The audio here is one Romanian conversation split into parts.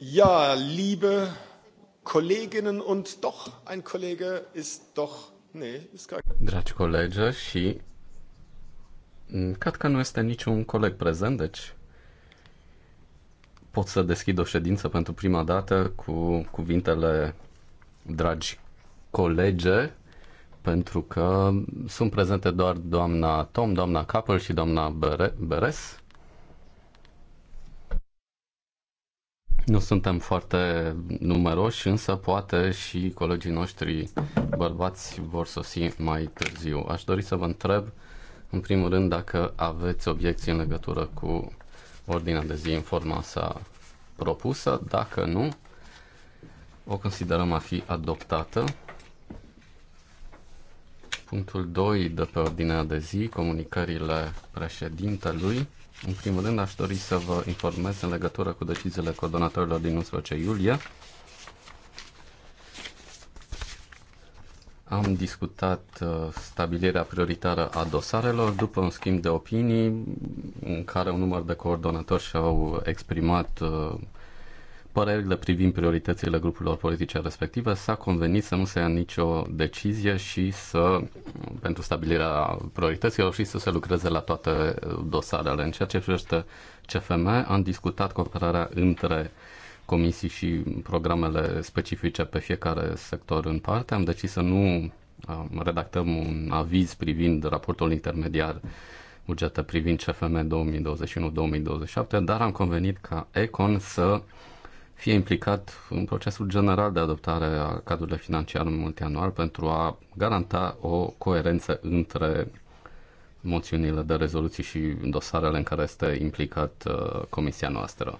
Ja, liebe Kolleginnen und doch, ein Kollege ist doch, nee, ist gar... Dragi colegi și mm, cred că nu este niciun coleg prezent, deci pot să deschid o ședință pentru prima dată cu cuvintele dragi colege, pentru că sunt prezente doar doamna Tom, doamna Capel și doamna Beres. Nu suntem foarte numeroși, însă poate și colegii noștri bărbați vor sosi mai târziu. Aș dori să vă întreb, în primul rând, dacă aveți obiecții în legătură cu ordinea de zi în forma sa propusă. Dacă nu, o considerăm a fi adoptată. Punctul 2 de pe ordinea de zi, comunicările președintelui. În primul rând, aș dori să vă informez în legătură cu deciziile coordonatorilor din 11 iulie. Am discutat uh, stabilirea prioritară a dosarelor după un schimb de opinii în care un număr de coordonatori și-au exprimat uh, părerile privind prioritățile grupurilor politice respective, s-a convenit să nu se ia nicio decizie și să, pentru stabilirea priorităților și să se lucreze la toate uh, dosarele. În ceea ce privește CFM, am discutat cooperarea între comisii și programele specifice pe fiecare sector în parte. Am decis să nu um, redactăm un aviz privind raportul intermediar bugetă privind CFM 2021-2027, dar am convenit ca Econ să fie implicat în procesul general de adoptare a cadrului financiar multianual pentru a garanta o coerență între moțiunile de rezoluții și dosarele în care este implicat uh, comisia noastră.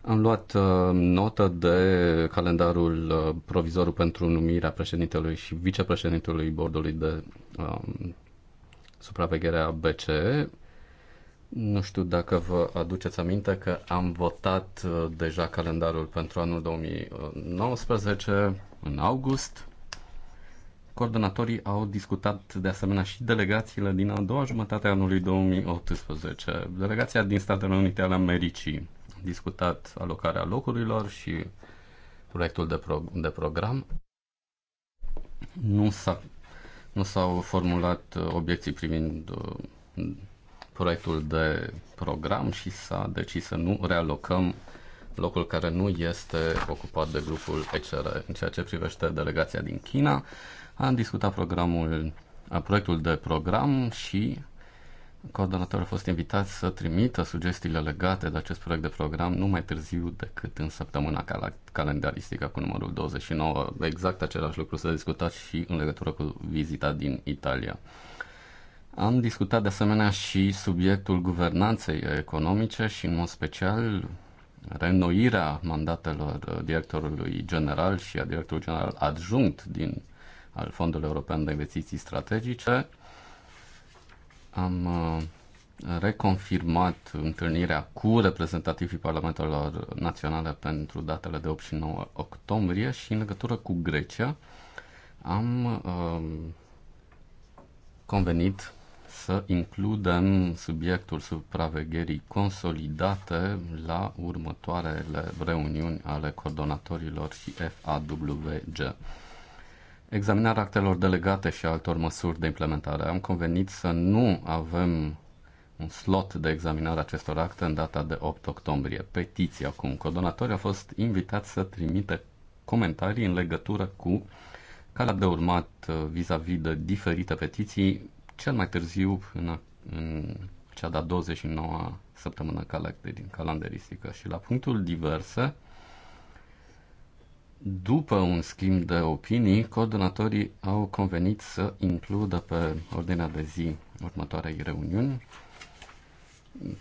Am luat uh, notă de calendarul uh, provizorul pentru numirea președintelui și vicepreședintelui bordului de um, supraveghere a BCE nu știu dacă vă aduceți aminte că am votat uh, deja calendarul pentru anul 2019 uh, în august. Coordonatorii au discutat de asemenea și delegațiile din a doua jumătate a anului 2018. Delegația din Statele Unite ale Americii a discutat alocarea locurilor și proiectul de, pro- de program. Nu, s-a, nu s-au formulat uh, obiecții privind proiectul de program și s-a decis să nu realocăm locul care nu este ocupat de grupul ECR. În ceea ce privește delegația din China, am discutat programul, proiectul de program și coordonatorul a fost invitat să trimită sugestiile legate de acest proiect de program nu mai târziu decât în săptămâna cal- calendaristică cu numărul 29. Exact același lucru s-a discutat și în legătură cu vizita din Italia. Am discutat de asemenea și subiectul guvernanței economice și în mod special reînnoirea mandatelor directorului general și a directorului general adjunct din al Fondului European de Investiții Strategice. Am uh, reconfirmat întâlnirea cu reprezentativii parlamentelor naționale pentru datele de 8 și 9 octombrie și în legătură cu Grecia am um, convenit să includem subiectul supravegherii consolidate la următoarele reuniuni ale coordonatorilor și FAWG. Examinarea actelor delegate și altor măsuri de implementare. Am convenit să nu avem un slot de examinare acestor acte în data de 8 octombrie. Petiția, acum. Coordonatorii au fost invitați să trimite comentarii în legătură cu calea de urmat uh, vis-a-vis -vis de diferite petiții cel mai târziu în, în cea de-a 29-a săptămână calendar, din calendaristică și la punctul diverse, după un schimb de opinii, coordonatorii au convenit să includă pe ordinea de zi următoarei reuniuni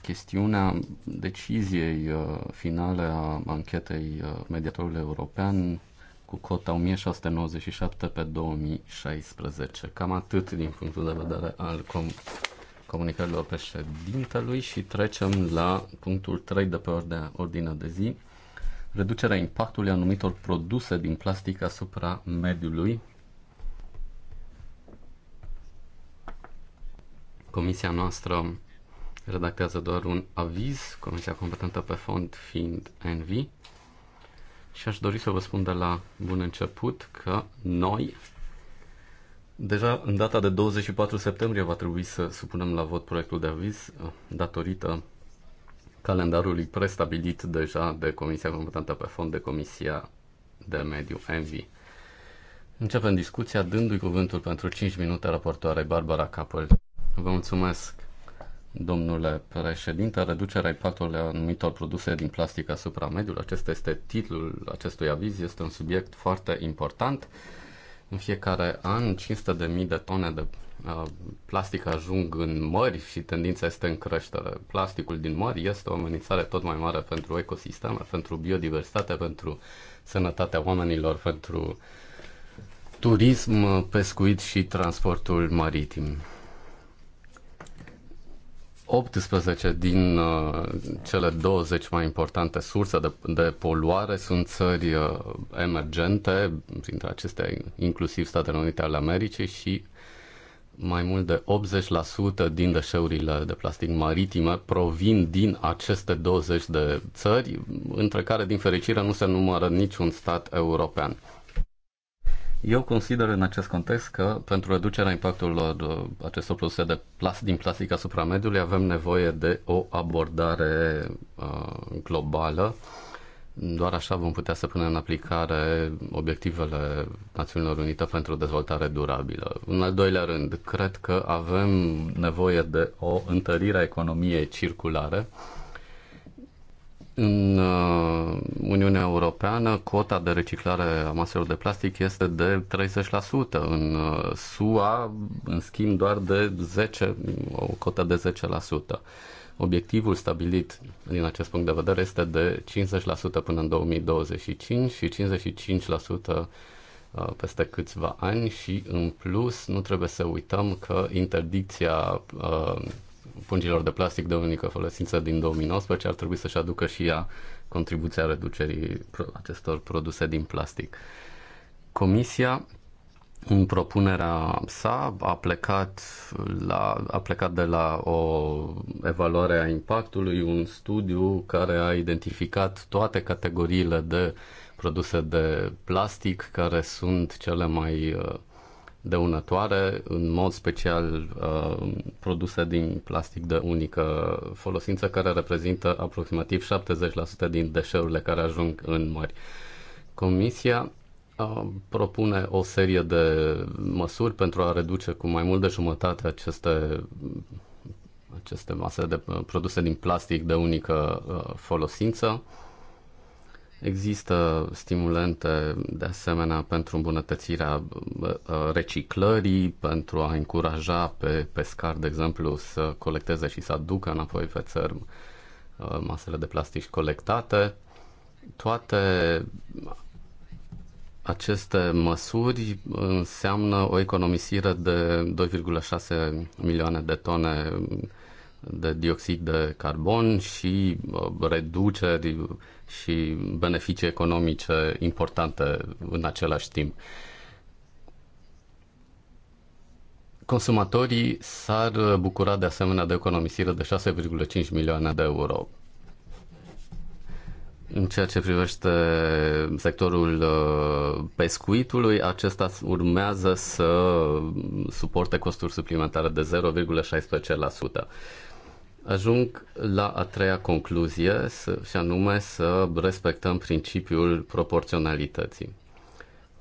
chestiunea deciziei uh, finale a anchetei uh, mediatorului european cu cota 1697 pe 2016. Cam atât din punctul de vedere al com- comunicărilor președintelui și trecem la punctul 3 de pe ordinea, ordinea de zi, reducerea impactului anumitor produse din plastic asupra mediului. Comisia noastră redactează doar un aviz, comisia competentă pe fond fiind ENVI. Și aș dori să vă spun de la bun început că noi Deja în data de 24 septembrie va trebui să supunem la vot proiectul de aviz eh, datorită calendarului prestabilit deja de Comisia Competentă pe Fond de Comisia de Mediu ENVI. Începem discuția dându-i cuvântul pentru 5 minute raportoare Barbara Capăl. Vă mulțumesc, Domnule președinte, reducerea impactului anumitor produse din plastic asupra mediului, acesta este titlul acestui aviz, este un subiect foarte important. În fiecare an, 500.000 de tone de uh, plastic ajung în mări și tendința este în creștere. Plasticul din mări este o amenințare tot mai mare pentru ecosisteme, pentru biodiversitate, pentru sănătatea oamenilor, pentru turism, pescuit și transportul maritim. 18 din uh, cele 20 mai importante surse de, de poluare sunt țări uh, emergente, printre acestea inclusiv Statele Unite ale Americii și mai mult de 80% din deșeurile de plastic maritime provin din aceste 20 de țări, între care, din fericire, nu se numără niciun stat european. Eu consider în acest context că pentru reducerea impactului uh, acestor produse de plas, din plastic asupra mediului avem nevoie de o abordare uh, globală. Doar așa vom putea să punem în aplicare obiectivele Națiunilor Unite pentru dezvoltare durabilă. În al doilea rând, cred că avem nevoie de o întărire a economiei circulare. Uh, în uh, Uniunea Europeană, cota de reciclare a maselor de plastic este de 30%. În uh, SUA, în schimb, doar de 10, o cotă de 10%. Obiectivul stabilit din acest punct de vedere este de 50% până în 2025 și 55% uh, peste câțiva ani și în plus nu trebuie să uităm că interdicția pungilor de plastic de unică folosință din 2019 ar trebui să-și aducă și ea contribuția reducerii acestor produse din plastic. Comisia în propunerea sa a plecat, la, a plecat de la o evaluare a impactului, un studiu care a identificat toate categoriile de produse de plastic care sunt cele mai uh, dăunătoare, în mod special uh, produse din plastic de unică folosință, care reprezintă aproximativ 70% din deșeurile care ajung în mări. Comisia uh, propune o serie de măsuri pentru a reduce cu mai mult de jumătate aceste aceste mase de uh, produse din plastic de unică uh, folosință. Există stimulente de asemenea pentru îmbunătățirea reciclării, pentru a încuraja pe pescari, de exemplu, să colecteze și să aducă înapoi pe țărm uh, masele de plastic colectate. Toate aceste măsuri înseamnă o economisire de 2,6 milioane de tone de dioxid de carbon și uh, reduceri și beneficii economice importante în același timp. Consumatorii s-ar bucura de asemenea de economisire de 6,5 milioane de euro. În ceea ce privește sectorul uh, pescuitului, acesta urmează să suporte costuri suplimentare de 0,16%. Ajung la a treia concluzie, și anume să respectăm principiul proporționalității.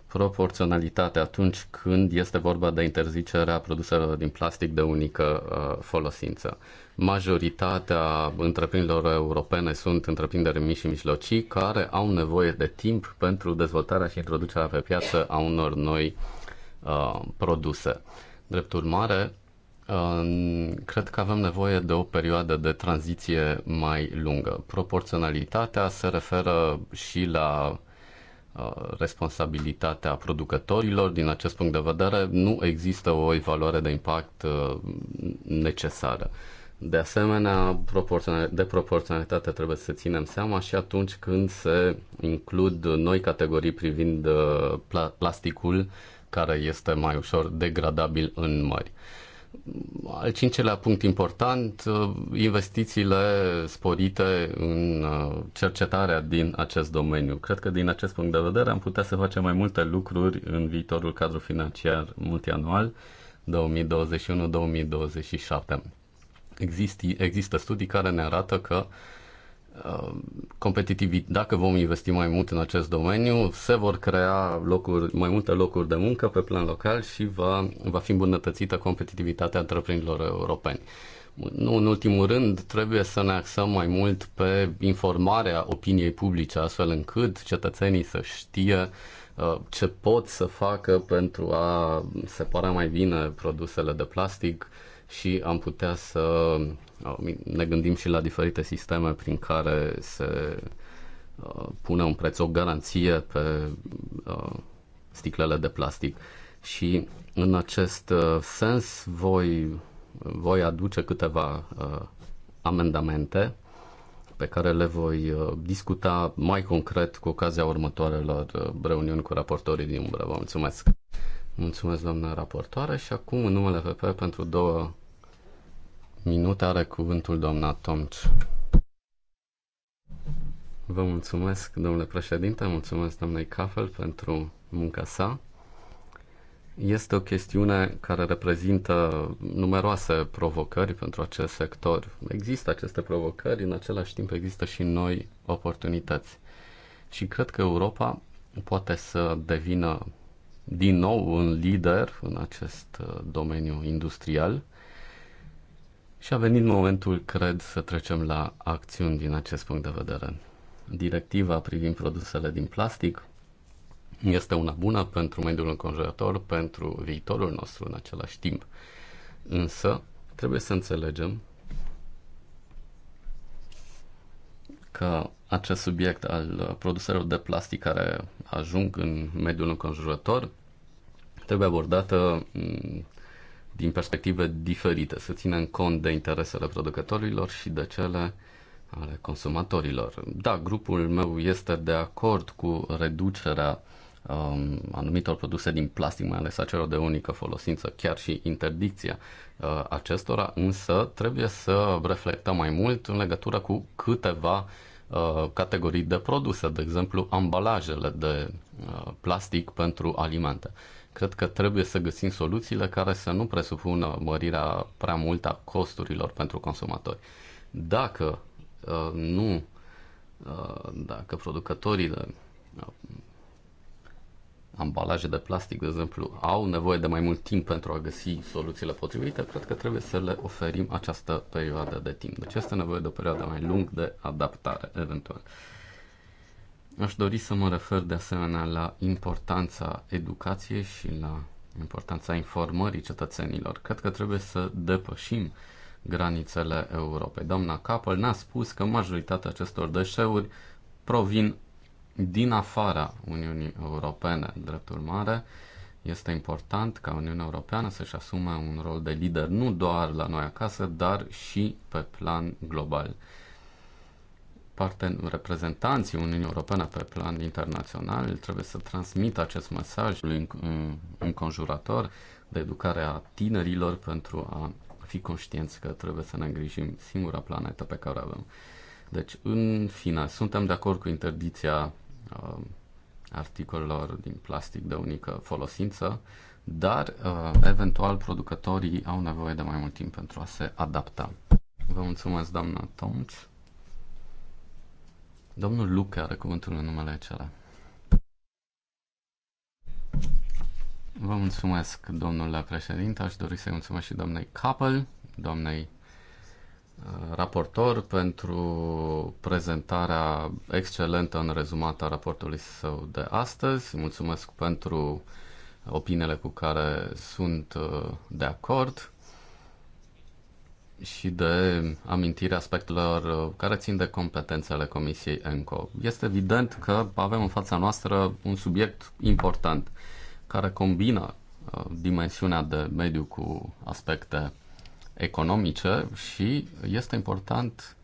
Proporționalitate atunci când este vorba de interzicerea produselor din plastic de unică uh, folosință. Majoritatea întreprinderilor europene sunt întreprinderi mici și mijlocii care au nevoie de timp pentru dezvoltarea și introducerea pe piață a unor noi uh, produse. Drept urmare, Cred că avem nevoie de o perioadă de tranziție mai lungă. Proporționalitatea se referă și la uh, responsabilitatea producătorilor. Din acest punct de vedere, nu există o evaluare de impact uh, necesară. De asemenea, de proporționalitate trebuie să ținem seama și atunci când se includ noi categorii privind uh, plasticul care este mai ușor degradabil în mări. Al cincelea punct important, investițiile sporite în uh, cercetarea din acest domeniu. Cred că din acest punct de vedere am putea să facem mai multe lucruri în viitorul cadru financiar multianual 2021-2027. există studii care ne arată că Uh, competitivitate, dacă vom investi mai mult în acest domeniu, se vor crea locuri, mai multe locuri de muncă pe plan local și va, va fi îmbunătățită competitivitatea întreprinderilor europeni. Nu în ultimul rând, trebuie să ne axăm mai mult pe informarea opiniei publice, astfel încât cetățenii să știe uh, ce pot să facă pentru a separa mai bine produsele de plastic și am putea să ne gândim și la diferite sisteme prin care se uh, pune un preț, o garanție pe uh, sticlele de plastic. Și în acest uh, sens voi, voi aduce câteva amendamente pe care le voi discuta mai concret cu ocazia următoarelor reuniuni cu raportorii din umbră. Vă mulțumesc! Mulțumesc, doamnă raportoare, și acum în numele PP pentru două minut are cuvântul doamna Tomci. Vă mulțumesc, domnule președinte, mulțumesc doamnei Cafel pentru munca sa. Este o chestiune care reprezintă numeroase provocări pentru acest sector. Există aceste provocări, în același timp există și noi oportunități. Și cred că Europa poate să devină din nou un lider în acest uh, domeniu industrial și a venit momentul, cred, să trecem la acțiuni din acest punct de vedere. Directiva privind produsele din plastic este una bună pentru mediul înconjurător, pentru viitorul nostru în același timp. Însă, trebuie să înțelegem că acest subiect al produselor de plastic care ajung în mediul înconjurător trebuie abordată mm, din perspective diferite, să în cont de interesele producătorilor și de cele ale consumatorilor. Da, grupul meu este de acord cu reducerea um, anumitor produse din plastic, mai ales acelor de unică folosință, chiar și interdicția uh, acestora, însă trebuie să reflectăm mai mult în legătură cu câteva uh, categorii de produse, de exemplu ambalajele de uh, plastic pentru alimente cred că trebuie să găsim soluțiile care să nu presupună mărirea prea mult a costurilor pentru consumatori. Dacă uh, nu, uh, dacă producătorii de uh, ambalaje de plastic, de exemplu, au nevoie de mai mult timp pentru a găsi soluțiile potrivite, cred că trebuie să le oferim această perioadă de timp. Deci este nevoie de o perioadă mai lungă de adaptare, eventual. Uh, Aș dori să mă refer de asemenea la importanța educației și la importanța informării cetățenilor. Cred că trebuie să depășim granițele Europei. Doamna Capel ne-a spus că majoritatea acestor deșeuri provin din afara Uniunii Europene. Drept urmare, este important ca Uniunea Europeană să-și asume un rol de lider nu doar la noi acasă, dar și pe plan global parte, reprezentanții Uniunii Europene pe plan internațional trebuie să transmită acest mesaj înconjurator de educare a tinerilor pentru a fi conștienți că trebuie să ne îngrijim singura planetă pe care o avem. Deci, în final, suntem de acord cu interdiția uh, articolelor din plastic de unică folosință, dar uh, eventual producătorii au nevoie de mai mult timp pentru a se adapta. Vă mulțumesc, doamna Tomci. Domnul Luca are cuvântul în numele acela. Vă mulțumesc, domnule președinte. Aș dori să-i mulțumesc și doamnei Capel, doamnei uh, raportor pentru prezentarea excelentă în rezumat a raportului său de astăzi. Mulțumesc pentru opiniile cu care sunt uh, de acord și de amintire aspectelor uh, care țin de competențele Comisiei ENCO. Este evident că avem în fața noastră un subiect important care combină uh, dimensiunea de mediu cu aspecte economice și este important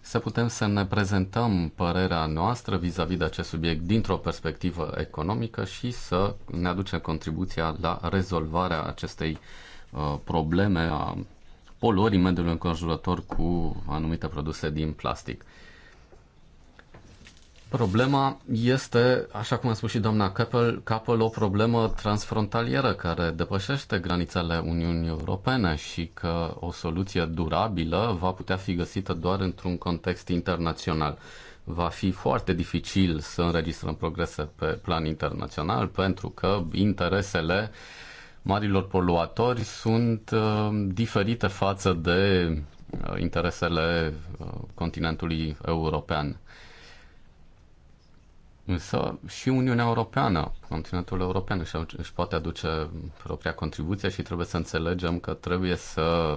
să putem să ne prezentăm părerea noastră vis-a-vis -vis de acest subiect dintr-o perspectivă economică și să ne aducem contribuția la rezolvarea acestei uh, probleme a poluării mediului înconjurător cu anumite produse din plastic. Problema este, așa cum a spus și doamna Capel, Capel o problemă transfrontalieră care depășește granițele Uniunii Europene și că o soluție durabilă va putea fi găsită doar într-un context internațional. Va fi foarte dificil să înregistrăm progrese pe plan internațional pentru că interesele uh, marilor poluatori sunt uh, diferite față de uh, interesele uh, continentului european. Însă și Uniunea Europeană, continentul european își, își poate aduce propria contribuție și trebuie să înțelegem că trebuie să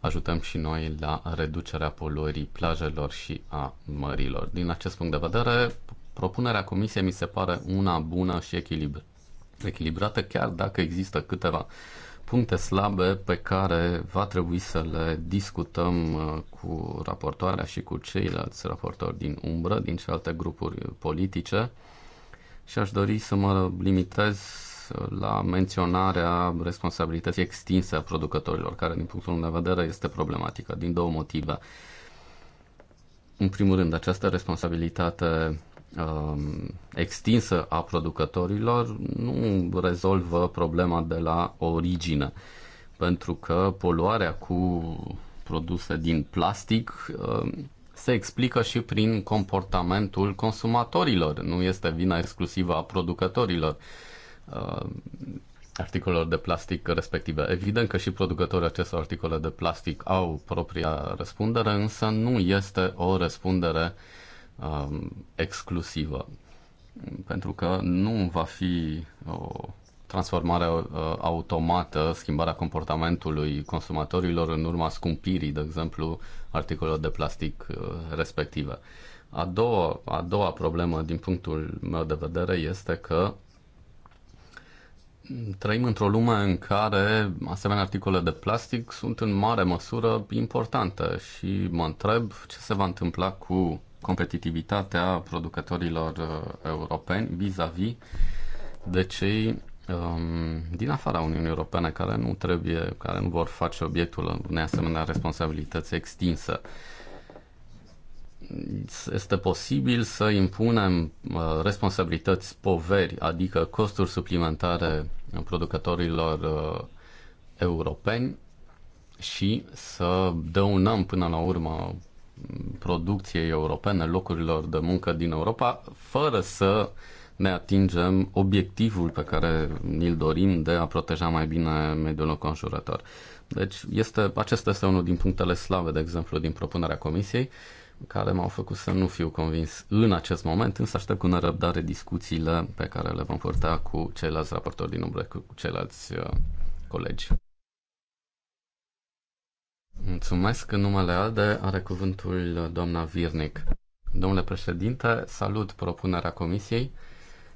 ajutăm și noi la reducerea poluării plajelor și a mărilor. Din acest punct de vedere, propunerea Comisiei mi se pare una bună și echilibrată echilibrată, chiar dacă există câteva puncte slabe pe care va trebui să le discutăm uh, cu raportoarea și cu ceilalți raportori din umbră, din celelalte grupuri politice și aș dori să mă limitez la menționarea responsabilității extinse a producătorilor, care din punctul meu de vedere este problematică din două motive. În primul rând, această responsabilitate Um, extinsă a producătorilor nu rezolvă problema de la origine, pentru că poluarea cu produse din plastic um, se explică și prin comportamentul consumatorilor, nu este vina exclusivă a producătorilor um, articolelor de plastic respective. Evident că și producătorii acestor articole de plastic au propria răspundere, însă nu este o răspundere uh, um, exclusivă, pentru că nu va fi o transformare uh, automată, schimbarea comportamentului consumatorilor în urma scumpirii, de exemplu, articolelor de plastic uh, respective. A doua, a doua problemă, din punctul meu de vedere, este că trăim într-o lume în care asemenea articole de plastic sunt în mare măsură importante și mă întreb ce se va întâmpla cu competitivitatea producătorilor uh, europeni vis-a-vis -vis de cei um, din afara Uniunii Europene care nu trebuie, care nu vor face obiectul unei asemenea responsabilități extinsă. Este posibil să impunem uh, responsabilități poveri, adică costuri suplimentare producătorilor uh, europeni și să dăunăm până la urmă producției europene, locurilor de muncă din Europa, fără să ne atingem obiectivul pe care ni-l dorim de a proteja mai bine mediul înconjurător. Deci este, acesta este unul din punctele slabe, de exemplu, din propunerea Comisiei, care m-au făcut să nu fiu convins în acest moment, însă aștept cu nerăbdare discuțiile pe care le vom purta cu ceilalți raportori din umbră, cu ceilalți uh, colegi. Mulțumesc. În numele ALDE are cuvântul doamna Virnic. Domnule președinte, salut propunerea comisiei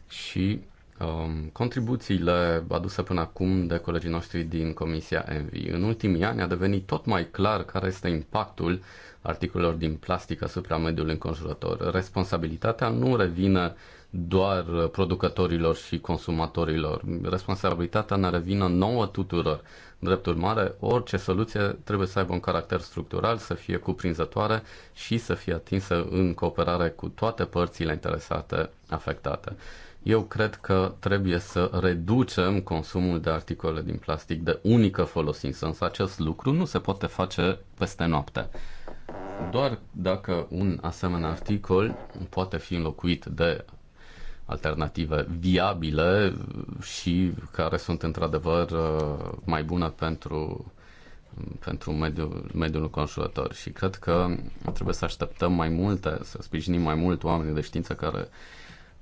și um, contribuțiile aduse până acum de colegii noștri din Comisia ENVI. În ultimii ani a devenit tot mai clar care este impactul articolelor din plastic asupra mediului înconjurător. Responsabilitatea nu revine doar producătorilor și consumatorilor. Responsabilitatea ne revine nouă tuturor. Drept urmare, orice soluție trebuie să aibă un caracter structural, să fie cuprinzătoare și să fie atinsă în cooperare cu toate părțile interesate afectate. Eu cred că trebuie să reducem consumul de articole din plastic de unică folosință, însă acest lucru nu se poate face peste noapte. Doar dacă un asemenea articol poate fi înlocuit de alternative viabile și care sunt într-adevăr uh, mai bune pentru, pentru mediul, mediul conjurător. Și cred că trebuie să așteptăm mai multe, să sprijinim mai mult oamenii de știință care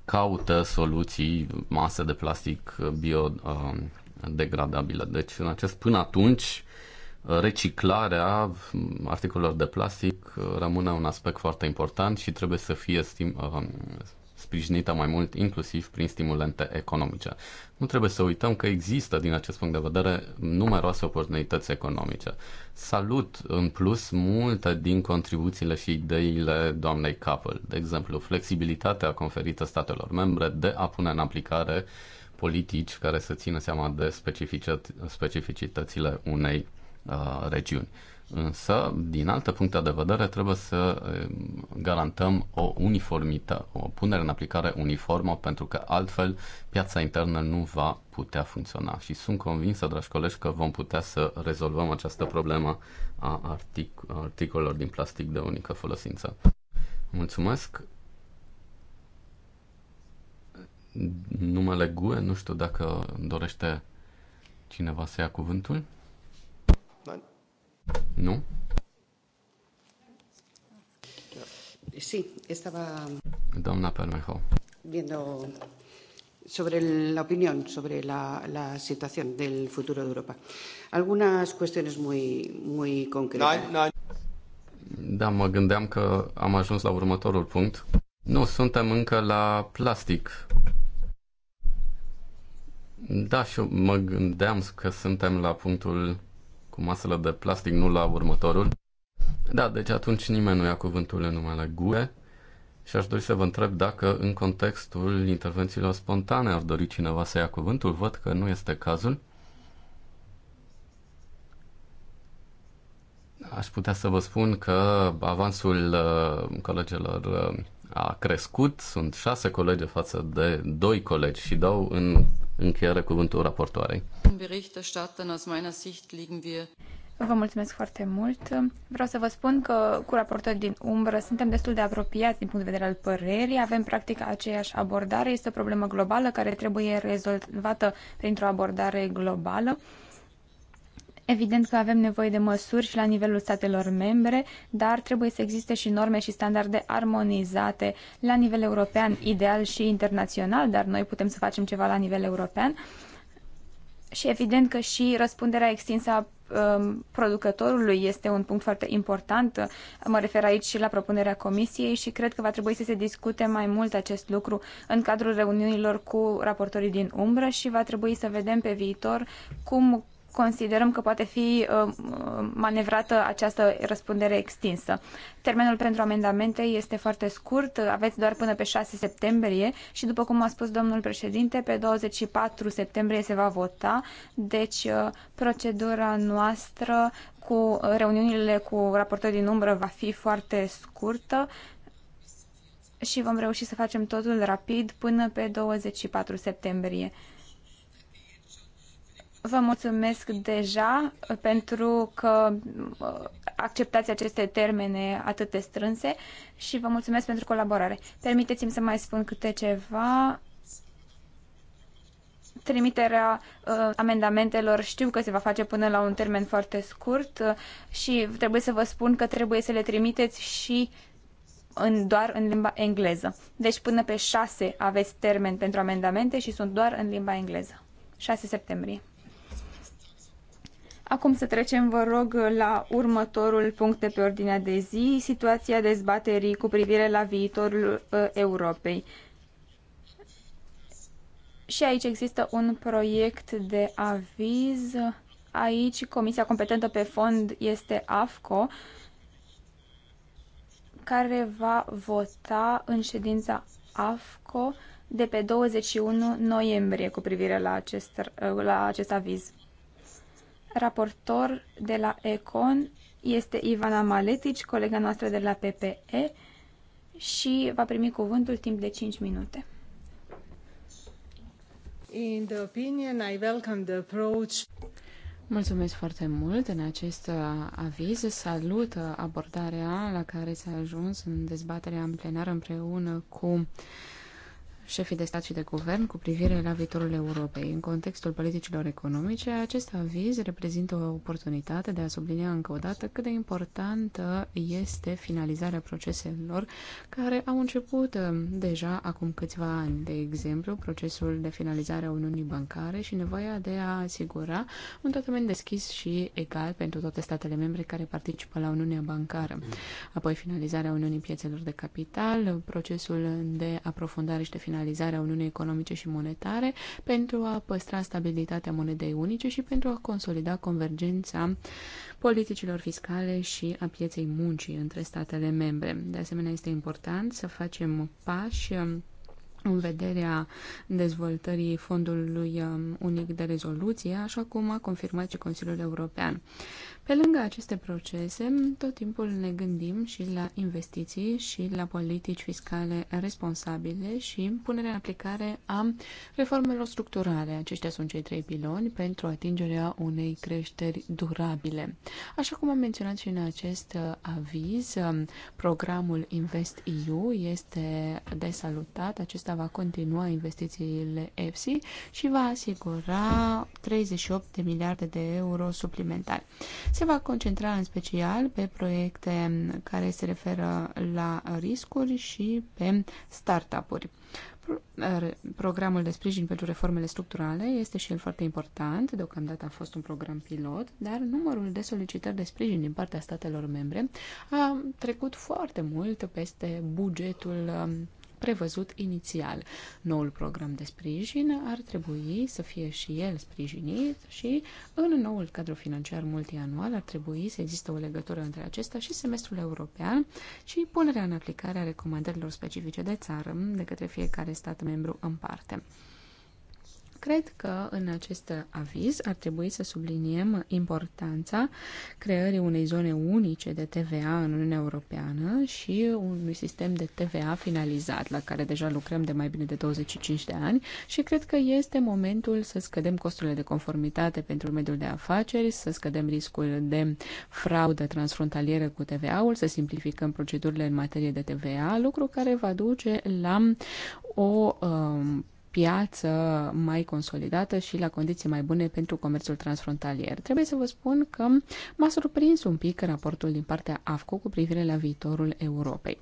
caută soluții, mase de plastic biodegradabile. Uh, deci, în acest până atunci, reciclarea articolelor de plastic rămâne un aspect foarte important și trebuie să fie stim- uh, sprijinită mai mult, inclusiv prin stimulente economice. Nu trebuie să uităm că există, din acest punct de vedere, numeroase oportunități economice. Salut, în plus, multe din contribuțiile și ideile doamnei Capel, de exemplu, flexibilitatea conferită statelor membre de a pune în aplicare politici care să țină seama de specificitățile unei uh, regiuni. Însă, din altă punct de vedere, trebuie să garantăm o uniformită, o punere în aplicare uniformă, pentru că altfel piața internă nu va putea funcționa. Și sunt convinsă, dragi colegi, că vom putea să rezolvăm această problemă a artic- articolelor din plastic de unică folosință. Mulțumesc! Numele GUE, nu știu dacă dorește cineva să ia cuvântul. Nu? Sí, estaba... Doamna Permejo. Viendo sobre la opinión sobre la, la situación del futuro de Europa. Algunas cuestiones muy, muy concretas. No, no. Da, mă gândeam că am ajuns la următorul punct. Nu, suntem încă la plastic. Da, și mă gândeam că suntem la punctul cu masele de plastic, nu la următorul. Da, deci atunci nimeni nu ia cuvântul în numele GUE și aș dori să vă întreb dacă în contextul intervențiilor spontane ar dori cineva să ia cuvântul. Văd că nu este cazul. Aș putea să vă spun că avansul uh, colegilor uh, a crescut, sunt șase colegi față de doi colegi și dau în încheiere cuvântul raportoarei. Vă mulțumesc foarte mult. Vreau să vă spun că cu raportul din umbră suntem destul de apropiați din punct de vedere al părerii. Avem practic aceeași abordare. Este o problemă globală care trebuie rezolvată printr-o abordare globală. Evident că avem nevoie de măsuri și la nivelul statelor membre, dar trebuie să existe și norme și standarde armonizate la nivel european, ideal și internațional, dar noi putem să facem ceva la nivel european. Și evident că și răspunderea extinsă a um, producătorului este un punct foarte important. Mă refer aici și la propunerea comisiei și cred că va trebui să se discute mai mult acest lucru în cadrul reuniunilor cu raportorii din umbră și va trebui să vedem pe viitor cum considerăm că poate fi uh, manevrată această răspundere extinsă. Termenul pentru amendamente este foarte scurt, aveți doar până pe 6 septembrie și după cum a spus domnul președinte, pe 24 septembrie se va vota, deci uh, procedura noastră cu reuniunile cu raportori din umbră va fi foarte scurtă și vom reuși să facem totul rapid până pe 24 septembrie. Vă mulțumesc deja pentru că uh, acceptați aceste termene atât de strânse și vă mulțumesc pentru colaborare. Permiteți-mi să mai spun câte ceva. Trimiterea uh, amendamentelor știu că se va face până la un termen foarte scurt uh, și trebuie să vă spun că trebuie să le trimiteți și în, doar în limba engleză. Deci până pe 6 aveți termen pentru amendamente și sunt doar în limba engleză. 6 septembrie. Acum să trecem, vă rog, la următorul punct de pe ordinea de zi, situația dezbaterii cu privire la viitorul uh, Europei. Și aici există un proiect de aviz. Aici comisia competentă pe fond este AFCO, care va vota în ședința AFCO de pe 21 noiembrie cu privire la acest, ă, la acest aviz. Raportor de la ECON este Ivana Maletici, colega noastră de la PPE și va primi cuvântul timp de 5 minute. In the opinion, I welcome the approach. Mulțumesc foarte mult. În acest uh, aviz salut uh, abordarea la care s-a ajuns în dezbaterea în plenar împreună cu uh, șefii de stat și de guvern cu privire la viitorul Europei. În contextul politicilor economice, acest aviz reprezintă o oportunitate de a sublinia încă o dată cât de importantă este finalizarea proceselor care au început um, deja acum câțiva ani. De exemplu, procesul de finalizare a Uniunii Bancare și nevoia de a asigura un tratament deschis și egal pentru toate statele membre care participă la Uniunea Bancară. Apoi finalizarea Uniunii Piețelor de Capital, procesul de aprofundare și de finalizare realizarea Uniunii Economice și Monetare, pentru a păstra stabilitatea monedei unice și pentru a consolida convergența politicilor fiscale și a pieței muncii între statele membre. De asemenea, este important să facem pași în vederea dezvoltării fondului unic de rezoluție, așa cum a confirmat și Consiliul European. Pe lângă aceste procese, tot timpul ne gândim și la investiții și la politici fiscale responsabile și punerea în aplicare a reformelor structurale. Aceștia sunt cei trei piloni pentru atingerea unei creșteri durabile. Așa cum am menționat și în acest uh, aviz, um, programul Invest EU este de salutat. Acesta va continua investițiile EFSI și va asigura 38 de miliarde de euro suplimentari. Se va concentra în special pe proiecte care se referă la riscuri și pe startup-uri. Programul de sprijin pentru reformele structurale este și el foarte important. Deocamdată a fost un program pilot, dar numărul de solicitări de sprijin din partea statelor membre a trecut foarte mult peste bugetul um, prevăzut inițial. Noul program de sprijin ar trebui să fie și el sprijinit și în noul cadru financiar multianual ar trebui să există o legătură între acesta și semestrul european și punerea în aplicare a recomandărilor specifice de țară de către fiecare stat membru în parte. Cred că în acest aviz ar trebui să subliniem importanța creării unei zone unice de TVA în Uniunea Europeană și unui sistem de TVA finalizat, la care deja lucrăm de mai bine de 25 de ani și cred că este momentul să scădem costurile de conformitate pentru mediul de afaceri, să scădem riscul de fraudă transfrontalieră cu TVA-ul, să simplificăm procedurile în materie de TVA, lucru care va duce la o um, piață mai consolidată și la condiții mai bune pentru comerțul transfrontalier. Trebuie să vă spun că m-a surprins un pic raportul din partea AFCO cu privire la viitorul Europei.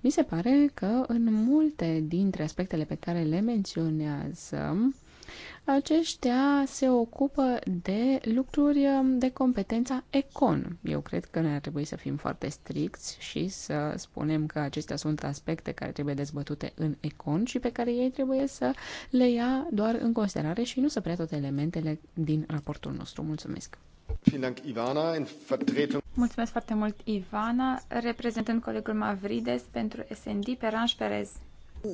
Mi se pare că în multe dintre aspectele pe care le menționează, aceștia se ocupă de lucruri um, de competența econ. Eu cred că noi ar trebui să fim foarte stricți și să spunem că acestea sunt aspecte care trebuie dezbătute în econ și pe care ei trebuie să le ia doar în considerare și nu să preia toate elementele din raportul nostru. Mulțumesc! Mulțumesc foarte mult, Ivana, reprezentând colegul Mavrides pentru SND, pe Perez.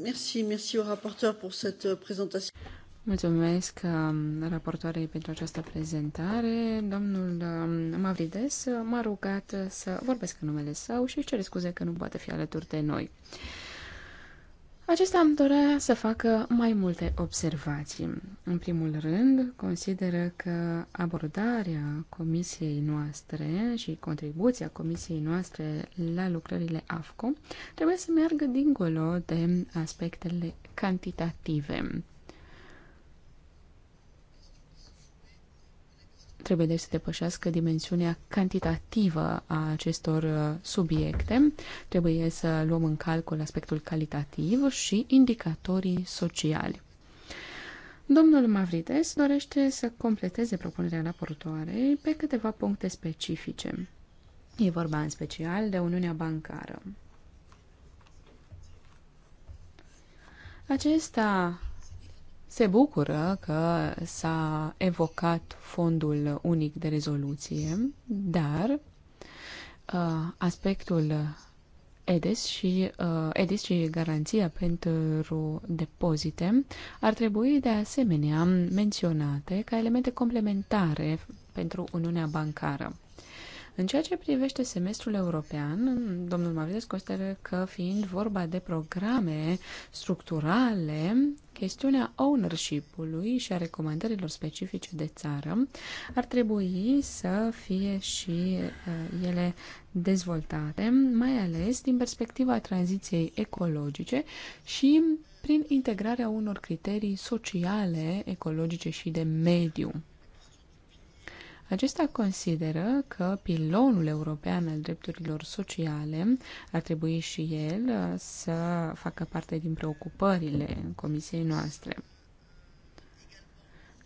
Merci, merci au raporteur pour cette uh, présentation. Mulțumesc um, raportoarei pentru această prezentare. Domnul um, Mavrides m-a rugat să vorbesc în numele său și își cere scuze că nu poate fi alături de noi. Acesta îmi dorea să facă mai multe observații. În primul rând, consideră că abordarea comisiei noastre și contribuția comisiei noastre la lucrările AFCO trebuie să meargă dincolo de aspectele cantitative. Trebuie deci să depășească dimensiunea cantitativă a acestor uh, subiecte. Trebuie să luăm în calcul aspectul calitativ și indicatorii sociali. Domnul Mavrides dorește să completeze propunerea raportoarei pe câteva puncte specifice. E vorba în special de Uniunea Bancară. Acesta se bucură că s-a evocat fondul unic de rezoluție, dar uh, aspectul EDIS și uh, EDIS și garanția pentru depozite ar trebui de asemenea menționate ca elemente complementare pentru Uniunea Bancară. În ceea ce privește semestrul european, domnul Mavides consideră că fiind vorba de programe structurale, chestiunea ownership-ului și a recomandărilor specifice de țară ar trebui să fie și uh, ele dezvoltate, mai ales din perspectiva tranziției ecologice și prin integrarea unor criterii sociale, ecologice și de mediu. Acesta consideră că pilonul european al drepturilor sociale ar trebui și el uh, să facă parte din preocupările comisiei noastre.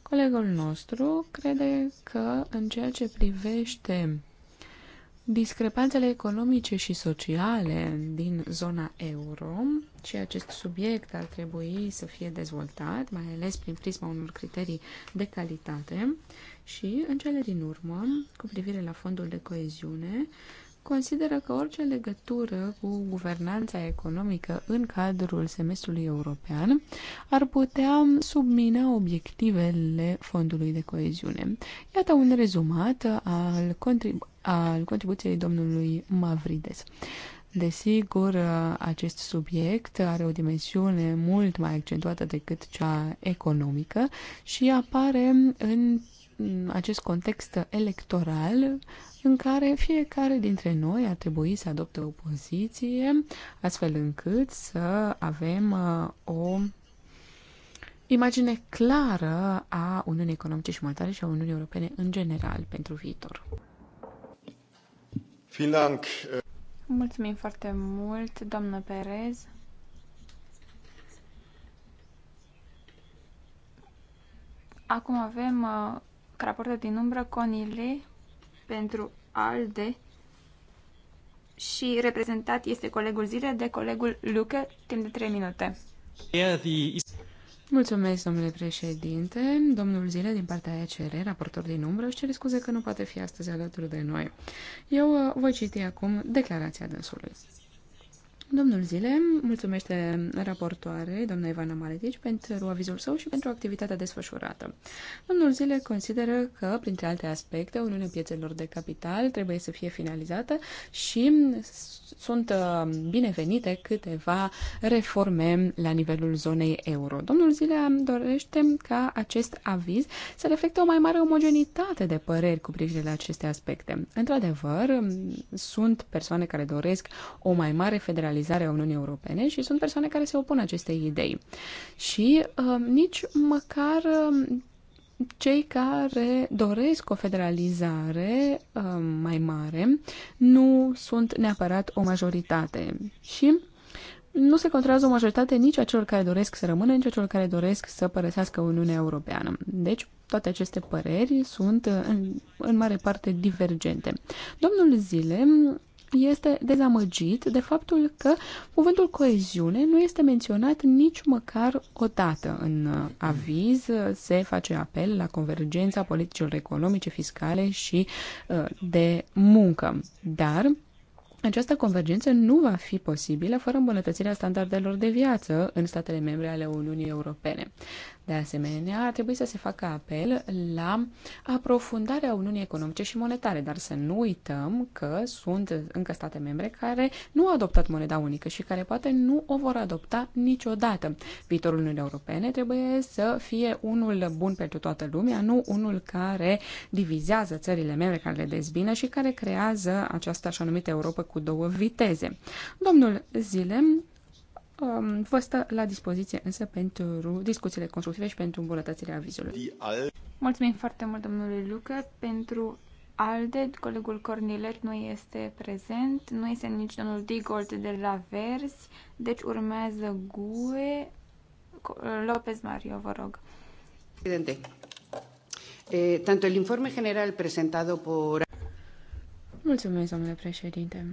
Colegul nostru crede că în ceea ce privește Discrepanțele economice și sociale din zona euro și acest subiect ar trebui să fie dezvoltat, mai ales prin prisma unor criterii de calitate și, în cele din urmă, cu privire la fondul de coeziune, consideră că orice legătură cu guvernanța economică în cadrul semestrului european ar putea submina obiectivele fondului de coeziune. Iată un rezumat al contribuției al contribuției domnului Mavrides. Desigur, acest subiect are o dimensiune mult mai accentuată decât cea economică și apare în acest context electoral în care fiecare dintre noi ar trebui să adopte o poziție astfel încât să avem uh, o imagine clară a Uniunii Economice și Monetare și a Uniunii Europene în general pentru viitor. Äh, Mulțumim foarte mult, doamnă Perez. Acum avem uh, raportul din umbră Conile pentru ALDE și reprezentat este colegul Zile de colegul Luca timp de 3 minute. Mulțumesc, domnule președinte. Domnul Zile, din partea ECR, raportor din umbră, își cere scuze că nu poate fi astăzi alături de noi. Eu uh, voi citi acum declarația dânsului. Domnul Zile mulțumește raportoarei, doamna Ivana Maletici, pentru avizul său și pentru activitatea desfășurată. Domnul Zile consideră că, printre alte aspecte, Uniunea Piețelor de Capital trebuie să fie finalizată și sunt uh, binevenite câteva reforme la nivelul zonei euro. Domnul Zile dorește ca acest aviz să reflecte o mai mare omogenitate de păreri cu privire la aceste aspecte. Într-adevăr, sunt persoane care doresc o mai mare federalizare federalizare a Uniunii Europene și sunt persoane care se opun acestei idei. Și uh, nici măcar um, cei care doresc o federalizare uh, mai mare nu sunt neapărat o majoritate. Și nu se controlează o majoritate nici a celor care doresc să rămână, nici a celor care doresc să părăsească Uniunea Europeană. Deci, toate aceste păreri sunt uh, în, în mare parte divergente. Domnul Zile este dezamăgit de faptul că cuvântul coeziune nu este menționat nici măcar o dată. În uh, aviz se face apel la convergența politicilor economice, fiscale și uh, de muncă. Dar această convergență nu va fi posibilă fără îmbunătățirea standardelor de viață în statele membre ale Uniunii Europene. De asemenea, ar trebui să se facă apel la aprofundarea Uniunii Economice și Monetare, dar să nu uităm că sunt încă state membre care nu au adoptat moneda unică și care poate nu o vor adopta niciodată. Viitorul Uniunii Europene trebuie să fie unul bun pentru toată lumea, nu unul care divizează țările membre, care le dezbină și care creează această așa numită Europa cu două viteze. Domnul Zilem Um, vă stă la dispoziție însă pentru discuțiile constructive și pentru îmbunătățirea avizului. Mulțumim foarte mult domnului Lucă pentru ALDE, colegul Cornilet nu este prezent, nu este nici domnul Digold de la Verzi, deci urmează GUE, López Mario, vă rog. Presidente, eh, tanto el informe general presentado por... Mulțumesc, domnule președinte.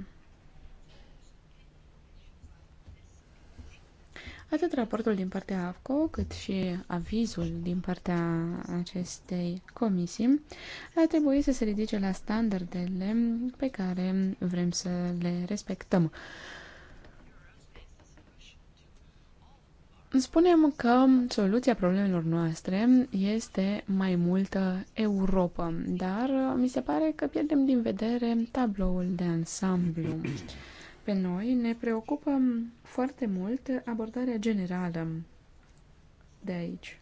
Atât raportul din partea AFCO, cât și avizul din partea acestei comisii ar trebui să se ridice la standardele pe care vrem să le respectăm. Spunem că soluția problemelor noastre este mai multă Europa, dar mi se pare că pierdem din vedere tabloul de ansamblu. Pe noi ne preocupă foarte mult abordarea generală de aici.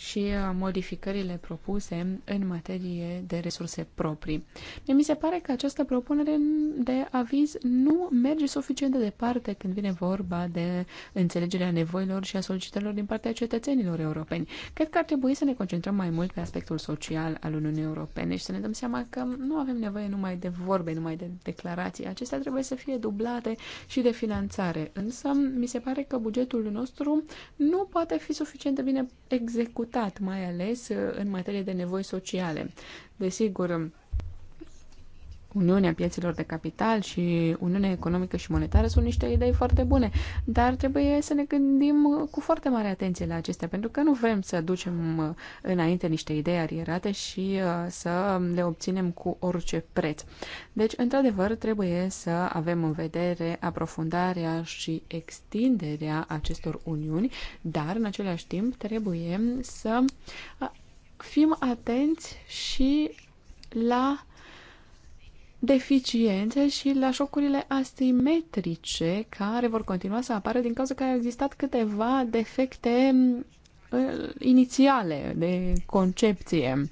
și uh, modificările propuse în materie de resurse proprii. Mi se pare că această propunere de aviz nu merge suficient de departe când vine vorba de înțelegerea nevoilor și a solicitărilor din partea cetățenilor europeni. Cred că ar trebui să ne concentrăm mai mult pe aspectul social al Uniunii Europene și să ne dăm seama că nu avem nevoie numai de vorbe, numai de declarații. Acestea trebuie să fie dublate și de finanțare. Însă, mi se pare că bugetul nostru nu poate fi suficient de bine executat discutat, mai ales uh, în materie de nevoi sociale. Desigur, Uniunea Pieților de Capital și Uniunea Economică și Monetară sunt niște idei foarte bune, dar trebuie să ne gândim cu foarte mare atenție la acestea, pentru că nu vrem să ducem uh, înainte niște idei arierate și uh, să le obținem cu orice preț. Deci, într-adevăr, trebuie să avem în vedere aprofundarea și extinderea acestor uniuni, dar, în același timp, trebuie să uh, fim atenți și la deficiențe și la șocurile asimetrice care vor continua să apară din cauza că au existat câteva defecte mm, ă, inițiale de concepție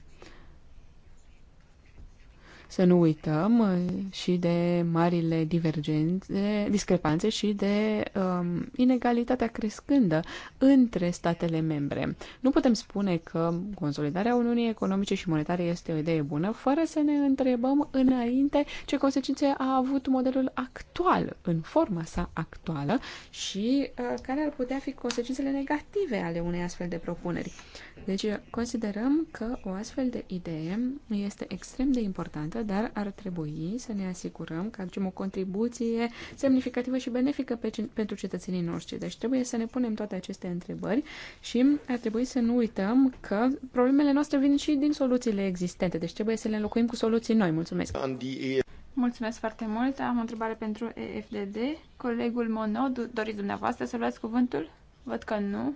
să nu uităm uh, și de marile divergențe, discrepanțe și de um, inegalitatea crescândă între statele membre. Nu putem spune că consolidarea Uniunii Economice și Monetare este o idee bună fără să ne întrebăm înainte ce consecințe a avut modelul actual, în forma sa actuală și uh, care ar putea fi consecințele negative ale unei astfel de propuneri. Deci considerăm că o astfel de idee este extrem de importantă dar ar trebui să ne asigurăm că aducem o contribuție semnificativă și benefică pe, pentru cetățenii noștri. Deci trebuie să ne punem toate aceste întrebări și ar trebui să nu uităm că problemele noastre vin și din soluțiile existente, deci trebuie să le înlocuim cu soluții noi. Mulțumesc! Mulțumesc foarte mult. Am o întrebare pentru EFDD. Colegul Mono, doriți dumneavoastră să luați cuvântul? Văd că nu.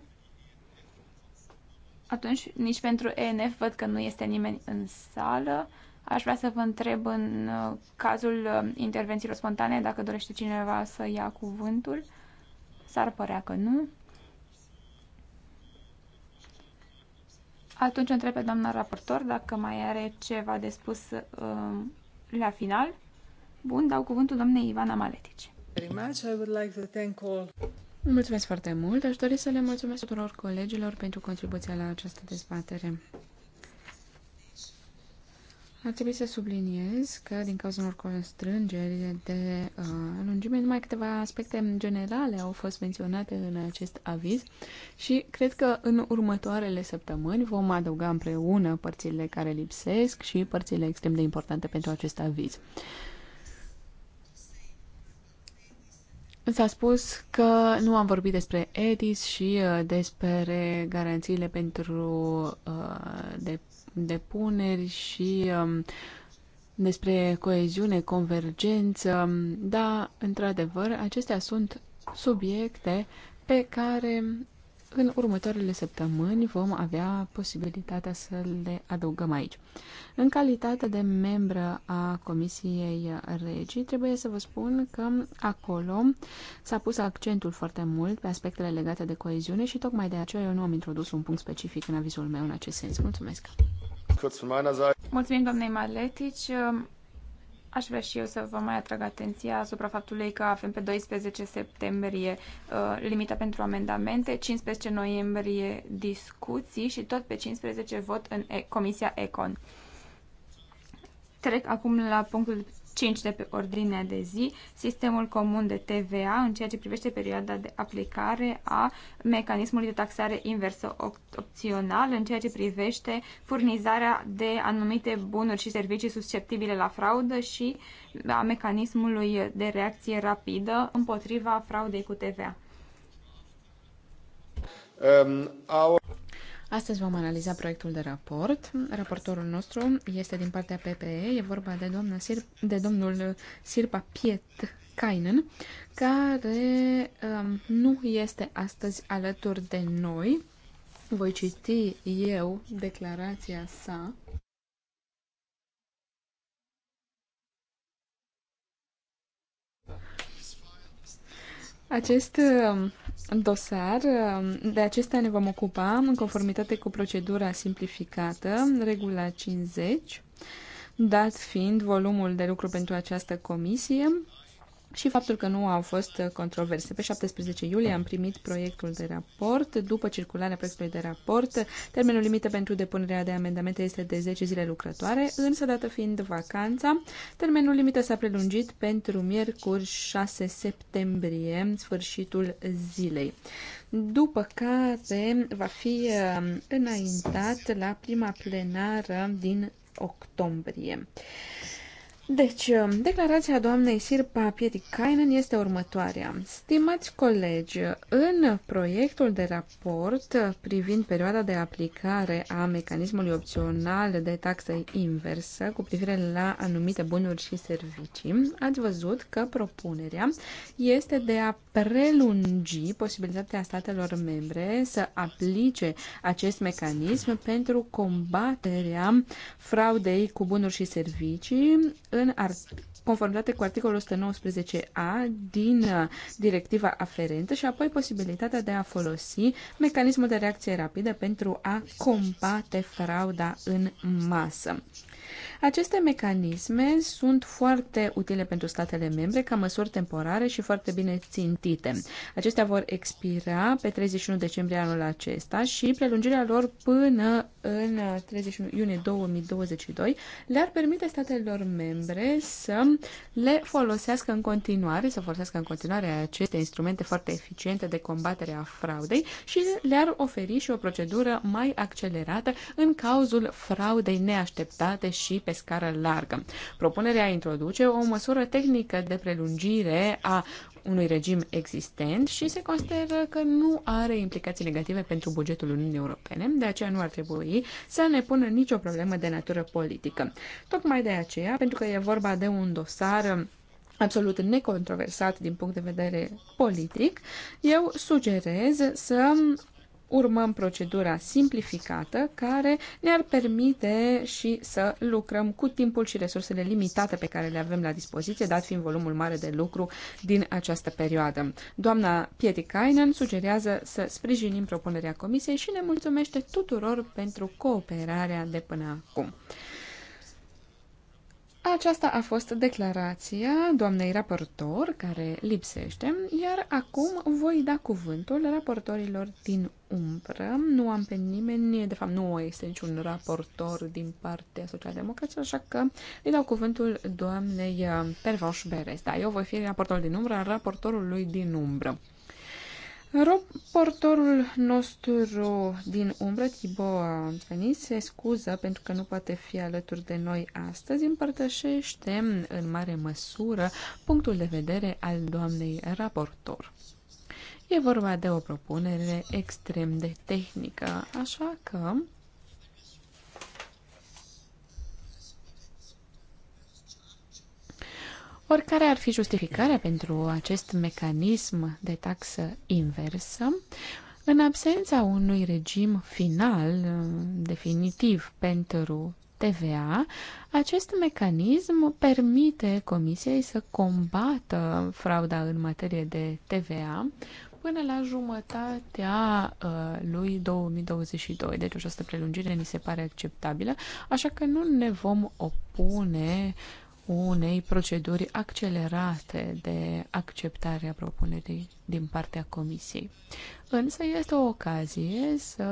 Atunci, nici pentru ENF văd că nu este nimeni în sală. Aș vrea să vă întreb în uh, cazul uh, intervențiilor spontane dacă dorește cineva să ia cuvântul. S-ar părea că nu. Atunci întreb pe doamna raportor dacă mai are ceva de spus uh, la final. Bun, dau cuvântul doamnei Ivana Maletici. Mulțumesc foarte mult. Aș dori să le mulțumesc tuturor colegilor pentru contribuția la această dezbatere. Ar trebui să subliniez că, din cauza unor constrângeri de uh, lungime, numai câteva aspecte generale au fost menționate în acest aviz și cred că în următoarele săptămâni vom adăuga împreună părțile care lipsesc și părțile extrem de importante pentru acest aviz. S-a spus că nu am vorbit despre EDIS și uh, despre garanțiile pentru uh, de depuneri și um, despre coeziune, convergență. Um, dar într-adevăr, acestea sunt subiecte pe care în următoarele săptămâni vom avea posibilitatea să le adăugăm aici. În calitate de membră a Comisiei Regii, trebuie să vă spun că acolo s-a pus accentul foarte mult pe aspectele legate de coeziune și tocmai de aceea eu nu am introdus un punct specific în avizul meu în acest sens. Mulțumesc! Mulțumim, doamnei Maletici! Aș vrea și eu să vă mai atrag atenția asupra faptului că avem pe 12 septembrie uh, limita pentru amendamente, 15 noiembrie discuții și tot pe 15 vot în e Comisia Econ. Trec acum la punctul 5 de pe ordinea de zi, sistemul comun de TVA în ceea ce privește perioada de aplicare a mecanismului de taxare inversă opțional în ceea ce privește furnizarea de anumite bunuri și servicii susceptibile la fraudă și a mecanismului de reacție rapidă împotriva fraudei cu TVA. Um, our... Astăzi vom analiza proiectul de raport. Raportorul nostru este din partea PPE, e vorba de, doamna Sir, de domnul Sirpa Piet Kainen, care um, nu este astăzi alături de noi. Voi citi eu declarația sa. Acest um, dosar. De acestea ne vom ocupa în conformitate cu procedura simplificată, regula 50, dat fiind volumul de lucru pentru această comisie, și faptul că nu au fost controverse. Pe 17 iulie am primit proiectul de raport. După circularea proiectului de raport, termenul limită pentru depunerea de amendamente este de 10 zile lucrătoare, însă, dată fiind vacanța, termenul limită s-a prelungit pentru miercuri 6 septembrie, sfârșitul zilei după care va fi uh, înaintat la prima plenară din octombrie. Deci, um, declarația doamnei Sirpa Pietikainen este următoarea. Stimați colegi, în proiectul de raport privind perioada de aplicare a mecanismului opțional de taxă inversă cu privire la anumite bunuri și servicii, ați văzut că propunerea este de a prelungi posibilitatea statelor membre să aplice acest mecanism pentru combaterea fraudei cu bunuri și servicii în conformitate cu articolul 119a din uh, directiva aferentă și apoi posibilitatea de a folosi mecanismul de reacție rapidă pentru a combate frauda în masă. Aceste mecanisme sunt foarte utile pentru statele membre ca măsuri temporare și foarte bine țintite. Acestea vor expira pe 31 decembrie anul acesta și prelungirea lor până în 31 iunie 2022 le-ar permite statelor membre să le folosească în continuare, să folosească în continuare aceste instrumente foarte eficiente de combatere a fraudei și le-ar oferi și o procedură mai accelerată în cazul fraudei neașteptate și pe scară largă. Propunerea introduce o măsură tehnică de prelungire a unui regim existent și se consideră că nu are implicații negative pentru bugetul Uniunii Europene, de aceea nu ar trebui să ne pună nicio problemă de natură politică. Tocmai de aceea, pentru că e vorba de un dosar absolut necontroversat din punct de vedere politic, eu sugerez să urmăm procedura simplificată care ne-ar permite și să lucrăm cu timpul și resursele limitate pe care le avem la dispoziție, dat fiind volumul mare de lucru din această perioadă. Doamna Pietikainen sugerează să sprijinim propunerea Comisiei și ne mulțumește tuturor pentru cooperarea de până acum. Aceasta a fost declarația doamnei raportor, care lipsește, iar acum voi da cuvântul raportorilor din umbră. Nu am pe nimeni, de fapt nu este niciun raportor din partea socialdemocraților, așa că îi dau cuvântul doamnei Pervanș Beres. Da, eu voi fi raportorul din umbră, raportorul lui din umbră. Raportorul nostru din umbră, Tiboa Antanis, se scuză pentru că nu poate fi alături de noi astăzi. Împărtășește în mare măsură punctul de vedere al doamnei raportor. E vorba de o propunere extrem de tehnică, așa că Oricare ar fi justificarea pentru acest mecanism de taxă inversă, în absența unui regim final, uh, definitiv pentru TVA, acest mecanism permite Comisiei să combată frauda în materie de TVA până la jumătatea uh, lui 2022. Deci această prelungire ni se pare acceptabilă, așa că nu ne vom opune unei proceduri accelerate de acceptare a propunerii din partea Comisiei. Însă este o ocazie să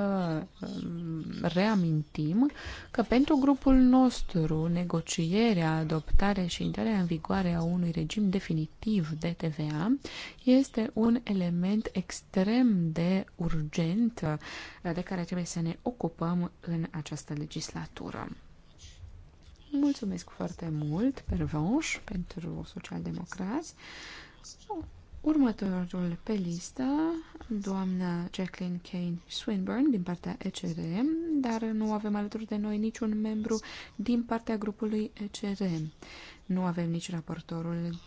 mm, reamintim că pentru grupul nostru negocierea, adoptarea și intrarea în vigoare a unui regim definitiv de TVA este un element extrem de urgent de care trebuie să ne ocupăm în această legislatură. Mulțumesc foarte mult, Pervanș, pentru socialdemocrați. Următorul pe listă, doamna Jacqueline Kane Swinburne din partea ECR, dar nu avem alături de noi niciun membru din partea grupului ECR. Nu avem nici raportorul.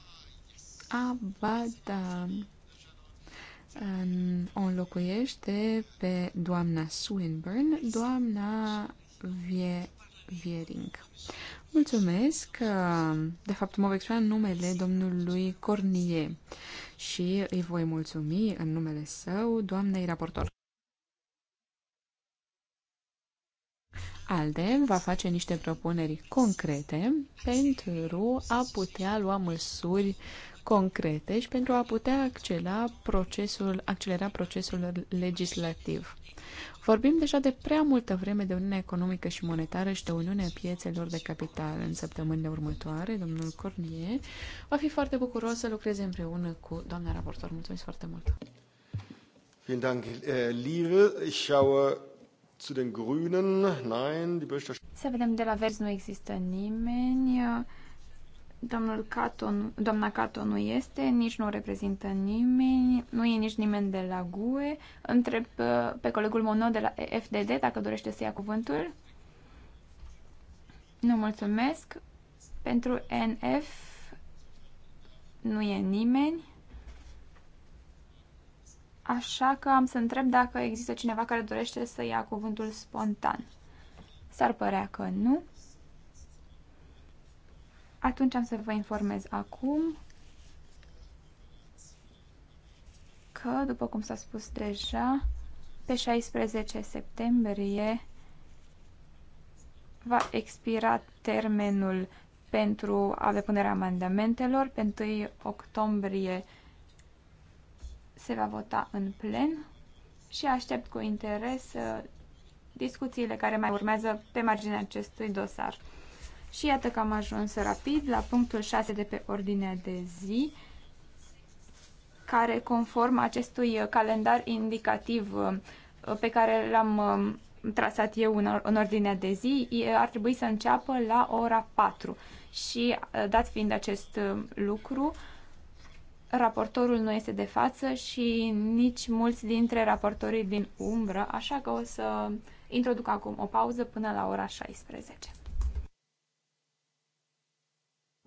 Abada o înlocuiește pe doamna Swinburne, doamna Vie Hearing. Mulțumesc. De fapt, mă voi exprima în numele domnului Cornie și îi voi mulțumi în numele său, doamnei raportor. ALDE va face niște propuneri concrete pentru a putea lua măsuri concrete și pentru a putea accelera procesul, accelera procesul legislativ. Vorbim deja de prea multă vreme de Uniunea Economică și Monetară și de Uniunea Piețelor de Capital. În săptămânile următoare, domnul Cornie va fi foarte bucuros să lucreze împreună cu doamna raportor. Mulțumesc foarte mult! Vielen Dank, eh, Liebe. Ich schaue zu den Grünen. Nein, die Berichterstatterin. Să vedem, de la Verzi nu există nimeni. Domnul Cato, doamna Cato nu este, nici nu reprezintă nimeni, nu e nici nimeni de la GUE. Întreb uh, pe colegul Mono de la FDD dacă dorește să ia cuvântul. Nu mulțumesc. Pentru NF nu e nimeni. Așa că am să întreb dacă există cineva care dorește să ia cuvântul spontan. S-ar părea că nu. Atunci am să vă informez acum că, după cum s-a spus deja, pe 16 septembrie va expira termenul pentru a depunerea amendamentelor. Pe 1 octombrie se va vota în plen și aștept cu interes uh, discuțiile care mai urmează pe marginea acestui dosar. Și iată că am ajuns rapid la punctul 6 de pe ordinea de zi, care conform acestui calendar indicativ uh, pe care l-am um, trasat eu în ordinea de zi, ar trebui să înceapă la ora 4. Și uh, dat fiind acest uh, lucru, raportorul nu este de față și nici mulți dintre raportorii din umbră, așa că o să introduc acum o pauză până la ora 16.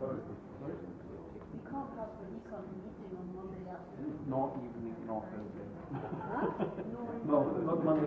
We can't have an econ meeting on Monday afternoon. Not even in no, not Monday.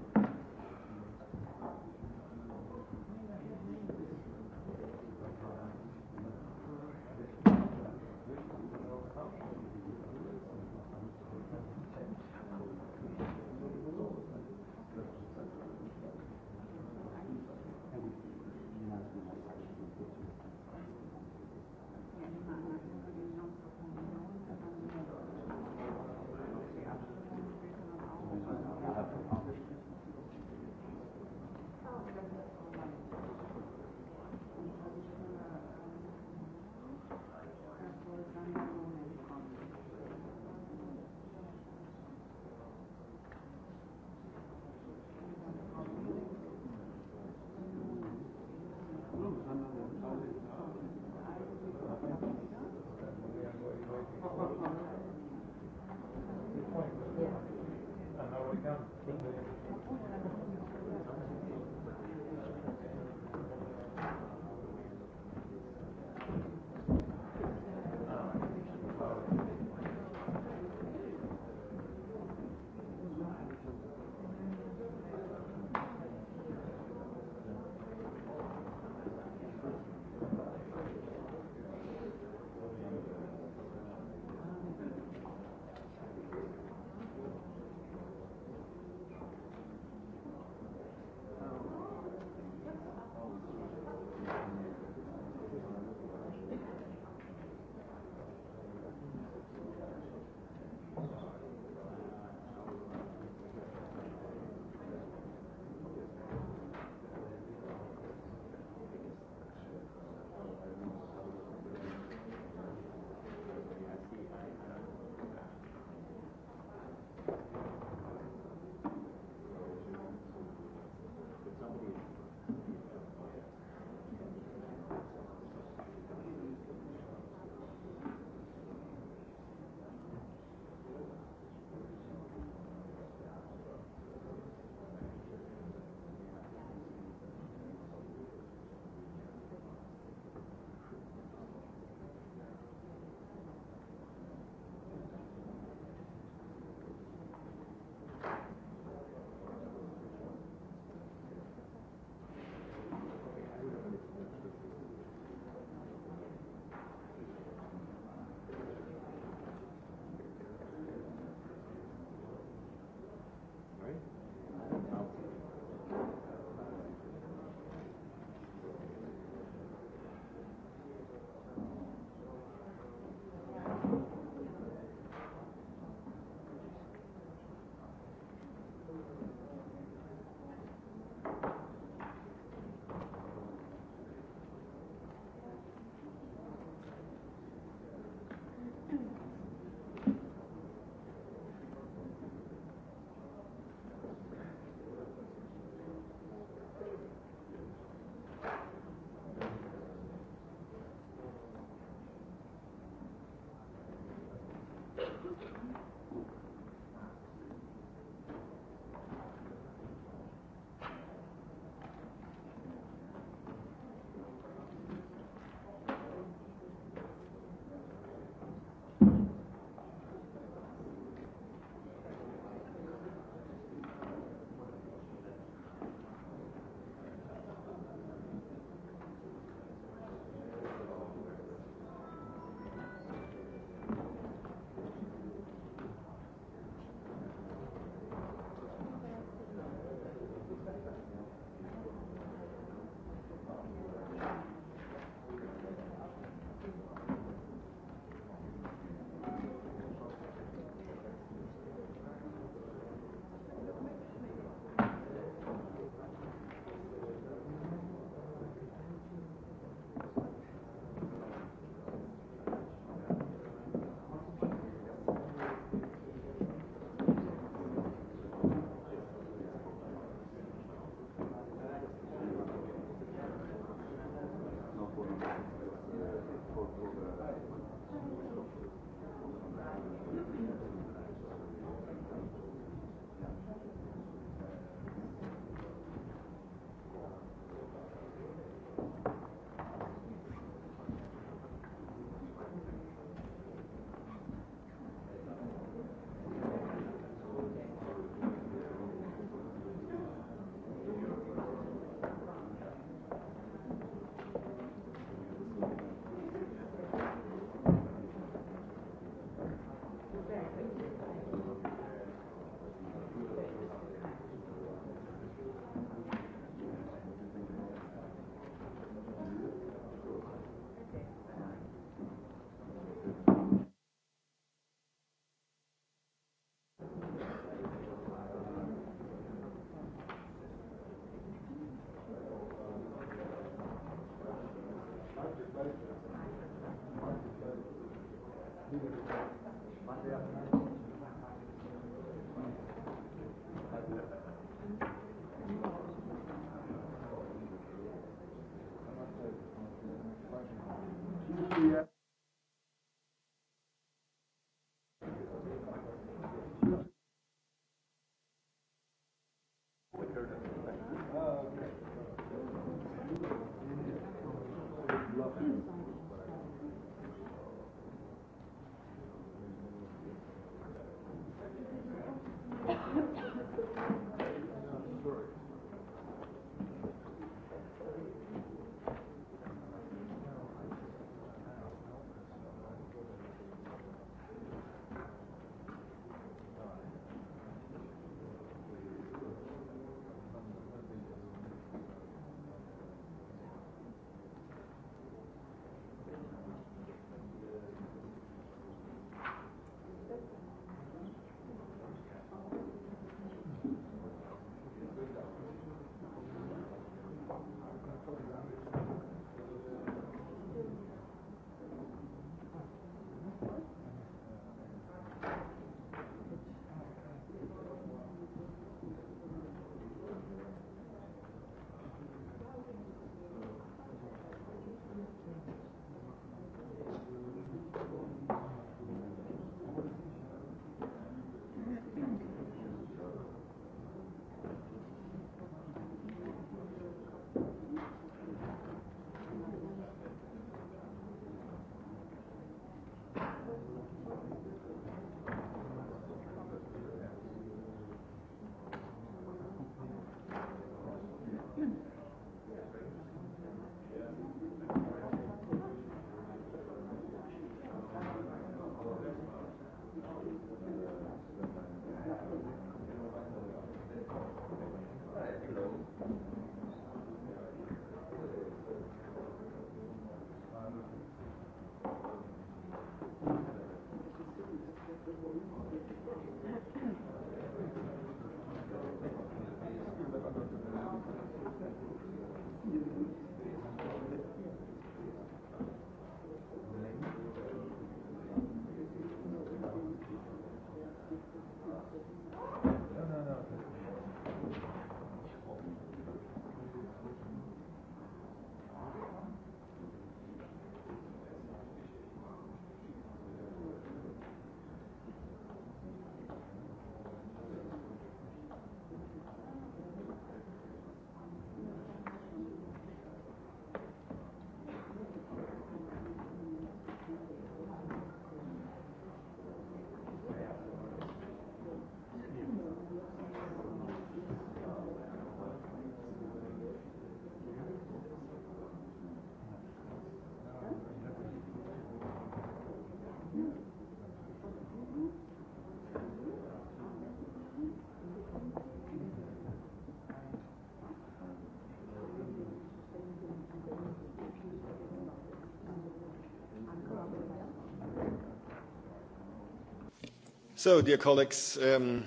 So, um,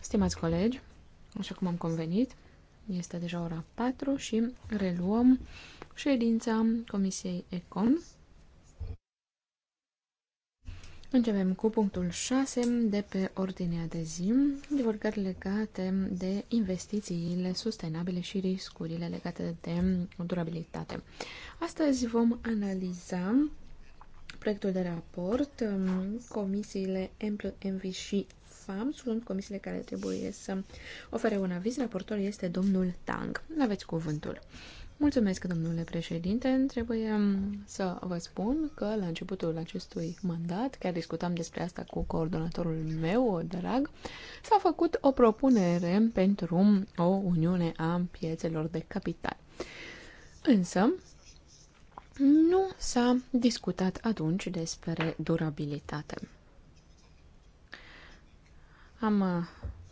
Stimați colegi, așa cum am convenit, este deja ora 4 și reluăm ședința Comisiei Econ. Începem cu punctul 6 de pe ordinea de zi, divulgări legate de investițiile sustenabile și riscurile legate de durabilitate. Astăzi vom analiza proiectul de raport. Um, comisiile EMPL, ENVI și FAM sunt comisiile care trebuie să ofere un aviz. Raportorul este domnul Tang. Aveți cuvântul. Mulțumesc, domnule președinte. Trebuie um, să vă spun că la începutul acestui mandat, chiar discutam despre asta cu coordonatorul meu, drag, s-a făcut o propunere pentru o uniune a piețelor de capital. Însă, nu s-a discutat atunci despre durabilitate. Am uh,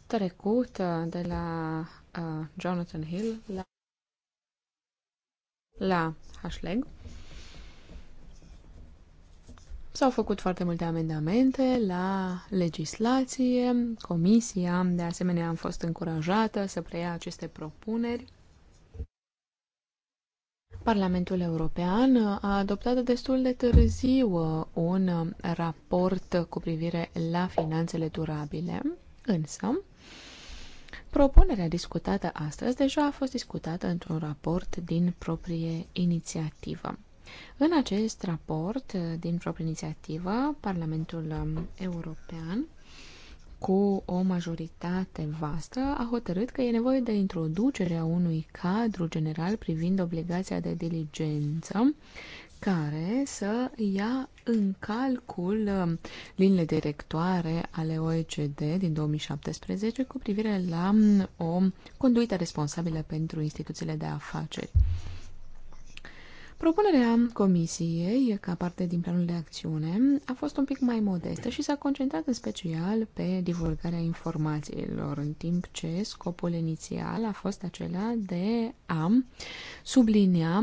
trecut uh, de la uh, Jonathan Hill la, la Hashleg. S-au făcut foarte multe amendamente la legislație. Comisia, de asemenea, am fost încurajată să preia aceste propuneri. Parlamentul European a adoptat destul de târziu uh, un uh, raport cu privire la finanțele durabile, însă propunerea discutată astăzi deja a fost discutată într-un raport din proprie inițiativă. În acest raport uh, din proprie inițiativă, Parlamentul um, European cu o majoritate vastă, a hotărât că e nevoie de introducerea unui cadru general privind obligația de diligență care să ia în calcul um, liniile directoare ale OECD din 2017 cu privire la um, o conduită responsabilă pentru instituțiile de afaceri. Propunerea Comisiei, ca parte din planul de acțiune, a fost un pic mai modestă și s-a concentrat în special pe divulgarea informațiilor, în timp ce scopul inițial a fost acela de a sublinia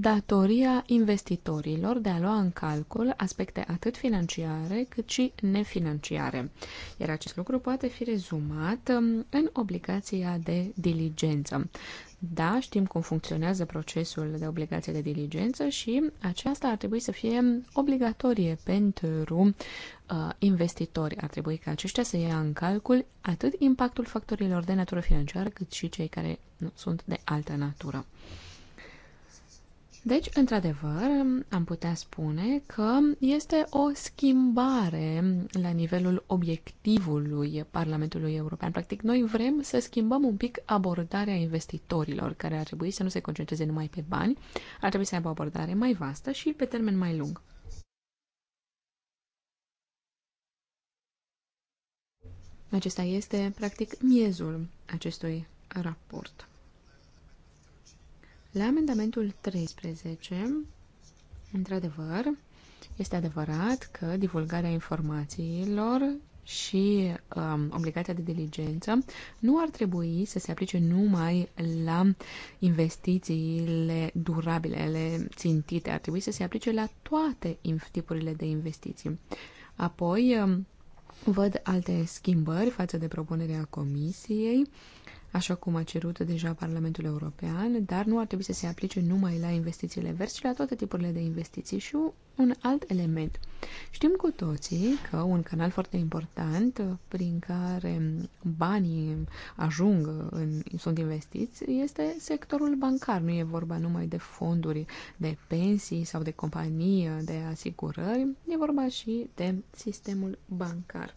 datoria investitorilor de a lua în calcul aspecte atât financiare cât și nefinanciare. Iar acest lucru poate fi rezumat um, în obligația de diligență. Da, știm cum funcționează procesul de obligație de diligență și aceasta ar trebui să fie obligatorie pentru uh, investitori. Ar trebui ca aceștia să ia în calcul atât impactul factorilor de natură financiară cât și cei care nu sunt de altă natură. Deci, într-adevăr, am putea spune că este o schimbare la nivelul obiectivului Parlamentului European. Practic, noi vrem să schimbăm un pic abordarea investitorilor, care ar trebui să nu se concentreze numai pe bani, ar trebui să aibă o abordare mai vastă și pe termen mai lung. Acesta este, practic, miezul acestui raport. La amendamentul 13, într-adevăr, este adevărat că divulgarea informațiilor și um, obligația de diligență nu ar trebui să se aplice numai la investițiile durabile, ale țintite, ar trebui să se aplice la toate tipurile de investiții. Apoi, um, văd alte schimbări față de propunerea comisiei așa cum a cerut deja Parlamentul European, dar nu ar trebui să se aplice numai la investițiile verzi, ci la toate tipurile de investiții. Și un alt element. Știm cu toții că un canal foarte important prin care banii ajung, în, sunt investiți, este sectorul bancar. Nu e vorba numai de fonduri de pensii sau de companii de asigurări, e vorba și de sistemul bancar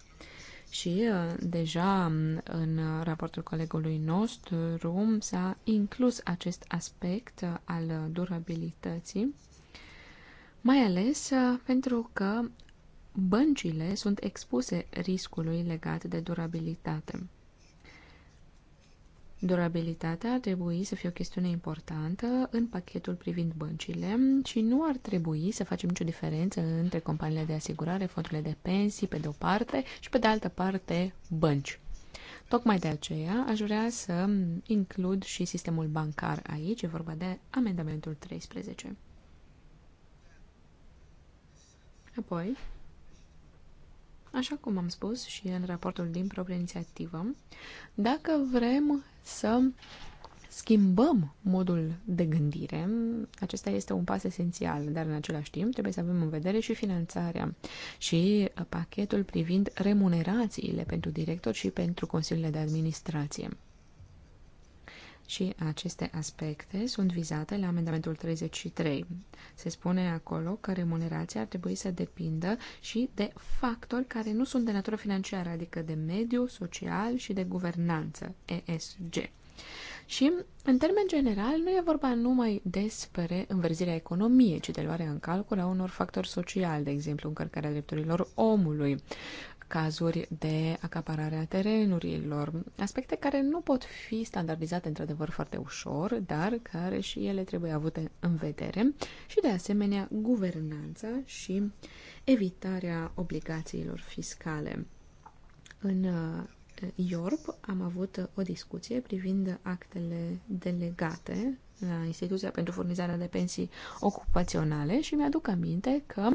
și uh, deja um, în raportul colegului nostru um, s-a inclus acest aspect uh, al durabilității, mai ales uh, pentru că băncile sunt expuse riscului legat de durabilitate. Durabilitatea ar trebui să fie o chestiune importantă în pachetul privind băncile și nu ar trebui să facem nicio diferență între companiile de asigurare, fondurile de pensii, pe de o parte, și pe de altă parte bănci. Tocmai de aceea aș vrea să includ și sistemul bancar aici, e vorba de amendamentul 13. Apoi, așa cum am spus și în raportul din proprie inițiativă, dacă vrem să schimbăm modul de gândire, acesta este un pas esențial, dar în același timp trebuie să avem în vedere și finanțarea și pachetul privind remunerațiile pentru director și pentru consiliile de administrație. Și aceste aspecte sunt vizate la amendamentul 33. Se spune acolo că remunerația ar trebui să depindă și de factori care nu sunt de natură financiară, adică de mediu, social și de guvernanță, ESG. Și, în termen general, nu e vorba numai despre înverzirea economiei, ci de luarea în calcul a unor factori sociali, de exemplu încărcarea drepturilor omului, cazuri de acaparare a terenurilor, aspecte care nu pot fi standardizate într-adevăr foarte ușor, dar care și ele trebuie avute în vedere și de asemenea guvernanța și evitarea obligațiilor fiscale. În uh, IORP am avut o discuție privind actele delegate la Instituția pentru Furnizarea de Pensii Ocupaționale și mi-aduc aminte că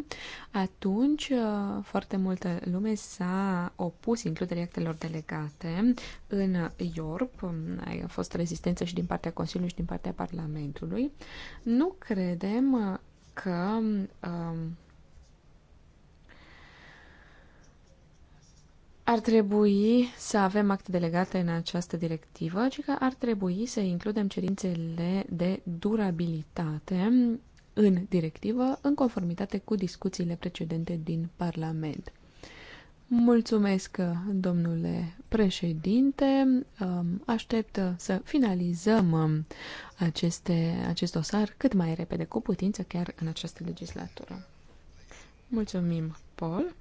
atunci uh, foarte multă lume s-a opus includerii actelor delegate în IORP. A fost rezistență și din partea Consiliului și din partea Parlamentului. Nu credem că um, ar trebui să avem acte delegate în această directivă, ci că ar trebui să includem cerințele de durabilitate în directivă, în conformitate cu discuțiile precedente din Parlament. Mulțumesc, domnule președinte. Aștept să finalizăm aceste, acest dosar cât mai repede, cu putință, chiar în această legislatură. Mulțumim, Paul.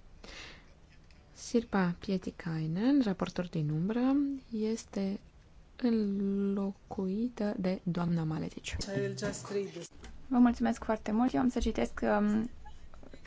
Sirpa Pietikainen, raportor din umbră, este înlocuită de doamna Maletici. Vă mulțumesc foarte mult. Eu am să citesc um,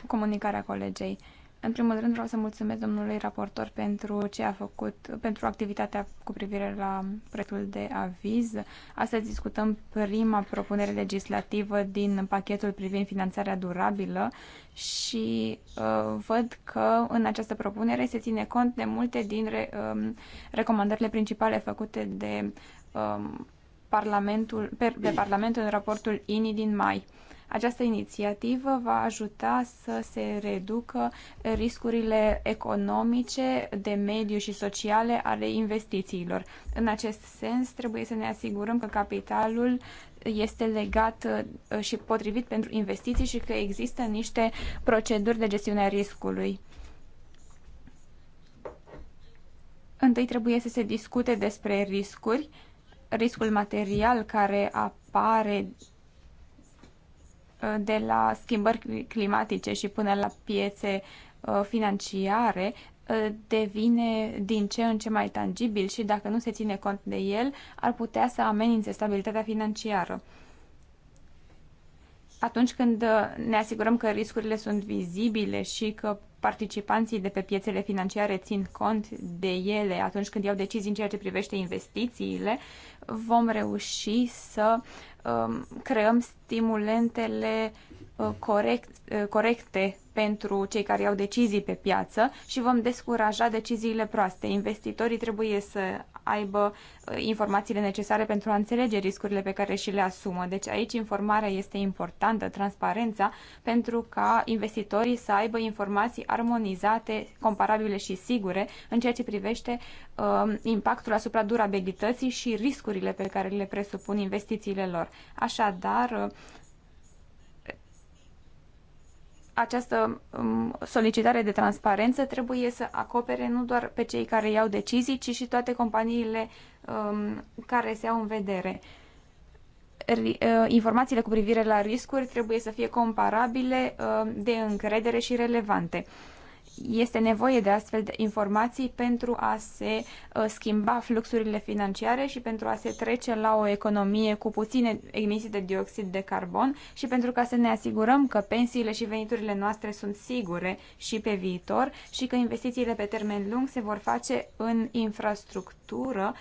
comunicarea colegei. Uh, în primul rând vreau să mulțumesc domnului raportor pentru ce a făcut, pentru activitatea cu privire la proiectul de aviz. Astăzi discutăm prima propunere legislativă din pachetul privind finanțarea durabilă și uh, văd că în această propunere se ține cont de multe din re, um, recomandările principale făcute de, um, parlamentul, pe, de Parlamentul în raportul INI din mai. Această inițiativă va ajuta să se reducă riscurile economice, de mediu și sociale ale investițiilor. În acest sens, trebuie să ne asigurăm că capitalul este legat uh, și potrivit pentru investiții și că există niște proceduri de gestiune a riscului. Întâi trebuie să se discute despre riscuri, riscul material care apare Uh, de la schimbări climatice și până la piețe uh, financiare uh, devine din ce în ce mai tangibil și dacă nu se ține cont de el, ar putea să amenințe stabilitatea financiară. Atunci când ne asigurăm că riscurile sunt vizibile și că participanții de pe piețele financiare țin cont de ele atunci când iau decizii în ceea ce privește investițiile, vom reuși să Um, creăm stimulentele uh, corect, uh, corecte pentru cei care iau decizii pe piață și vom descuraja deciziile proaste. Investitorii trebuie să aibă uh, informațiile necesare pentru a înțelege riscurile pe care și le asumă. Deci aici informarea este importantă, transparența, pentru ca investitorii să aibă informații armonizate, comparabile și sigure în ceea ce privește uh, impactul asupra durabilității și riscurile pe care le presupun investițiile lor. Așadar, uh, această um, solicitare de transparență trebuie să acopere nu doar pe cei care iau decizii, ci și toate companiile um, care se au în vedere. Uh, informațiile cu privire la riscuri trebuie să fie comparabile, uh, de încredere și relevante este nevoie de astfel de informații pentru a se uh, schimba fluxurile financiare și pentru a se trece la o economie cu puține emisii de dioxid de carbon și pentru ca să ne asigurăm că pensiile și veniturile noastre sunt sigure și pe viitor și că investițiile pe termen lung se vor face în infrastructură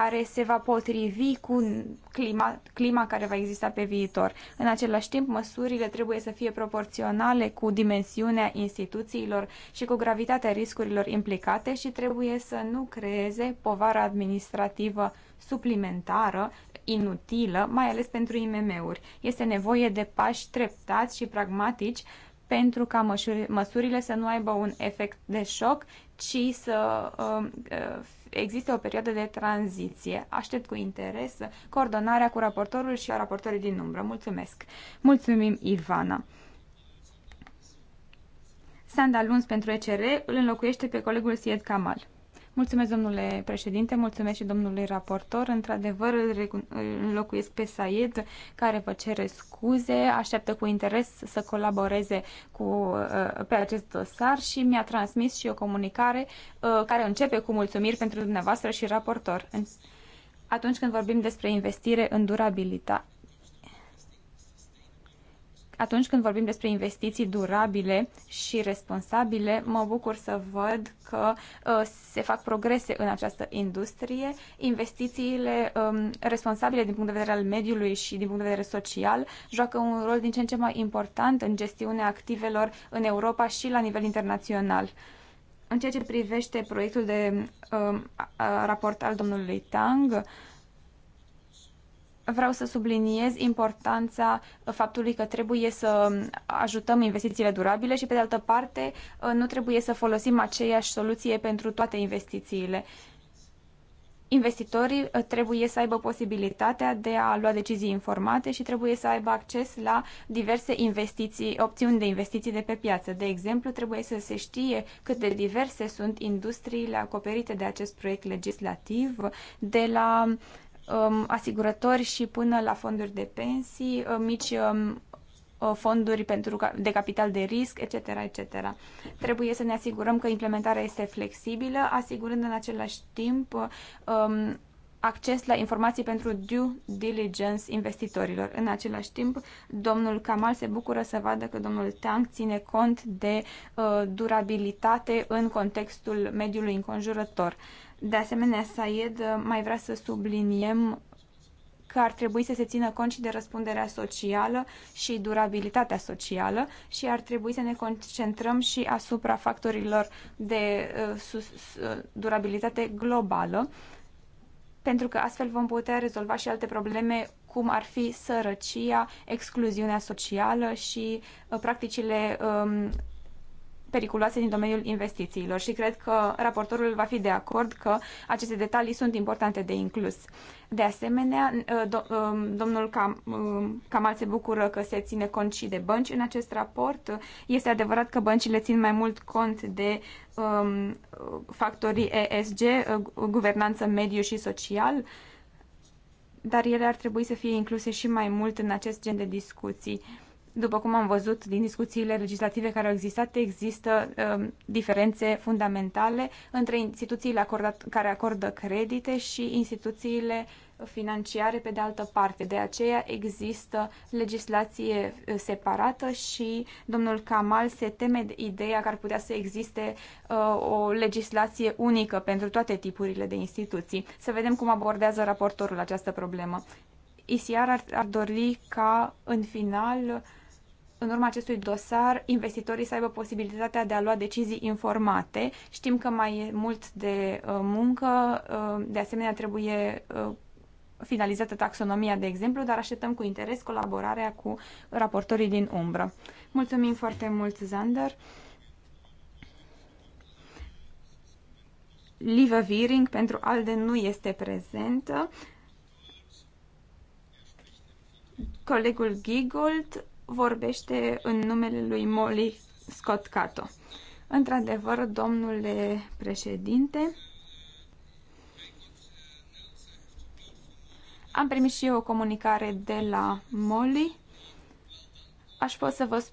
care se va potrivi cu clima, clima care va exista pe viitor. În același timp, măsurile trebuie să fie proporționale cu dimensiunea instituțiilor și cu gravitatea riscurilor implicate și trebuie să nu creeze povara administrativă suplimentară, inutilă, mai ales pentru IMM-uri. Este nevoie de pași treptați și pragmatici pentru ca măsurile să nu aibă un efect de șoc, ci să uh, uh, existe o perioadă de tranziție. Aștept cu interes coordonarea cu raportorul și raportorii din umbră. Mulțumesc! Mulțumim, Ivana! Sanda Luns pentru ECR îl înlocuiește pe colegul Sied Kamal. Mulțumesc, domnule președinte, mulțumesc și domnului raportor. Într-adevăr, îl înlocuiesc pe Said, care vă cere scuze, așteaptă cu interes să colaboreze cu, uh, pe acest dosar și mi-a transmis și o comunicare uh, care începe cu mulțumiri pentru dumneavoastră și raportor. Atunci când vorbim despre investire în durabilitate, atunci când vorbim despre investiții durabile și responsabile, mă bucur să văd că uh, se fac progrese în această industrie. Investițiile um, responsabile din punct de vedere al mediului și din punct de vedere social joacă un rol din ce în ce mai important în gestiunea activelor în Europa și la nivel internațional. În ceea ce privește proiectul de um, raport al domnului Tang, vreau să subliniez importanța faptului că trebuie să ajutăm investițiile durabile și, pe de altă parte, nu trebuie să folosim aceeași soluție pentru toate investițiile. Investitorii uh, trebuie să aibă posibilitatea de a lua decizii informate și trebuie să aibă acces la diverse investiții, opțiuni de investiții de pe piață. De exemplu, trebuie să se știe cât de diverse sunt industriile acoperite de acest proiect legislativ, de la uh, Um, asigurători și până la fonduri de pensii, uh, mici um, uh, fonduri pentru, de capital de risc, etc., etc. Trebuie să ne asigurăm că implementarea este flexibilă, asigurând în același timp uh, um, acces la informații pentru due diligence investitorilor. În același timp, domnul Kamal se bucură să vadă că domnul Tang ține cont de uh, durabilitate în contextul mediului înconjurător. De asemenea, Said uh, mai vrea să subliniem că ar trebui să se țină cont și de răspunderea socială și durabilitatea socială și ar trebui să ne concentrăm și asupra factorilor de uh, uh, durabilitate globală, pentru că astfel vom putea rezolva și alte probleme cum ar fi sărăcia, excluziunea socială și practicile um, periculoase din domeniul investițiilor și cred că raportorul va fi de acord că aceste detalii sunt importante de inclus. De asemenea, um, domnul um, Kamal Camal se bucură că se ține cont și de bănci în acest raport. Este adevărat că băncile țin mai mult cont de um, factorii ESG, uh, guvernanță mediu și social, dar ele ar trebui să fie incluse și mai mult în acest gen de discuții după cum am văzut din discuțiile legislative care au existat, există uh, diferențe fundamentale între instituțiile acordat, care acordă credite și instituțiile financiare pe de altă parte. De aceea există legislație uh, separată și domnul Kamal se teme de ideea că ar putea să existe uh, o legislație unică pentru toate tipurile de instituții. Să vedem cum abordează raportorul această problemă. ISIAR ar, ar dori ca în final uh, în urma acestui dosar investitorii să aibă posibilitatea de a lua decizii informate. Știm că mai e mult de uh, muncă, uh, de asemenea trebuie uh, finalizată taxonomia, de exemplu, dar așteptăm cu interes colaborarea cu raportorii din umbră. Mulțumim foarte mult, Zander! Liva Viring pentru ALDE nu este prezentă. Colegul Gigold vorbește în numele lui Molly Scott Cato. Într-adevăr, domnule președinte, am primit și eu o comunicare de la Molly. Aș pot să vă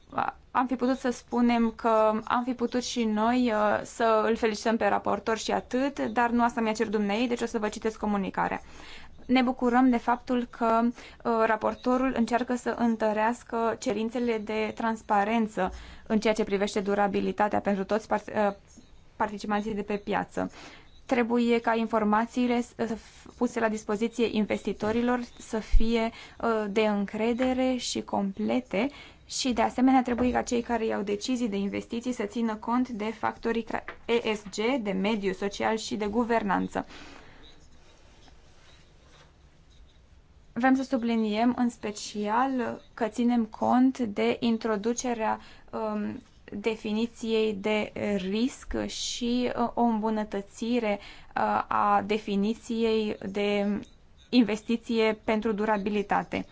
am fi putut să spunem că am fi putut și noi uh, să îl felicităm pe raportor și atât, dar nu asta mi-a cerut dumnei, deci o să vă citesc comunicarea ne bucurăm de faptul că uh, raportorul încearcă să întărească cerințele de transparență în ceea ce privește durabilitatea pentru toți uh, participanții de pe piață. Trebuie ca informațiile puse la dispoziție investitorilor să fie uh, de încredere și complete și de asemenea trebuie ca cei care iau decizii de investiții să țină cont de factorii ESG, de mediu social și de guvernanță. Vrem să subliniem în special că ținem cont de introducerea um, definiției de risc și uh, o îmbunătățire uh, a definiției de investiție pentru durabilitate.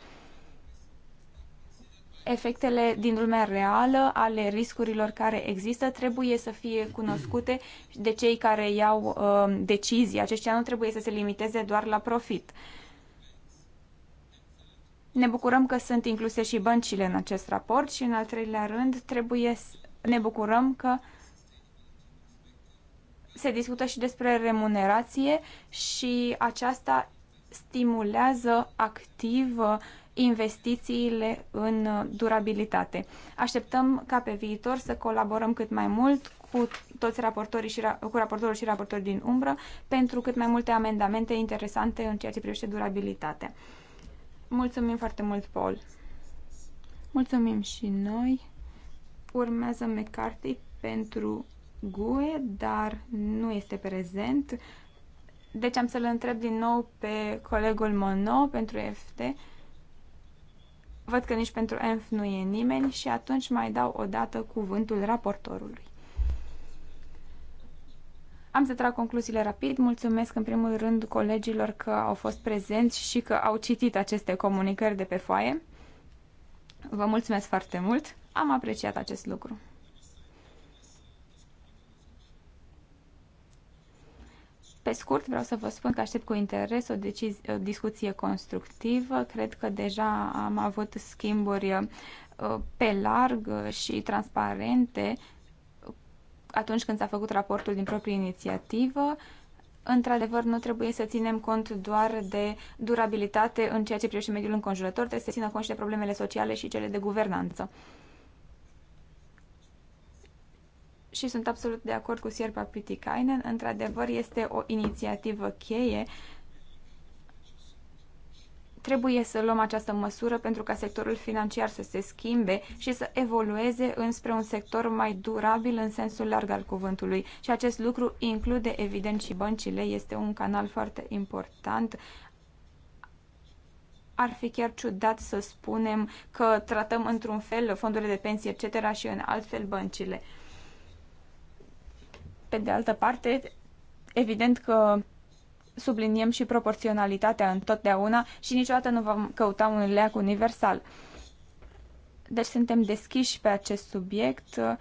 Efectele din lumea reală ale riscurilor care există trebuie să fie cunoscute de cei care iau uh, decizii. Aceștia nu trebuie să se limiteze doar la profit. Uh, ne bucurăm că sunt incluse și băncile în acest raport și, în al treilea rând, trebuie ne bucurăm că se discută și despre remunerație și aceasta stimulează activ uh, investițiile în uh, durabilitate. Așteptăm ca pe viitor să colaborăm cât mai mult cu toți raportorii și ra- cu raportorul și raportori din umbră pentru cât mai multe amendamente interesante în ceea ce privește durabilitatea. Mulțumim foarte mult, Paul. Mulțumim și noi. Urmează McCarthy pentru GUE, dar nu este prezent. Deci am să-l întreb din nou pe colegul Mono pentru FT. Văd că nici pentru ENF nu e nimeni și atunci mai dau o dată cuvântul raportorului. Am să trag concluziile rapid. Mulțumesc în primul rând colegilor că au fost prezenți și că au citit aceste comunicări de pe foaie. Vă mulțumesc foarte mult. Am apreciat acest lucru. Pe scurt, vreau să vă spun că aștept cu interes o, decizi- o discuție constructivă. Cred că deja am avut schimburi uh, pe larg și transparente atunci când s-a făcut raportul din proprie inițiativă, într-adevăr, nu trebuie să ținem cont doar de durabilitate în ceea ce privește mediul înconjurător, trebuie să țină cont și de problemele sociale și cele de guvernanță. Și sunt absolut de acord cu Sierpa Pitikainen, într-adevăr este o inițiativă cheie trebuie să luăm această măsură pentru ca sectorul financiar să se schimbe și să evolueze înspre un sector mai durabil în sensul larg al cuvântului. Și acest lucru include, evident, și băncile. Este un canal foarte important. Ar fi chiar ciudat să spunem că tratăm într-un fel fondurile de pensie, etc., și în alt fel băncile. Pe de altă parte, evident că subliniem și proporționalitatea întotdeauna și niciodată nu vom căuta un leac universal. Deci suntem deschiși pe acest subiect.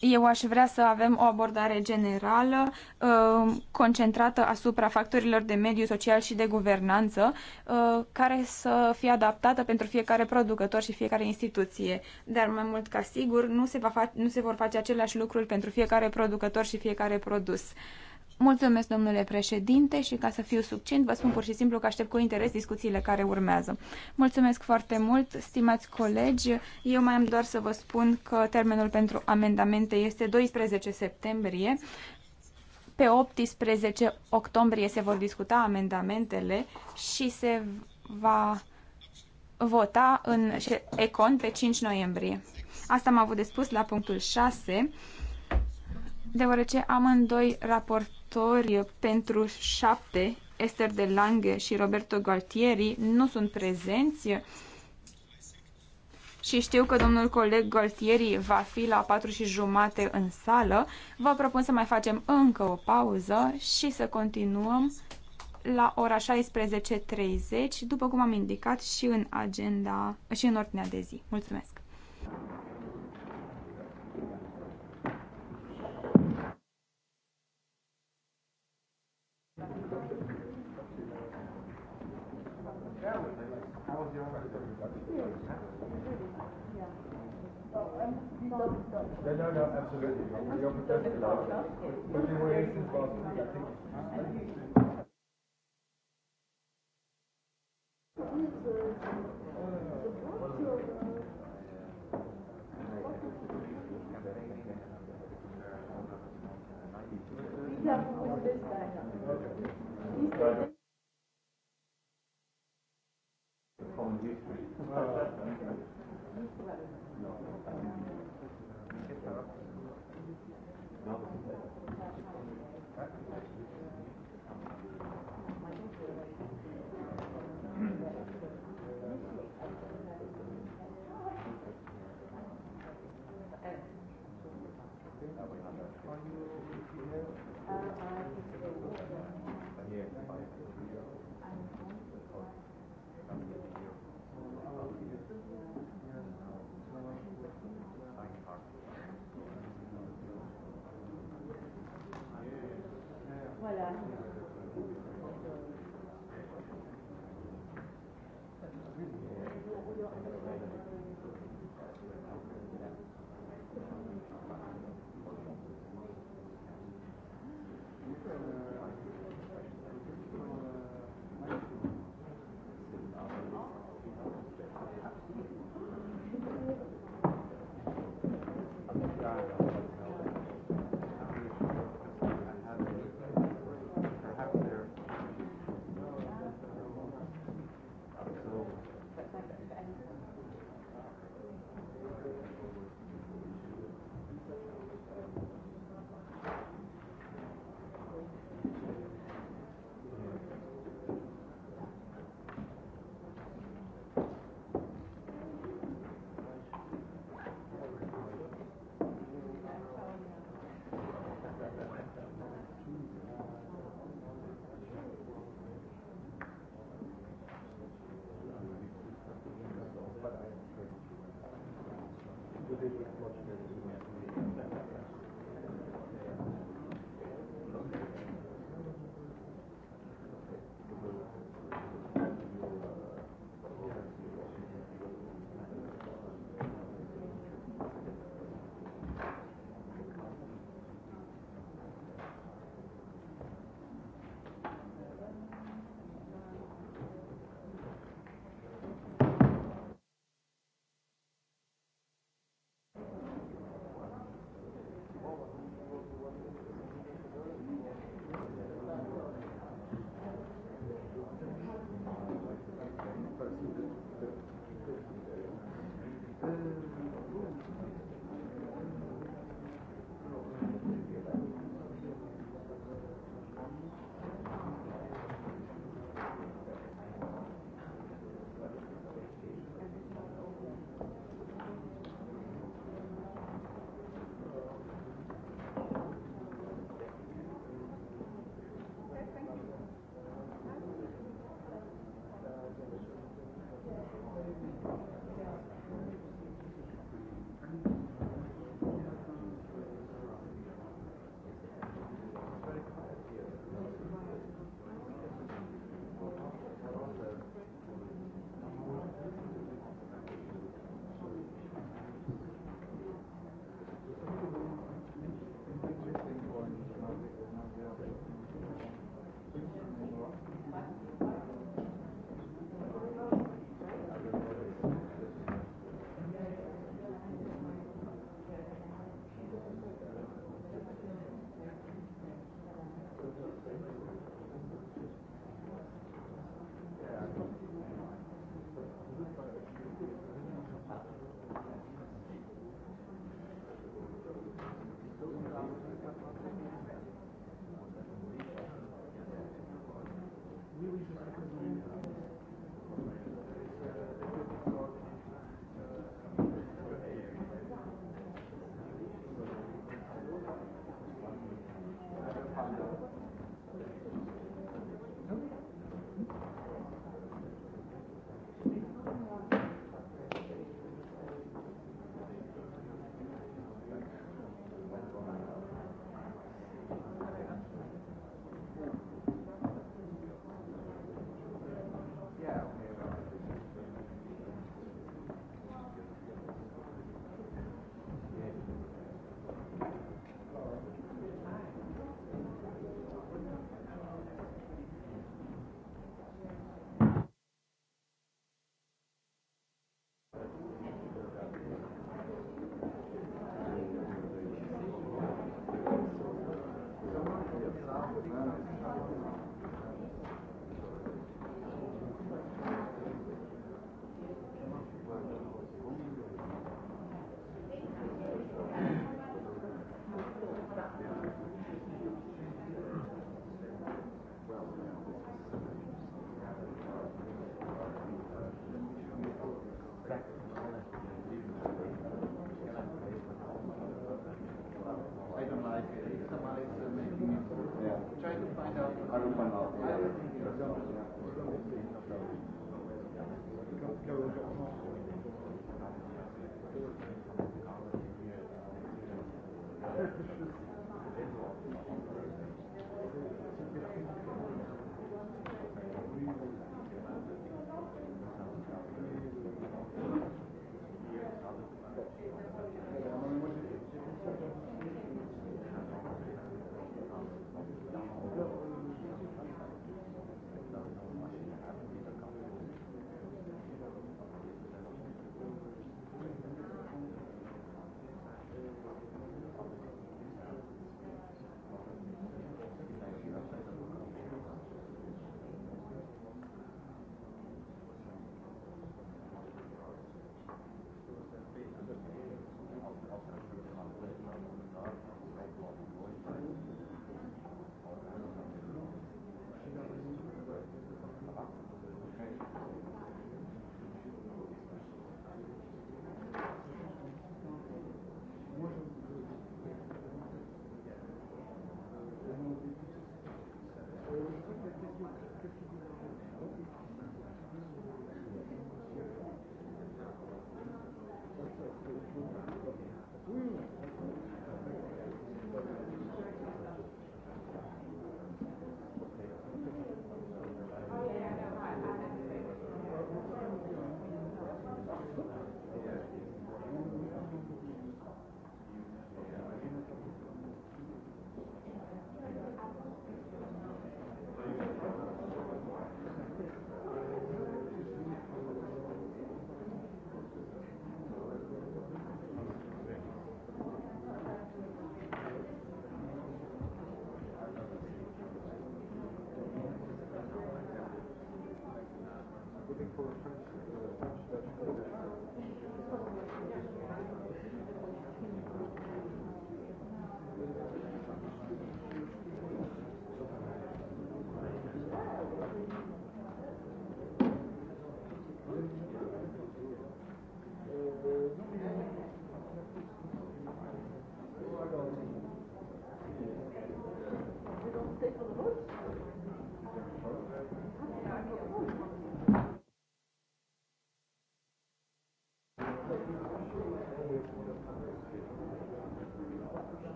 Eu aș vrea să avem o abordare generală, uh, concentrată asupra factorilor de mediu social și de guvernanță, uh, care să fie adaptată pentru fiecare producător și fiecare instituție. Dar mai mult ca sigur, nu se, va fa- nu se vor face aceleași lucruri pentru fiecare producător și fiecare produs. Uh, Mulțumesc, domnule președinte, și ca să fiu succint, vă spun pur și simplu că aștept cu interes discuțiile care urmează. Mulțumesc foarte mult, stimați colegi. Eu mai am doar să vă spun că termenul pentru amendamente este 12 septembrie. Pe 18 octombrie se vor discuta amendamentele și se va vota în Econ pe 5 noiembrie. Asta am avut de spus la punctul 6 deoarece amândoi raport raportori pentru șapte, Esther de Lange și Roberto Galtieri, nu sunt prezenți și știu că domnul coleg Galtieri va fi la patru și jumate în sală, vă propun să mai facem încă o pauză și să continuăm la ora 16.30, după cum am indicat și în agenda și în ordinea de zi. Mulțumesc! Yeah, no, no, absolutely. Your professional but you were instant possible, Thank you.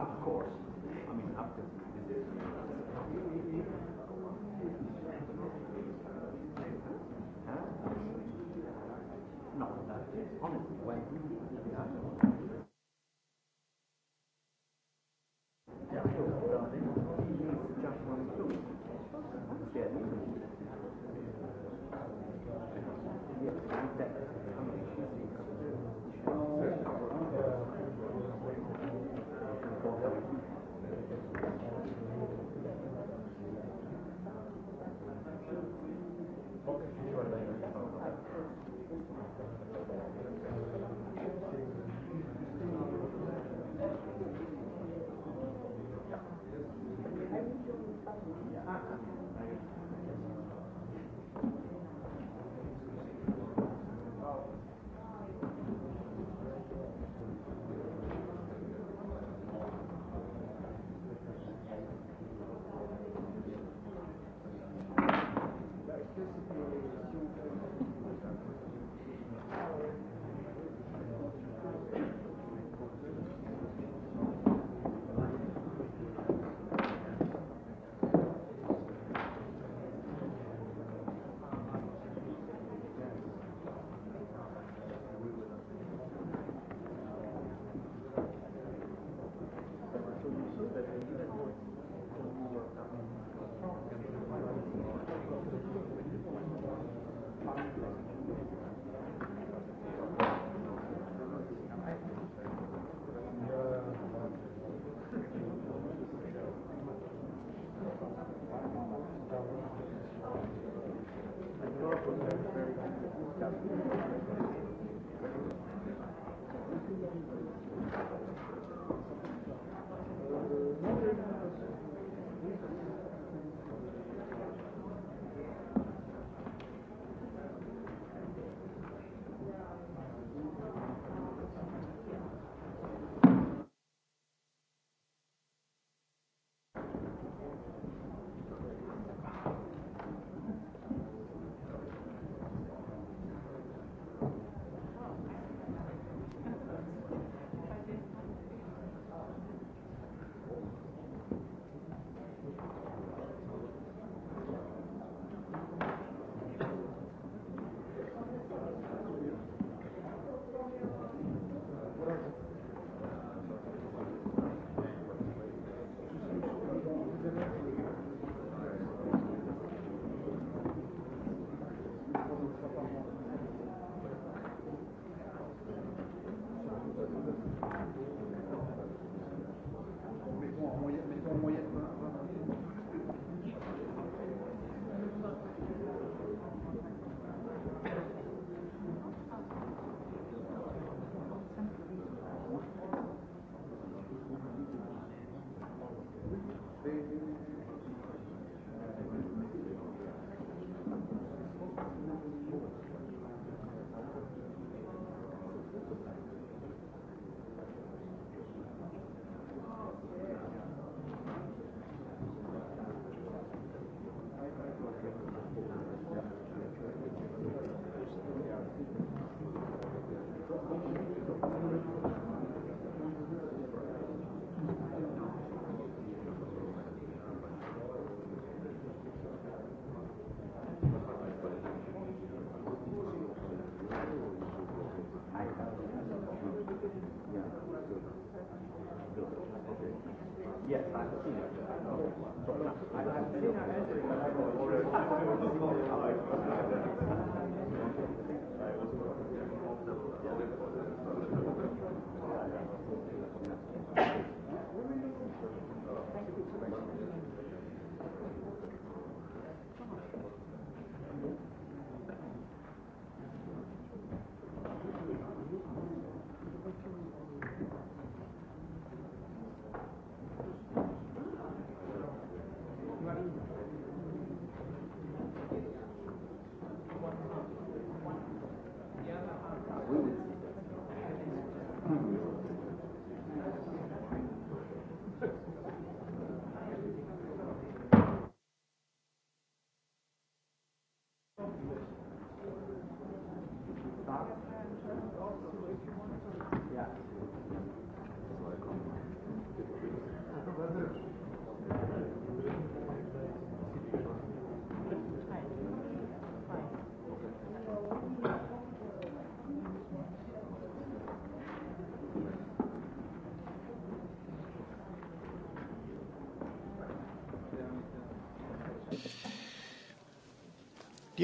of course. I mean, after this. Huh? No, that's it. Honestly, when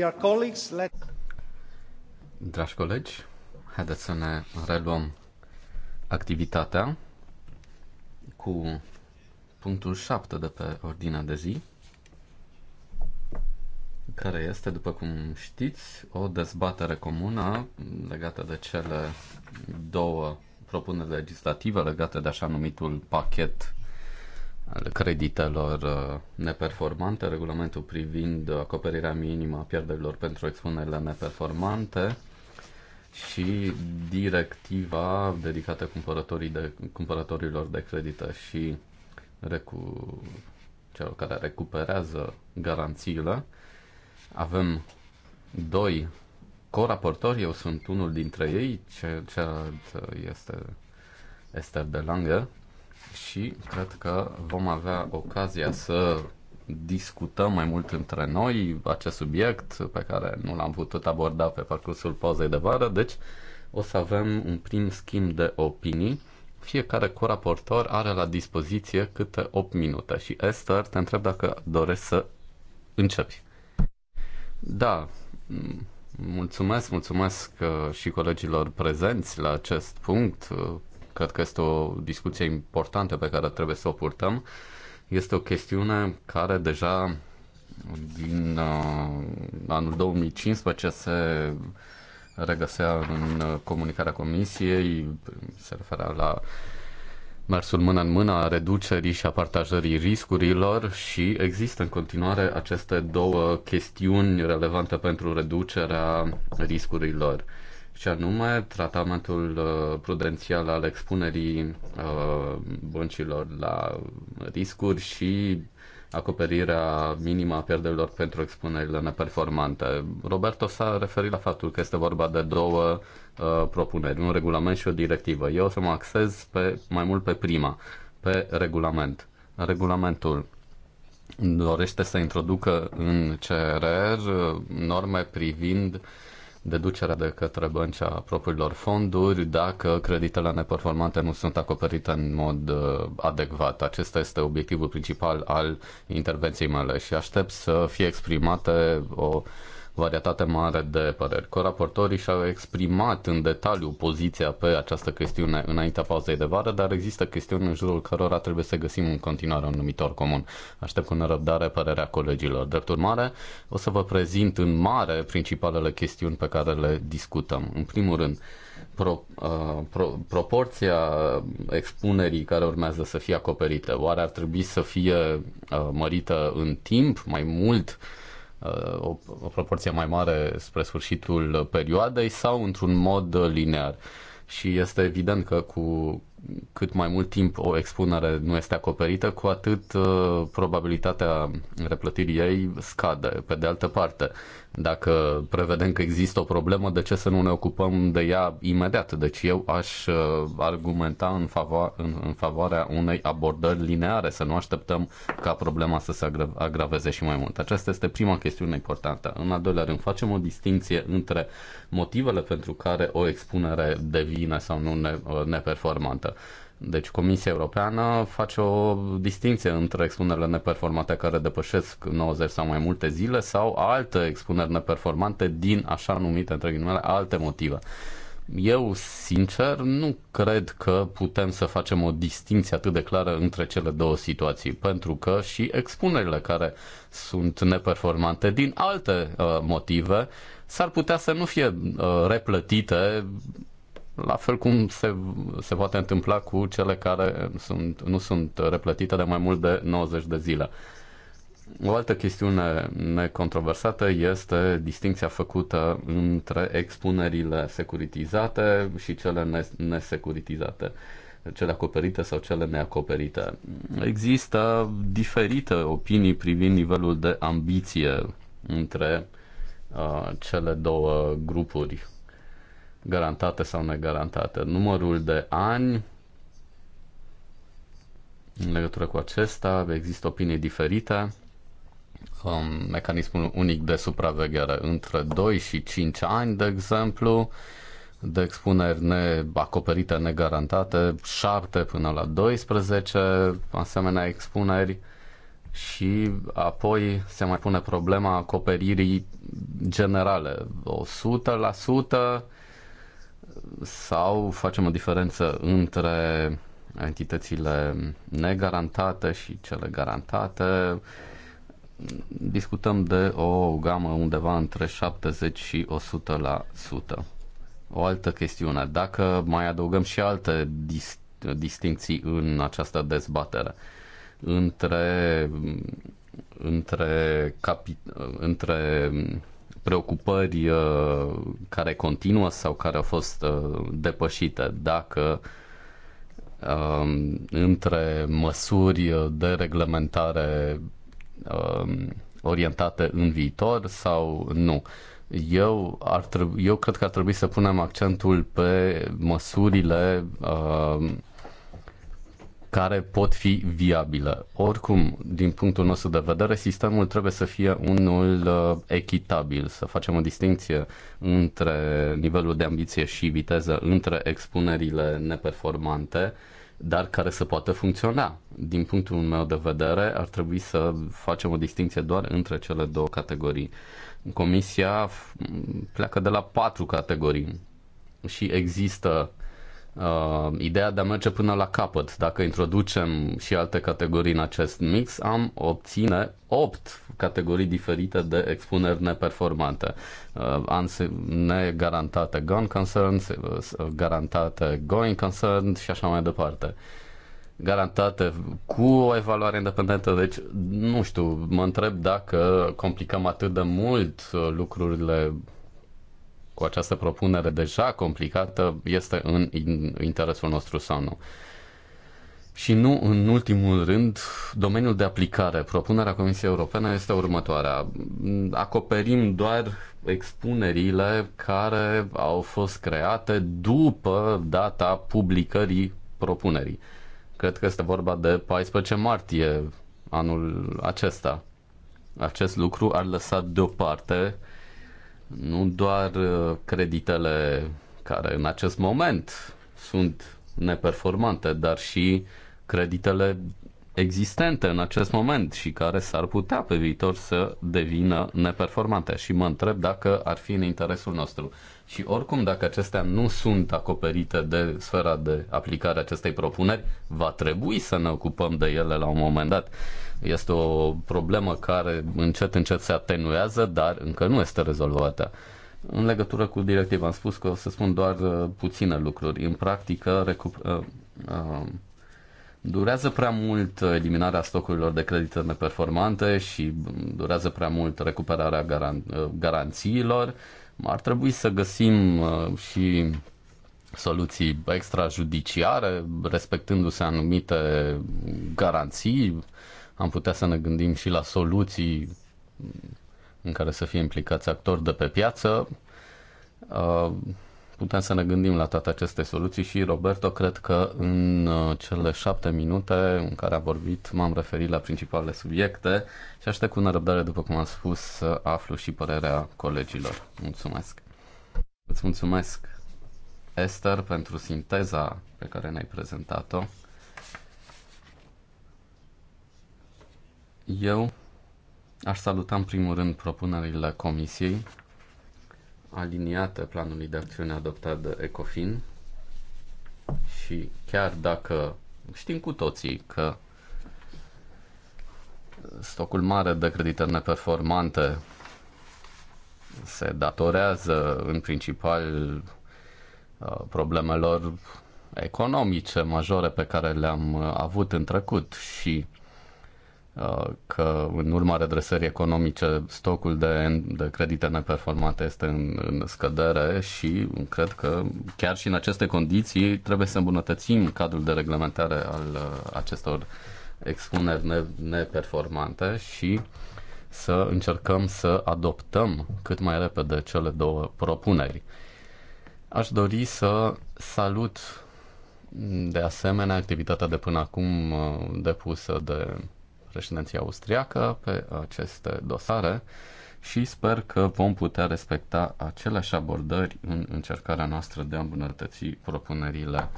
Dear colleagues, let's... Dragi colegi, haideți să ne reluăm activitatea cu punctul 7 de pe ordinea de zi, care este, după cum știți, o dezbatere comună legată de cele două propuneri legislative legate de așa numitul pachet al creditelor uh, neperformante, regulamentul privind acoperirea minimă a pierderilor pentru expunerile neperformante și directiva dedicată cumpărătorii de, cumpărătorilor de credită și recu, celor care recuperează garanțiile. Avem doi coraportori, eu sunt unul dintre ei, cealaltă este Esther de Lange, și cred că vom avea ocazia să discutăm mai mult între noi acest subiect pe care nu l-am putut aborda pe parcursul pauzei de vară, deci o să avem un prim schimb de opinii. Fiecare coraportor are la dispoziție câte 8 minute și Esther te întreb dacă doresc să începi. Da, mulțumesc, mulțumesc uh, și colegilor prezenți la acest punct uh, Cred că este o discuție importantă pe care trebuie să o purtăm. Este o chestiune care deja din uh, anul 2015 se regăsea în uh, comunicarea Comisiei, se referea la mersul mână în mână a reducerii și a partajării riscurilor și există în continuare aceste două chestiuni relevante pentru reducerea riscurilor și anume tratamentul uh, prudențial al expunerii uh, băncilor la riscuri și acoperirea minimă a pierderilor pentru expunerile neperformante. Roberto s-a referit la faptul că este vorba de două uh, propuneri, un regulament și o directivă. Eu o să mă axez pe, mai mult pe prima, pe regulament. Regulamentul dorește să introducă în CRR norme privind uh, deducerea de către bănci a propriilor fonduri dacă creditele neperformante nu sunt acoperite în mod uh, adecvat. Acesta este obiectivul principal al intervenției mele și aștept să fie exprimate o varietate mare de păreri. Coraportorii și-au exprimat în detaliu poziția pe această chestiune înaintea pauzei de vară, dar există chestiuni în jurul cărora trebuie să găsim în continuare un numitor comun. Aștept cu nerăbdare părerea colegilor. Drept urmare, o să vă prezint în mare principalele chestiuni pe care le discutăm. În primul rând, pro, uh, pro, proporția expunerii care urmează să fie acoperite, oare ar trebui să fie uh, mărită în timp mai mult Uh, o, o proporție mai mare spre sfârșitul perioadei sau într-un mod linear. Și este evident că cu cât mai mult timp o expunere nu este acoperită, cu atât uh, probabilitatea replătirii ei scade. Pe de altă parte, dacă prevedem că există o problemă, de ce să nu ne ocupăm de ea imediat? Deci eu aș uh, argumenta în, favo- în, în favoarea unei abordări lineare, să nu așteptăm ca problema să se agra- agraveze și mai mult. Aceasta este prima chestiune importantă. În al doilea rând, facem o distinție între motivele pentru care o expunere devine sau nu ne- uh, neperformantă neperformantă. Deci Comisia Europeană face o distinție între expunerile neperformante care depășesc 90 sau mai multe zile sau alte expuneri neperformante din așa numite, între ghilimele, alte motive. Eu, sincer, nu cred că putem să facem o distinție atât de clară între cele două situații, pentru că și expunerile care sunt neperformante din alte uh, motive s-ar putea să nu fie uh, replătite la fel cum se, se poate întâmpla cu cele care sunt, nu sunt replătite de mai mult de 90 de zile. O altă chestiune necontroversată este distinția făcută între expunerile securitizate și cele nesecuritizate, cele acoperite sau cele neacoperite. Există diferite opinii privind nivelul de ambiție între uh, cele două grupuri garantate sau negarantate. Numărul de ani în legătură cu acesta există opinii diferite. Um, mecanismul unic de supraveghere între 2 și 5 ani, de exemplu, de expuneri neacoperite, negarantate, 7 până la 12 asemenea expuneri și apoi se mai pune problema acoperirii generale, 100% sau facem o diferență între entitățile negarantate și cele garantate. Discutăm de o gamă undeva între 70 și 100%. O altă chestiune, dacă mai adăugăm și alte dis- distinții în această dezbatere între între, capi, între preocupări uh, care continuă sau care au fost uh, depășite. Dacă um, între măsuri de reglementare um, orientate în viitor sau nu. Eu, ar trebui, eu cred că ar trebui să punem accentul pe măsurile uh, care pot fi viabile. Oricum, din punctul nostru de vedere, sistemul trebuie să fie unul uh, echitabil, să facem o distinție între nivelul de ambiție și viteză, între expunerile neperformante, dar care să poată funcționa. Din punctul meu de vedere, ar trebui să facem o distinție doar între cele două categorii. Comisia pleacă de la patru categorii și există uh, ideea de a merge până la capăt. Dacă introducem și alte categorii în acest mix, am obține 8 categorii diferite de expuneri neperformante. Uh, negarantate gone concerns, uh, garantate going concerns și așa mai departe garantate cu o evaluare independentă. Deci, nu știu, mă întreb dacă complicăm atât de mult uh, lucrurile cu această propunere deja complicată este în interesul nostru sau nu. Și nu în ultimul rând, domeniul de aplicare. Propunerea Comisiei Europene este următoarea. Acoperim doar expunerile care au fost create după data publicării propunerii. Cred că este vorba de 14 martie anul acesta. Acest lucru ar lăsa deoparte uh, nu doar uh, creditele care în acest moment sunt neperformante, dar și creditele existente în acest moment și care s-ar putea pe viitor să devină neperformante. Și mă întreb dacă ar fi în interesul nostru. Și oricum, dacă acestea nu sunt acoperite de sfera de aplicare a acestei propuneri, va trebui să ne ocupăm de ele la un moment dat. Este o problemă care încet, încet se atenuează, dar încă nu este rezolvată. În legătură cu directiva am spus că o să spun doar uh, puține lucruri. În practică, recup- uh, uh, durează prea mult eliminarea stocurilor de credite neperformante și durează prea mult recuperarea garan- uh, garanțiilor. Ar trebui să găsim uh, și soluții extrajudiciare, respectându-se anumite garanții am putea să ne gândim și la soluții în care să fie implicați actori de pe piață. Uh, putem să ne gândim la toate aceste soluții și, Roberto, cred că în uh, cele șapte minute în care a vorbit m-am referit la principalele subiecte și aștept cu nerăbdare, după cum am spus, să aflu și părerea colegilor. Mulțumesc! Îți mulțumesc, Esther, pentru sinteza pe care ne-ai prezentat-o. Eu aș saluta în primul rând propunerile Comisiei aliniate planului de acțiune adoptat de ECOFIN și chiar dacă știm cu toții că stocul mare de credite neperformante se datorează în principal uh, problemelor economice majore pe care le-am uh, avut în trecut și că în urma redresării economice stocul de, de credite neperformate este în, în scădere și cred că chiar și în aceste condiții trebuie să îmbunătățim cadrul de reglementare al uh, acestor expuneri ne, neperformante și să încercăm să adoptăm cât mai repede cele două propuneri. Aș dori să salut de asemenea activitatea de până acum uh, depusă de președinția austriacă pe aceste dosare și sper că vom putea respecta aceleași abordări în încercarea noastră de a îmbunătăți propunerile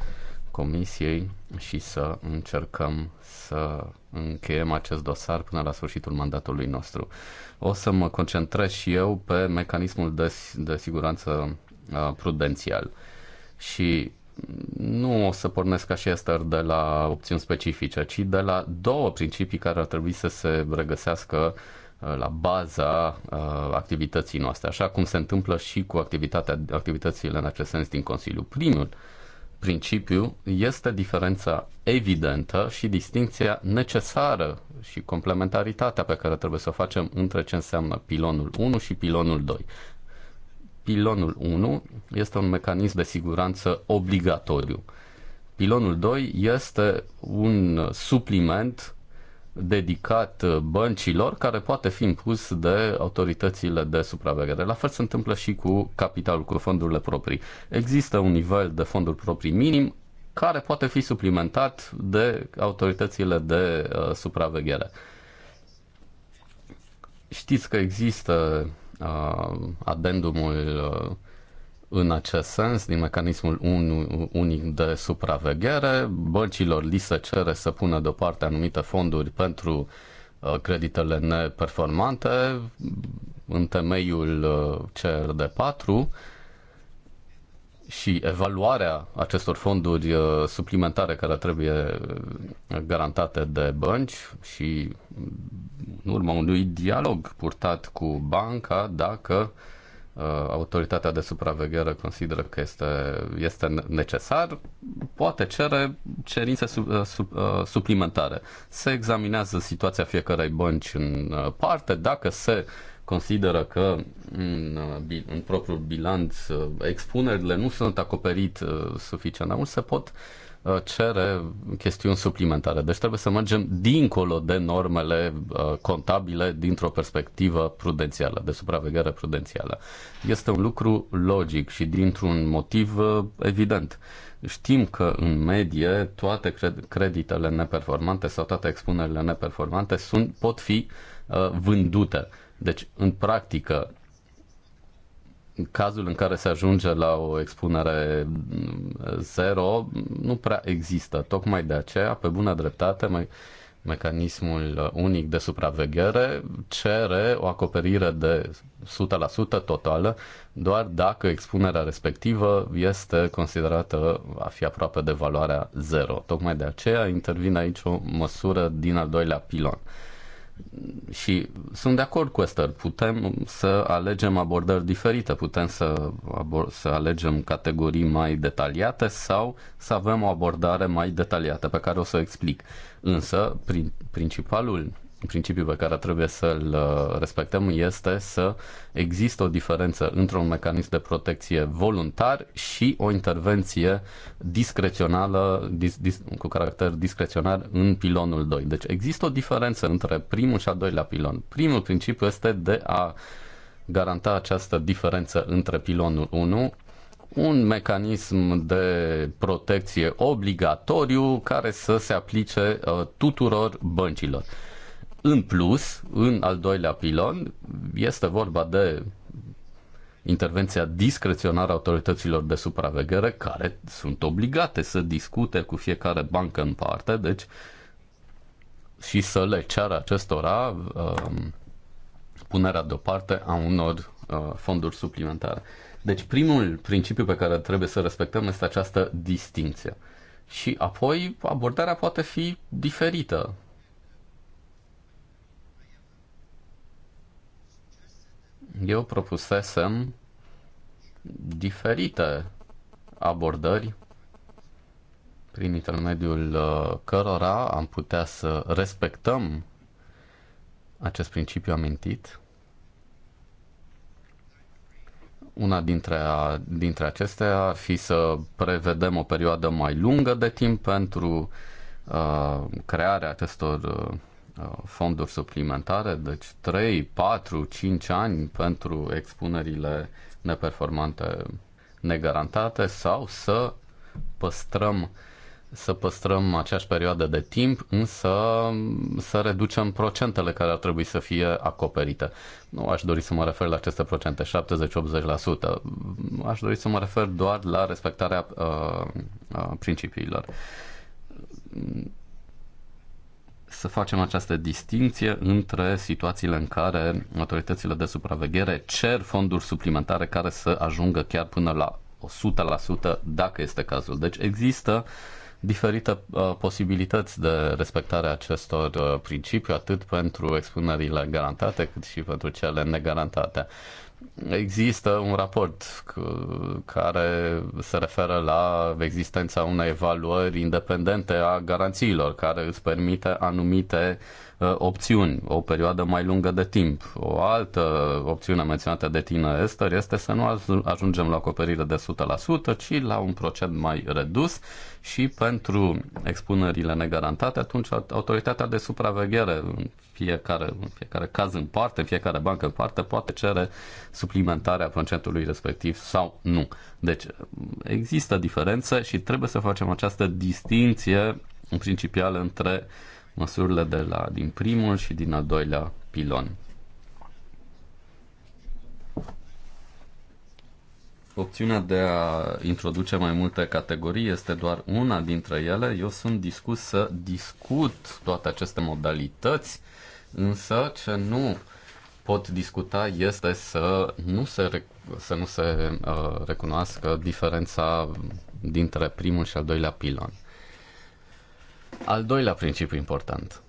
Comisiei și să încercăm să încheiem acest dosar până la sfârșitul mandatului nostru. O să mă concentrez și eu pe mecanismul de, de siguranță uh, prudențial și nu o să pornesc ca și Esther de la opțiuni specifice, ci de la două principii care ar trebui să se regăsească uh, la baza uh, activității noastre, așa cum se întâmplă și cu activitatea, activitățile în acest sens din Consiliu. Primul principiu este diferența evidentă și distinția necesară și complementaritatea pe care trebuie să o facem între ce înseamnă pilonul 1 și pilonul 2. Pilonul 1 este un mecanism de siguranță obligatoriu. Pilonul 2 este un supliment dedicat băncilor care poate fi impus de autoritățile de supraveghere. La fel se întâmplă și cu capitalul, cu fondurile proprii. Există un nivel de fonduri proprii minim care poate fi suplimentat de autoritățile de uh, supraveghere. Știți că există Uh, adendumul uh, în acest sens, din mecanismul un, unic de supraveghere, băncilor li se cere să pună deoparte anumite fonduri pentru uh, creditele neperformante în temeiul CRD4 și evaluarea acestor fonduri uh, suplimentare care trebuie uh, garantate de bănci și în urma unui dialog purtat cu banca dacă uh, autoritatea de supraveghere consideră că este, este necesar, poate cere cerințe su, su, suplimentare. Se examinează situația fiecarei bănci în parte, dacă se uh, consideră că în, uh, în propriul bilanț uh, expunerile nu sunt acoperit uh, suficient de mult, se pot cere chestiuni suplimentare. Deci trebuie să mergem dincolo de normele contabile dintr-o perspectivă prudențială, de supraveghere prudențială. Este un lucru logic și dintr-un motiv evident. Știm că în medie toate creditele neperformante sau toate expunerile neperformante sunt, pot fi vândute deci, în practică, în cazul în care se ajunge la o expunere mm, zero, nu prea există. Tocmai de aceea, pe bună dreptate, mai, mecanismul unic de supraveghere cere o acoperire de 100% totală doar dacă expunerea respectivă este considerată a fi aproape de valoarea zero. Tocmai de aceea intervine aici o măsură din al doilea pilon și sunt de acord cu Esther, putem să alegem abordări diferite, putem să, să alegem categorii mai detaliate sau să avem o abordare mai detaliată pe care o să o explic. Însă, prin, principalul principiu pe care trebuie să-l uh, respectăm este să există o diferență între un mecanism de protecție voluntar și o intervenție discrețională, dis, dis, cu caracter discreționar în pilonul 2. Deci există o diferență între primul și al doilea pilon. Primul principiu este de a garanta această diferență între pilonul 1 un mecanism de protecție obligatoriu care să se aplice uh, tuturor băncilor. În plus, în al doilea pilon, este vorba de intervenția discreționară a autorităților de supraveghere, care sunt obligate să discute cu fiecare bancă în parte, deci și să le ceară acestora um, punerea deoparte a unor uh, fonduri suplimentare. Deci primul principiu pe care trebuie să respectăm este această distinție. Și apoi abordarea poate fi diferită. eu propusesem diferite abordări prin intermediul uh, cărora am putea să respectăm acest principiu amintit. Una dintre, a, dintre acestea ar fi să prevedem o perioadă mai lungă de timp pentru uh, crearea acestor uh, Uh, fonduri suplimentare, deci 3, 4, 5 ani pentru expunerile neperformante negarantate sau să păstrăm să păstrăm aceeași perioadă de timp, însă să reducem procentele care ar trebui să fie acoperite. Nu aș dori să mă refer la aceste procente, 70-80%. Aș dori să mă refer doar la respectarea uh, uh principiilor să facem această distinție între situațiile în care autoritățile de supraveghere cer fonduri suplimentare care să ajungă chiar până la 100% dacă este cazul. Deci există diferite uh, posibilități de respectare a acestor uh, principii, atât pentru expunerile garantate, cât și pentru cele negarantate. Există un raport care se referă la existența unei evaluări independente a garanțiilor, care îți permite anumite Uh, opțiuni, o perioadă mai lungă de timp. O altă opțiune menționată de tine, Esther, este să nu ajungem la acoperire de 100%, ci la un procent mai redus și pentru expunerile negarantate, atunci autoritatea de supraveghere, în fiecare, în fiecare caz în parte, în fiecare bancă în parte, poate cere suplimentarea procentului respectiv sau nu. Deci există diferențe și trebuie să facem această distinție în principial între uh, măsurile de la, din primul și din al doilea pilon. Opțiunea de a introduce mai multe categorii este doar una dintre ele. Eu sunt dispus să discut toate aceste modalități, însă ce nu pot discuta este să nu se, să nu se uh, recunoască diferența dintre primul și al doilea pilon. Al doilea principiu important.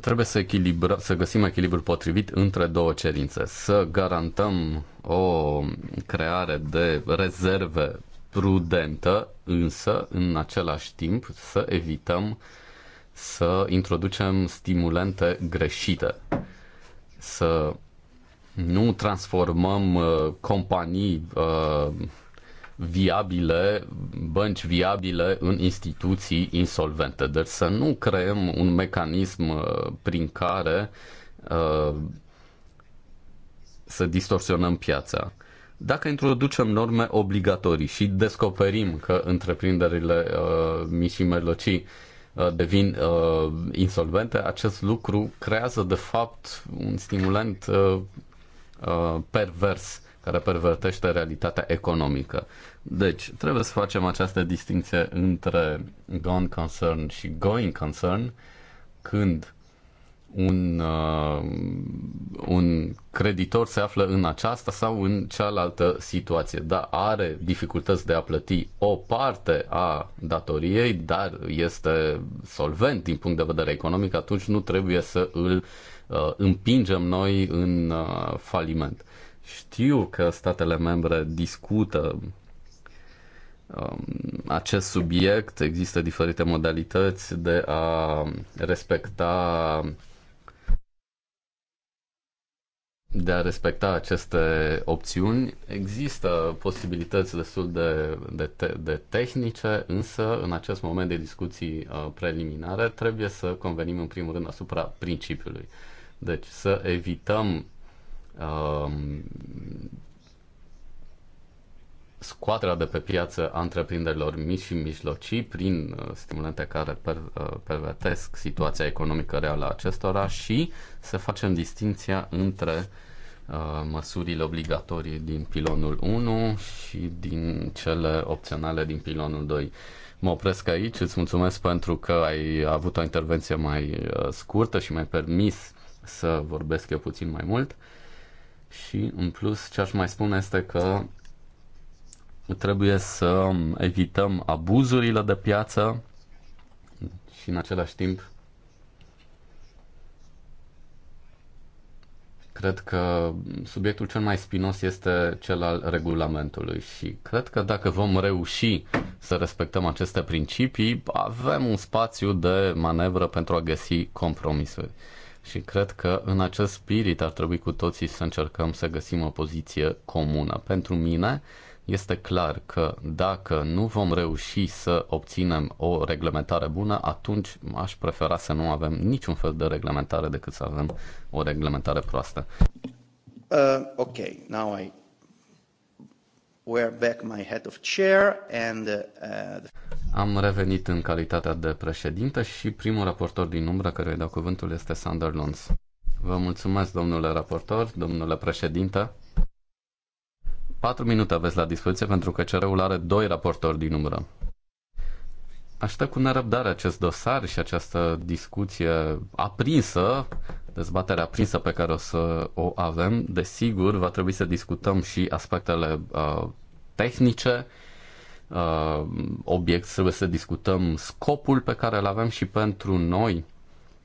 Trebuie să, echilibra, să găsim echilibrul potrivit între două cerințe. Să garantăm o creare de rezerve prudentă, însă, în același timp, să evităm să introducem stimulente greșite, să nu transformăm uh, companii uh, viabile, bănci viabile în instituții insolvente. Deci să nu creăm un mecanism uh, prin care uh, să distorsionăm piața. Dacă introducem norme obligatorii și descoperim că întreprinderile uh, mici și mijlocii uh, devin uh, insolvente, acest lucru creează de fapt un stimulant uh, uh, pervers care pervertește realitatea economică. Deci, trebuie să facem această distinție între gone concern și going concern când un, uh, un creditor se află în aceasta sau în cealaltă situație. Da, are dificultăți de a plăti o parte a datoriei, dar este solvent din punct de vedere economic, atunci nu trebuie să îl uh, împingem noi în uh, faliment. Știu că statele membre discută um, acest subiect, există diferite modalități de a respecta de a respecta aceste opțiuni. Există posibilități destul de, de, te, de tehnice, însă în acest moment de discuții uh, preliminare trebuie să convenim în primul rând asupra principiului. Deci să evităm Um, scoaterea de pe piață a întreprinderilor mici și mijlocii prin uh, stimulente care per, uh, pervertesc situația economică reală a acestora și să facem distinția între uh, măsurile obligatorii din pilonul 1 și din cele opționale din pilonul 2. Mă opresc aici, îți mulțumesc pentru că ai avut o intervenție mai scurtă și mi-ai permis să vorbesc eu puțin mai mult. Și, în plus, ce aș mai spune este că trebuie să evităm abuzurile de piață și, în același timp, cred că subiectul cel mai spinos este cel al regulamentului și cred că dacă vom reuși să respectăm aceste principii, avem un spațiu de manevră pentru a găsi compromisuri și cred că în acest spirit ar trebui cu toții să încercăm să găsim o poziție comună. Pentru mine este clar că dacă nu vom reuși să obținem o reglementare bună, atunci aș prefera să nu avem niciun fel de reglementare decât să avem o reglementare proastă. Uh, ok, now I back my of chair and uh, am revenit în calitatea de președinte și primul raportor din umbră care îi dau cuvântul este Sander Lons. Vă mulțumesc, domnule raportor, domnule președinte. Patru minute aveți la dispoziție pentru că CR-ul are doi raportori din umbră. Aștept cu nerăbdare acest dosar și această discuție aprinsă dezbaterea prinsă pe care o să o avem, desigur, va trebui să discutăm și aspectele uh, tehnice, uh, obiect, trebuie să discutăm scopul pe care îl avem și pentru noi,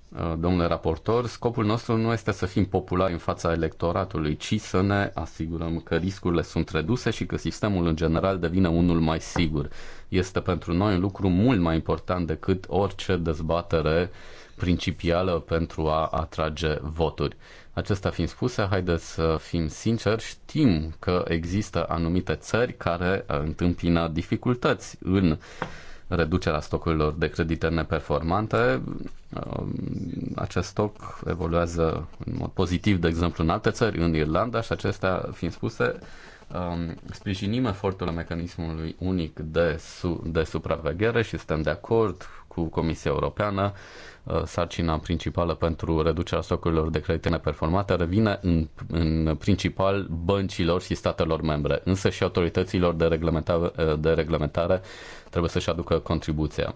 uh, domnule raportor, scopul nostru nu este să fim populari în fața electoratului, ci să ne asigurăm că riscurile sunt reduse și că sistemul în general devine unul mai sigur. Este pentru noi un lucru mult mai important decât orice dezbatere uh, principială pentru a atrage voturi. Acesta fiind spuse, haideți să fim sinceri, știm că există anumite țări care uh, întâmpină dificultăți în reducerea stocurilor de credite neperformante. Uh, acest stoc evoluează în mod pozitiv, de exemplu, în alte țări, în Irlanda și acestea fiind spuse, um, sprijinim efortul mecanismului unic de, su- de supraveghere și suntem de acord cu Comisia Europeană. Uh, sarcina principală pentru reducerea stocurilor de credite neperformate revine în, în principal băncilor și statelor membre, însă și autorităților de reglementare, uh, de reglementare trebuie să-și aducă contribuția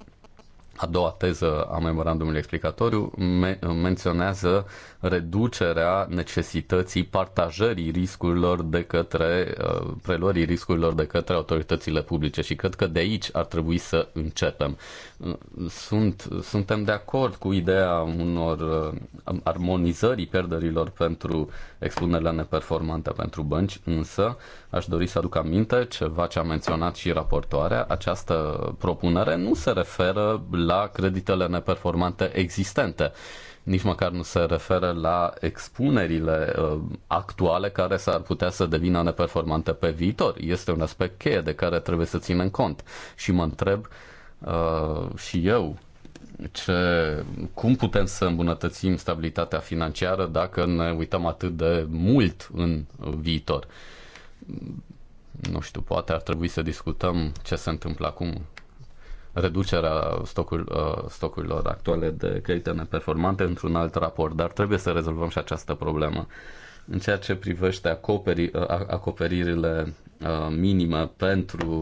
a doua teză a memorandumului explicatoriu me- menționează reducerea necesității partajării riscurilor de către, uh, preluării riscurilor de către autoritățile publice și cred că de aici ar trebui să începem. Uh, sunt, suntem de acord cu ideea unor uh, armonizării pierderilor pentru expunerile neperformante pentru bănci, însă Aș dori să aduc aminte ceva ce a menționat și raportoarea. Această propunere nu se referă la creditele neperformante existente nici măcar nu se referă la expunerile uh, actuale care s-ar putea să devină neperformante pe viitor. Este un aspect cheie de care trebuie să ținem cont. Și mă întreb uh, și eu ce, cum putem să îmbunătățim stabilitatea financiară dacă ne uităm atât de mult în viitor. Uh, nu știu, poate ar trebui să discutăm ce se întâmplă acum reducerea stocul, uh, stocurilor actuale de credite neperformante într-un alt raport, dar trebuie să rezolvăm și această problemă. În ceea ce privește acoperi, uh, acoperirile uh, minime pentru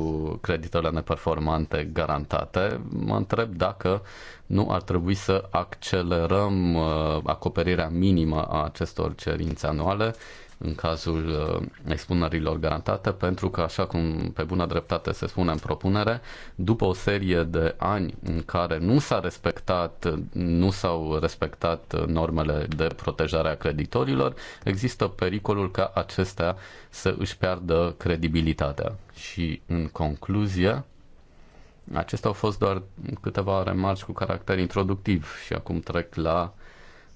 creditele neperformante garantate, mă întreb dacă nu ar trebui să accelerăm acoperirea minimă a acestor cerințe anuale în cazul uh, expunerilor garantate, pentru că, așa cum pe bună dreptate se spune în propunere, după o serie de ani în care nu s-a respectat, nu s-au respectat normele de protejare a creditorilor, există pericolul ca acestea să își piardă credibilitatea. Și, în concluzie, Acestea au fost doar câteva remarci cu caracter introductiv și acum trec la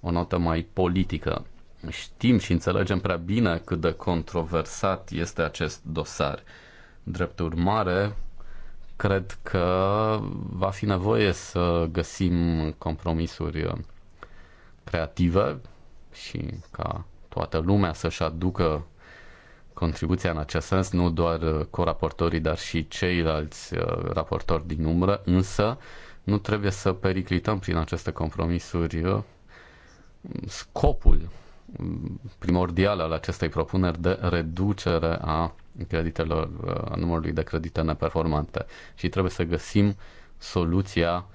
o notă mai politică știm și înțelegem prea bine cât de controversat este acest dosar. Drept urmare, cred că va fi nevoie să găsim compromisuri creative și ca toată lumea să-și aducă contribuția în acest sens, nu doar coraportorii, dar și ceilalți uh, raportori din umbră, însă nu trebuie să periclităm prin aceste compromisuri uh, scopul primordial al acestei propuneri de reducere a creditelor, a numărului de credite neperformante și trebuie să găsim soluția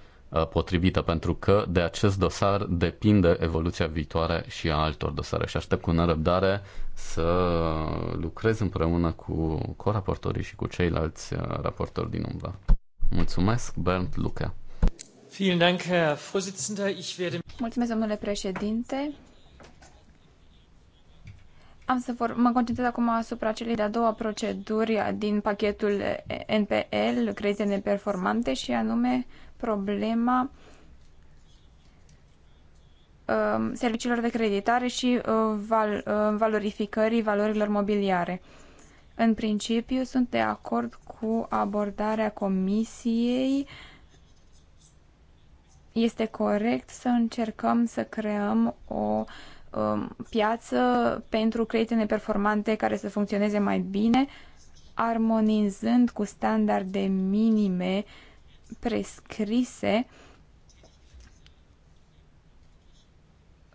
potrivită, pentru că de acest dosar depinde evoluția viitoare și a altor dosare și aștept cu nerăbdare să lucrez împreună cu coraportorii și cu ceilalți raportori din umbră. Mulțumesc, Bernd Luca. Mulțumesc, domnule președinte. Am să vor, mă concentrez acum asupra celei de-a doua proceduri din pachetul NPL, crețe neperformante, și anume problema um, serviciilor de creditare și uh, val, uh, valorificării valorilor mobiliare. În principiu, sunt de acord cu abordarea comisiei. Este corect să încercăm să creăm o uh, Um, piață pentru credite neperformante care să funcționeze mai bine, armonizând cu standarde minime prescrise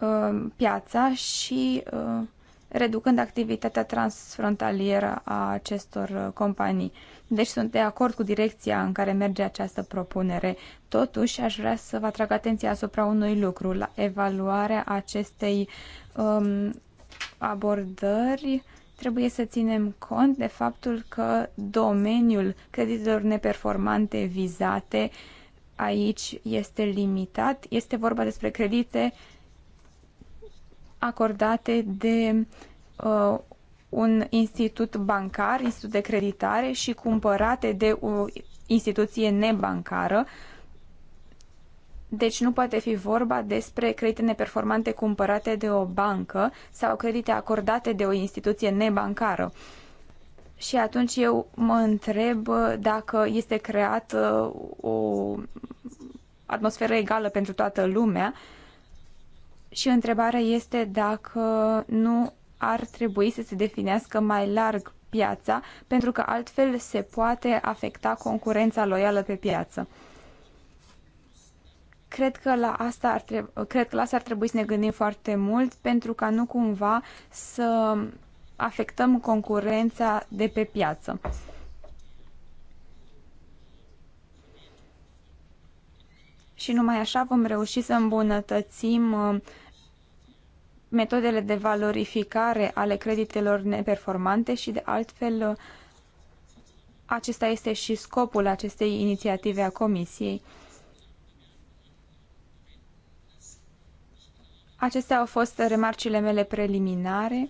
um, piața și uh, reducând activitatea transfrontalieră a acestor uh, companii. Deci sunt de acord cu direcția în care merge această propunere. Totuși, aș vrea să vă atrag atenția asupra unui lucru, la evaluarea acestei um, abordări trebuie să ținem cont de faptul că domeniul creditelor neperformante vizate aici este limitat. Este vorba despre credite acordate de uh, un institut bancar, institut de creditare și cumpărate de o instituție nebancară. Deci nu poate fi vorba despre credite neperformante cumpărate de o bancă sau credite acordate de o instituție nebancară. Și atunci eu mă întreb dacă este creat uh, o atmosferă egală pentru toată lumea uh, și întrebarea este dacă nu ar trebui să se definească mai larg piața, pentru că altfel se poate afecta concurența loială pe piață. Cred că, la asta ar trebui, cred că la asta ar trebui să ne gândim foarte mult pentru ca nu cumva să afectăm concurența de pe piață. Și numai așa vom reuși să îmbunătățim uh, metodele de valorificare ale creditelor neperformante și de altfel acesta este și scopul acestei inițiative a Comisiei. Acestea au fost remarcile mele preliminare.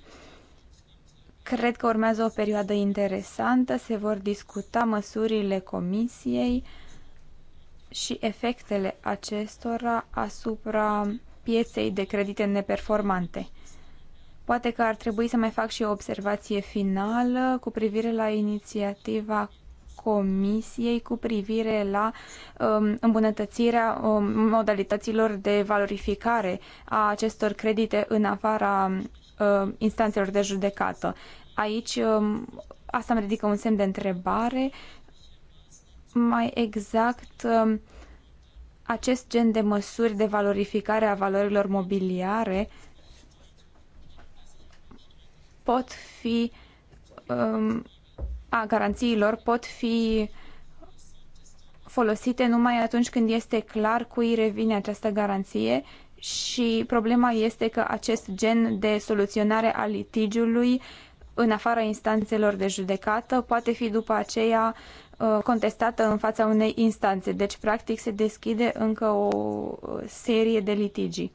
Cred că urmează o perioadă interesantă, se vor discuta măsurile Comisiei și efectele acestora asupra pieței de credite neperformante. Poate că ar trebui să mai fac și o observație finală cu privire la inițiativa Comisiei cu privire la um, îmbunătățirea um, modalităților de valorificare a acestor credite în afara um, instanțelor de judecată. Aici um, asta îmi ridică un semn de întrebare. Mai exact, um, acest gen de măsuri de valorificare a valorilor mobiliare pot fi um, a garanțiilor pot fi folosite numai atunci când este clar cui revine această garanție și problema este că acest gen de soluționare a litigiului în afara instanțelor de judecată poate fi după aceea Uh, contestată în fața unei instanțe. Deci, practic, se deschide încă o serie de litigii.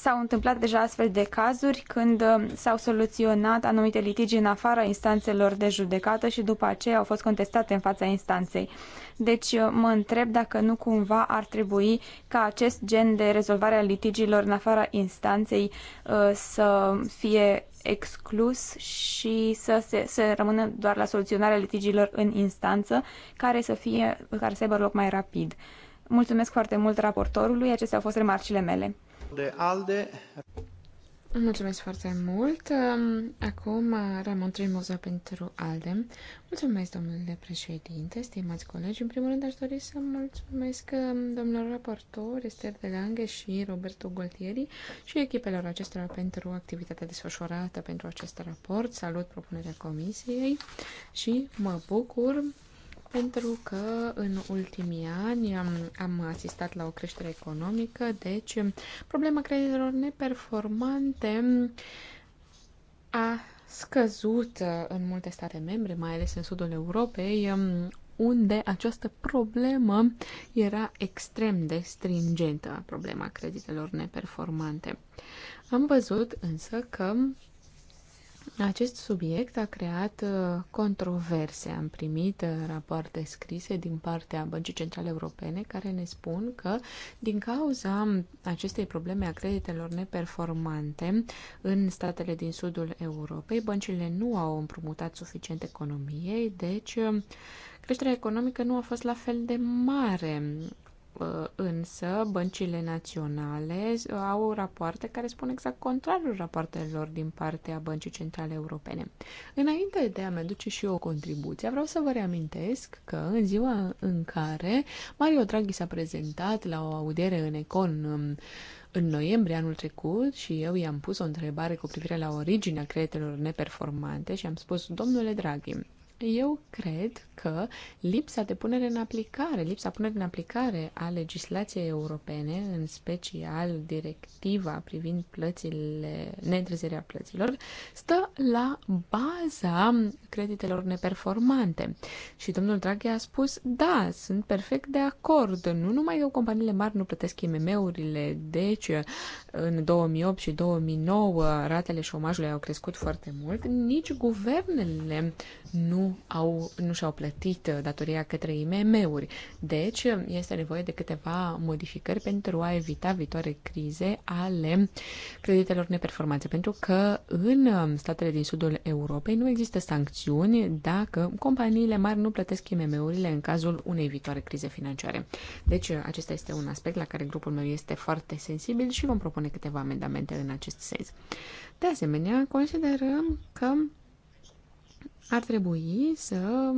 S-au întâmplat deja astfel de cazuri când uh, s-au soluționat anumite litigi în afara instanțelor de judecată și după aceea au fost contestate în fața instanței. Deci uh, mă întreb dacă nu cumva ar trebui ca acest gen de rezolvare a litigiilor în afara instanței uh, să fie exclus și să, se, să rămână doar la soluționarea litigiilor în instanță, care să, fie, care să aibă loc mai rapid. Mulțumesc foarte mult raportorului, acestea au fost remarcile mele de ALDE. Mulțumesc foarte mult. Acum, Ramon Trimoza pentru ALDE. Mulțumesc, domnule președinte, stimați colegi. În primul rând, aș dori să mulțumesc um, domnilor raportori Esther de Lange și Roberto Goltieri și echipelor acestora pentru activitatea desfășurată pentru acest raport. Salut propunerea comisiei și mă bucur pentru că în ultimii ani am, am asistat la o creștere economică, deci problema creditelor neperformante a scăzut în multe state membre, mai ales în sudul Europei, unde această problemă era extrem de stringentă, problema creditelor neperformante. Am văzut însă că acest subiect a creat uh, controverse. Am primit uh, rapoarte scrise din partea Băncii Centrale Europene care ne spun că din cauza acestei probleme a creditelor neperformante în statele din sudul Europei, băncile nu au împrumutat suficient economiei, deci uh, creșterea economică nu a fost la fel de mare Uh, însă băncile naționale uh, au rapoarte care spun exact contrarul rapoartelor din partea Băncii Centrale Europene. Înainte de a-mi aduce și eu contribuție, vreau să vă reamintesc că în ziua în care Mario Draghi s-a prezentat la o audiere în Econ um, în noiembrie anul trecut și eu i-am pus o întrebare cu privire la originea creditelor neperformante și am spus, domnule Draghi, eu cred că lipsa de punere în aplicare, lipsa punere în aplicare a legislației europene, în special directiva privind plățile, neîntrezerea plăților, stă la baza creditelor neperformante. Și domnul Draghi a spus, da, sunt perfect de acord, nu numai că companiile mari nu plătesc IMM-urile, deci în 2008 și 2009 ratele șomajului au crescut foarte mult, nici guvernele nu au, nu și-au plătit uh, datoria către IMM-uri. Deci, uh, este nevoie de câteva modificări pentru a evita viitoare crize ale creditelor neperformanțe, pentru că în uh, statele din sudul Europei nu există sancțiuni dacă companiile mari nu plătesc IMM-urile în cazul unei viitoare crize financiare. Deci, acesta este un aspect la care grupul meu este foarte sensibil și vom propune câteva amendamente în acest sens. De asemenea, considerăm că ar trebui să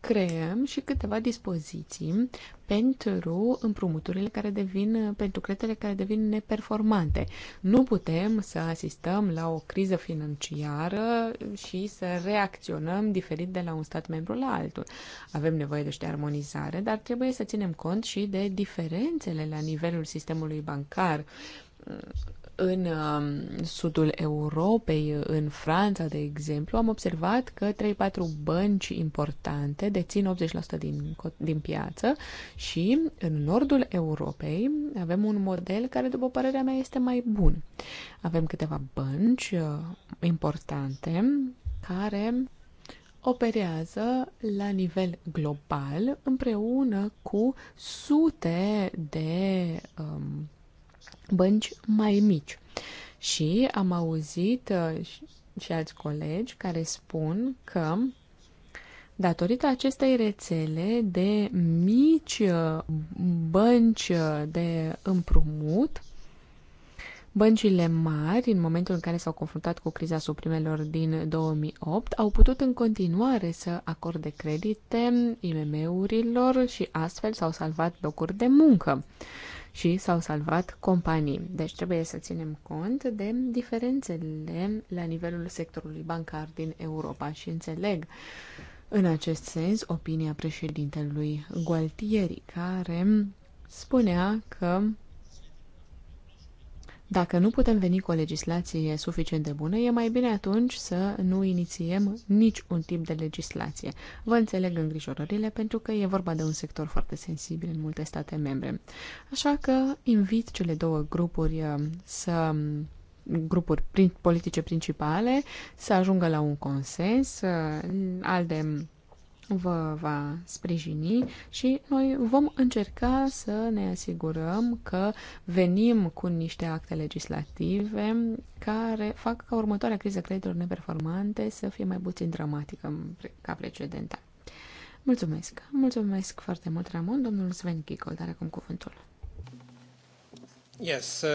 creăm și câteva dispoziții pentru împrumuturile care devin, pentru cretele care devin neperformante. Nu putem să asistăm la o criză financiară și să reacționăm diferit de la un stat membru la altul. Avem nevoie deci, de o armonizare, dar trebuie să ținem cont și de diferențele la nivelul sistemului bancar în um, sudul Europei, în Franța, de exemplu, am observat că 3-4 bănci importante dețin 80% din, din piață și în nordul Europei avem un model care, după părerea mea, este mai bun. Avem câteva bănci uh, importante care operează la nivel global împreună cu sute de um, bănci mai mici. Și am auzit uh, și alți colegi care spun că datorită acestei rețele de mici uh, bănci uh, de împrumut, Băncile mari, în momentul în care s-au confruntat cu criza suprimelor din 2008, au putut în continuare să acorde credite IMM-urilor și astfel s-au salvat locuri de muncă și s-au salvat companii. Deci trebuie să ținem cont de diferențele la nivelul sectorului bancar din Europa și înțeleg în acest sens opinia președintelui Gualtieri, care spunea că dacă nu putem veni cu o legislație suficient de bună, e mai bine atunci să nu inițiem nici un tip de legislație. Vă înțeleg îngrijorările pentru că e vorba de un sector foarte sensibil în multe state membre. Așa că invit cele două grupuri uh, să grupuri politice principale să ajungă la un consens. Uh, al de vă va sprijini și noi vom încerca să ne asigurăm că venim cu niște acte legislative care fac ca următoarea criză creditelor neperformante să fie mai puțin dramatică ca precedenta. Mulțumesc! Mulțumesc foarte mult, Ramon. Domnul Sven Kikol, dar acum cuvântul. Yes, so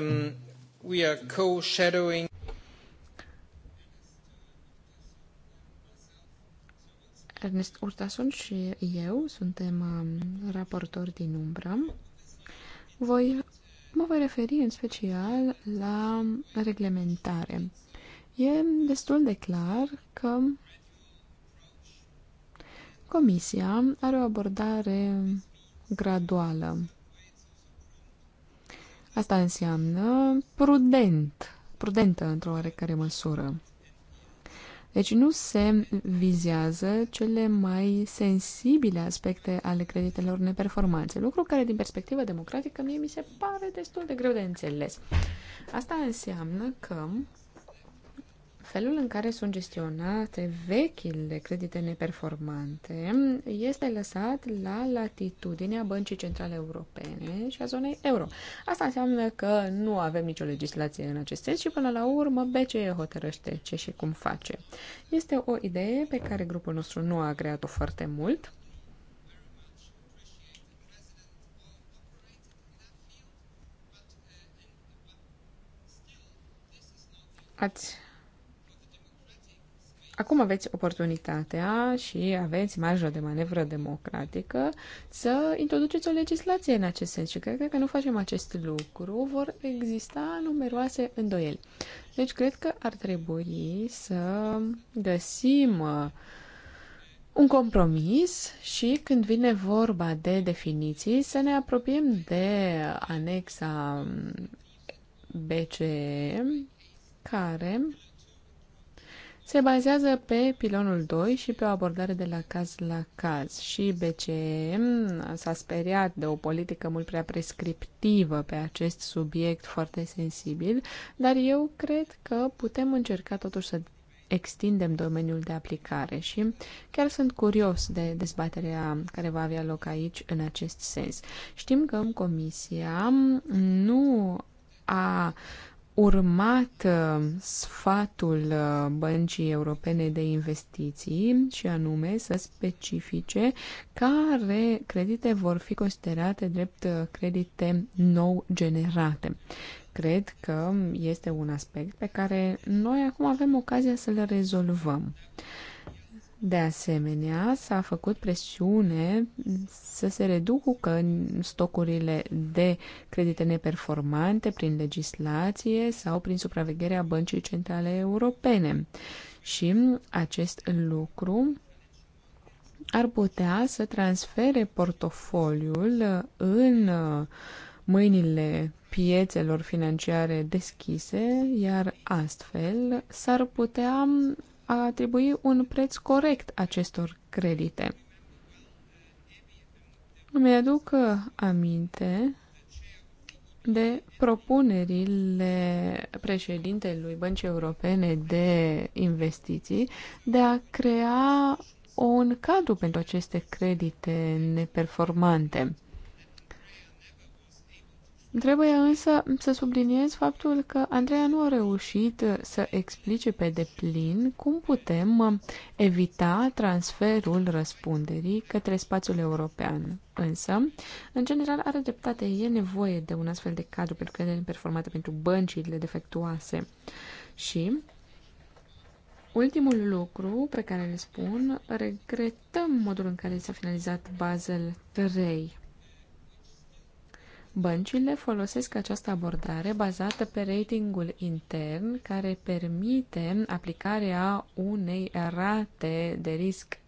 um, we are co-shadowing Ernest Urtasun și eu suntem um, raportori din umbră. Voi, mă voi referi în special la reglementare. E destul de clar că Comisia are o abordare graduală. Asta înseamnă prudent, prudentă într-o oarecare măsură. Deci nu se vizează cele mai sensibile aspecte ale creditelor neperformanțe, lucru care din perspectivă democratică mie mi se pare destul de greu de înțeles. Asta înseamnă că Felul în care sunt gestionate vechile credite neperformante este lăsat la latitudinea Băncii Centrale Europene și a zonei euro. Asta înseamnă că nu avem nicio legislație în acest sens și până la urmă BCE hotărăște ce și cum face. Este o idee pe care grupul nostru nu a creat-o foarte mult, ați Acum aveți oportunitatea și aveți marja de manevră democratică să introduceți o legislație în acest sens și cred că dacă nu facem acest lucru vor exista numeroase îndoieli. Deci cred că ar trebui să găsim uh, un compromis și când vine vorba de definiții să ne apropiem de anexa BCE care se bazează pe pilonul 2 și pe o abordare de la caz la caz. Și BCM s-a speriat de o politică mult prea prescriptivă pe acest subiect foarte sensibil, dar eu cred că putem încerca totuși să extindem domeniul de aplicare și chiar sunt curios de dezbaterea care va avea loc aici în acest sens. Știm că Comisia nu a uh, urmat uh, sfatul uh, Băncii Europene de Investiții și anume să specifice care credite vor fi considerate drept uh, credite nou generate. Cred că este un aspect pe care noi acum avem ocazia să le rezolvăm. De asemenea, s-a făcut presiune să se reducă stocurile de credite neperformante prin legislație sau prin supravegherea Băncii Centrale Europene. Și acest lucru ar putea să transfere portofoliul în mâinile piețelor financiare deschise, iar astfel s-ar putea a atribui un preț corect acestor credite. Îmi aduc aminte de propunerile președintelui Băncii Europene de Investiții de a crea un cadru pentru aceste credite neperformante. Trebuie însă să subliniez faptul că Andreea nu a reușit să explice pe deplin cum putem evita transferul răspunderii către spațiul european. Însă, în general, are dreptate, e nevoie de un astfel de cadru pentru că e performată pentru băncile defectuoase. Și Ultimul lucru pe care le spun, regretăm modul în care s-a finalizat Basel 3. Băncile folosesc această abordare bazată pe ratingul intern care permite aplicarea unei rate de risc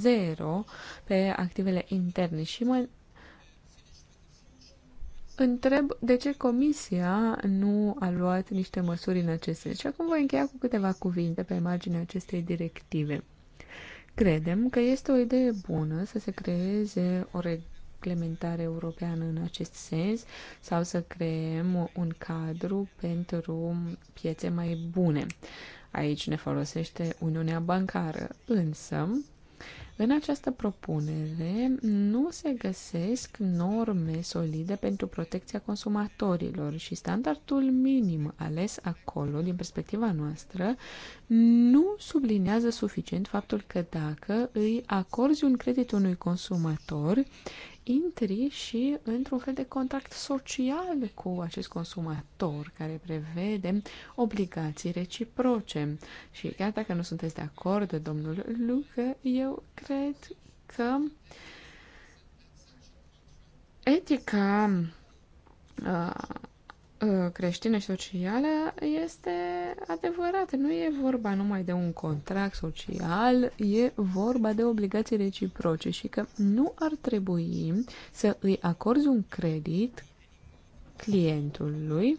zero pe activele interne și mă întreb de ce Comisia nu a luat niște măsuri în acest sens. Și acum voi încheia cu câteva cuvinte pe marginea acestei directive. Credem că este o idee bună să se creeze o reglementare europeană în acest sens sau să creăm un cadru pentru piețe mai bune. Aici ne folosește Uniunea Bancară, însă în această propunere nu se găsesc norme solide pentru protecția consumatorilor și standardul minim ales acolo, din perspectiva noastră, nu sublinează suficient faptul că dacă îi acorzi un credit unui consumator, intri și într-un fel de contract social cu acest consumator care prevede obligații reciproce. Și chiar dacă nu sunteți de acord, domnul Lucă, eu cred că etica uh, Uh, creștină și socială este adevărată. Nu e vorba numai de un contract social, e vorba de obligații reciproce și că nu ar trebui să îi acorzi un credit clientului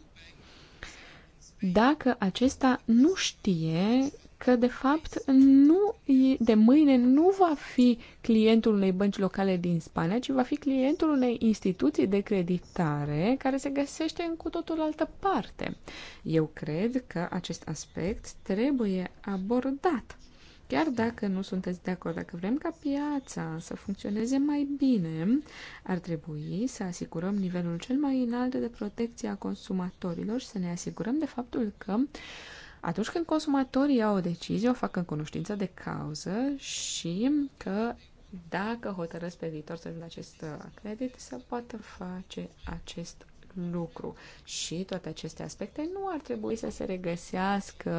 dacă acesta nu știe că, de fapt, nu, de mâine nu va fi clientul unei bănci locale din Spania, ci va fi clientul unei instituții de creditare care se găsește în cu totul altă parte. Eu cred că acest aspect trebuie abordat. Chiar dacă nu sunteți de acord, dacă vrem ca piața să funcționeze mai bine, ar trebui să asigurăm nivelul cel mai înalt de protecție a consumatorilor și să ne asigurăm de faptul că uh, atunci când consumatorii iau o decizie, o fac în cunoștință de cauză și că dacă hotărăsc pe viitor să vină acest uh, credit, să poată face acest lucru. Și toate aceste aspecte nu ar trebui să se regăsească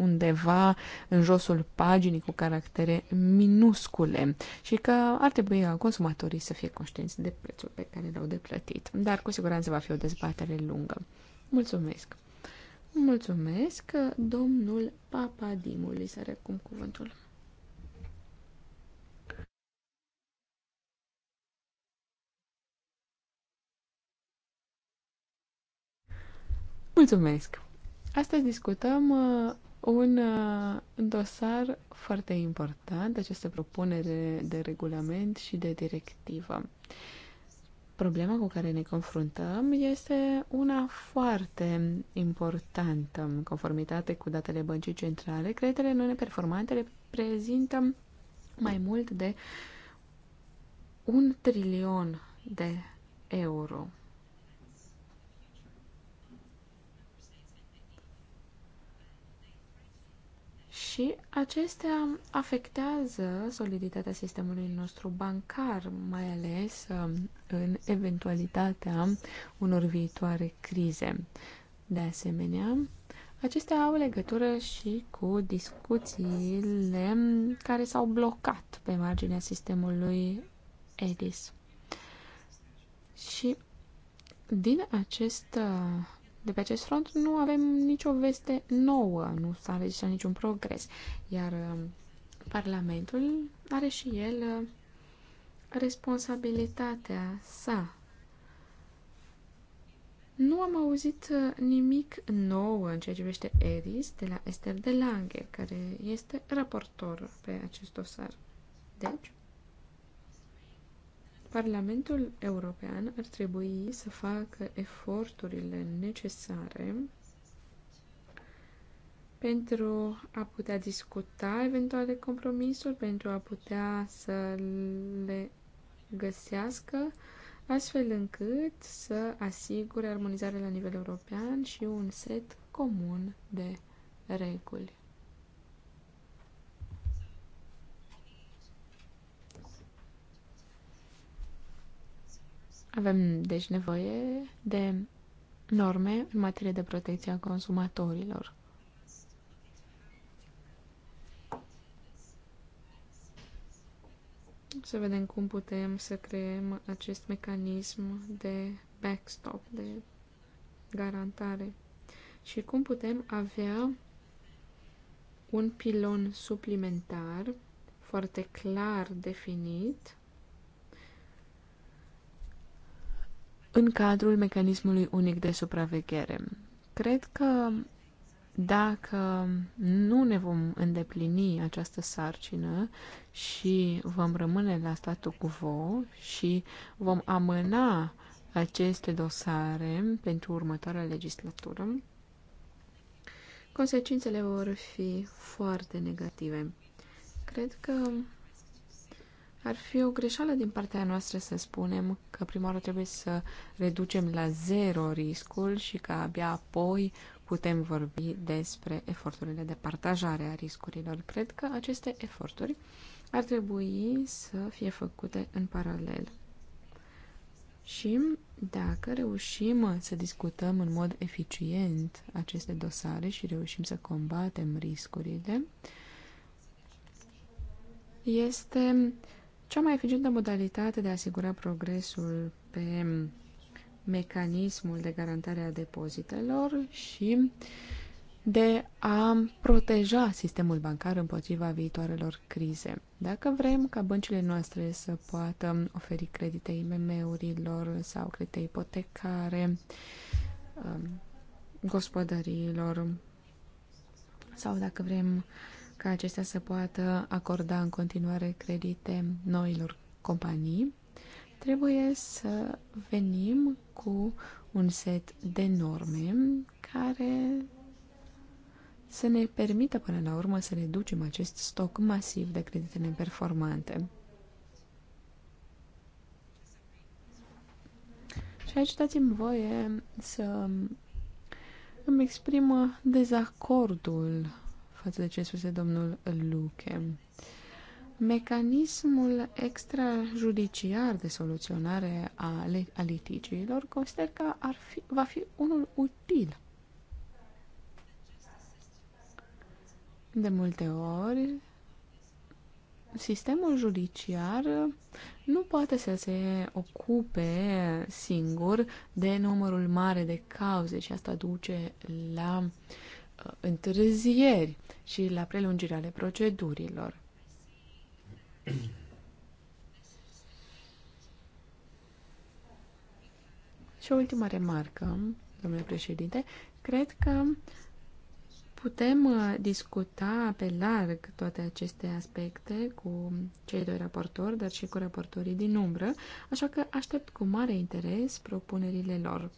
undeva în josul paginii cu caractere minuscule și că ar trebui consumatorii să fie conștienți de prețul pe care l-au de plătit. Dar cu siguranță va fi o dezbatere lungă. Mulțumesc! Mulțumesc. Domnul îi are recum cuvântul. Mulțumesc! Astăzi discutăm uh, uh, un dosar foarte important, această propunere de regulament și de directivă. Problema cu care ne confruntăm este una foarte importantă. În conformitate cu datele băncii centrale, creditele nu neperformante reprezintă mai mult de un trilion de euro. și acestea afectează soliditatea sistemului nostru bancar, mai ales um, în eventualitatea unor viitoare crize. De asemenea, acestea au legătură și cu discuțiile care s-au blocat pe marginea sistemului EDIS. Și din acest uh, de pe acest front nu avem nicio veste nouă, nu s-a înregistrat niciun progres, iar um, Parlamentul are și el uh, responsabilitatea sa. Nu am auzit uh, nimic nou în ceea ce privește Eris de la Esther de Lange, care este raportor pe acest dosar. Deci, Parlamentul European ar trebui să facă eforturile necesare pentru a putea discuta eventuale compromisuri, pentru a putea să le găsească, astfel încât să asigure armonizarea la nivel european și un set comun de reguli. Avem, deci, nevoie de norme în materie de protecție a consumatorilor. Să vedem cum putem să creăm acest mecanism de backstop, de garantare și cum putem avea un pilon suplimentar foarte clar definit în cadrul mecanismului unic de supraveghere. Cred că dacă nu ne vom îndeplini această sarcină și vom rămâne la statul quo și vom amâna aceste dosare pentru următoarea legislatură, consecințele vor fi foarte negative. Cred că ar fi o greșeală din partea noastră să spunem că prima oară trebuie să reducem la zero riscul și că abia apoi putem vorbi despre eforturile de partajare a riscurilor. Cred că aceste eforturi ar trebui să fie făcute în paralel. Și dacă reușim să discutăm în mod eficient aceste dosare și reușim să combatem riscurile, este cea mai eficientă modalitate de a asigura progresul pe mecanismul de garantare a depozitelor și de a proteja sistemul bancar împotriva viitoarelor crize. Dacă vrem ca băncile noastre să poată oferi credite IMM-urilor sau credite ipotecare, um, gospodăriilor, sau dacă vrem ca acestea să poată acorda în continuare credite noilor companii, trebuie să venim cu un set de norme care să ne permită până la urmă să reducem acest stoc masiv de credite neperformante. Și aici dați-mi voie să îmi exprim dezacordul față de ce spuse domnul Luche. Mecanismul extrajudiciar de soluționare a, a litigiilor consider că ar fi, va fi unul util. De multe ori, sistemul judiciar nu poate să se ocupe singur de numărul mare de cauze și asta duce la uh, Uh, întârzieri și la prelungirea ale procedurilor. Și o ultimă remarcă, domnule președinte, cred că putem uh, discuta pe larg toate aceste aspecte cu cei doi raportori, dar și cu raportorii din umbră, așa că aștept cu mare interes propunerile lor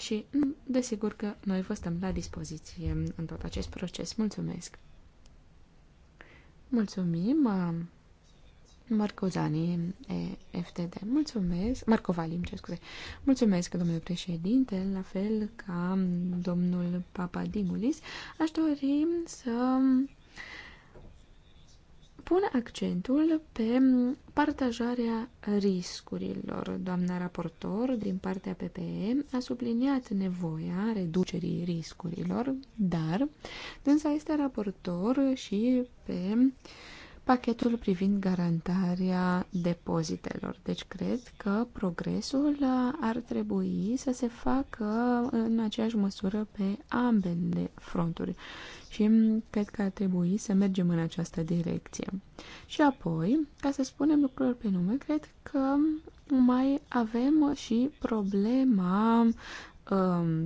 și mm, desigur că noi vă stăm la dispoziție în tot acest proces. Mulțumesc! Mulțumim, uh, Marcozani, FTD. Mulțumesc, Marcovali, îmi cer scuze. Mulțumesc, domnule președinte, la fel ca domnul Papadimulis. Aș dori să pun accentul pe partajarea riscurilor. Doamna raportor, din partea PPE, a subliniat nevoia reducerii riscurilor, dar dânsa este raportor și pe uh, pachetul privind garantarea depozitelor. Deci cred că progresul ar trebui să se facă în aceeași măsură pe ambele fronturi și cred că ar trebui să mergem în această direcție. Și apoi, ca să spunem lucrurile pe nume, cred că mai avem și problema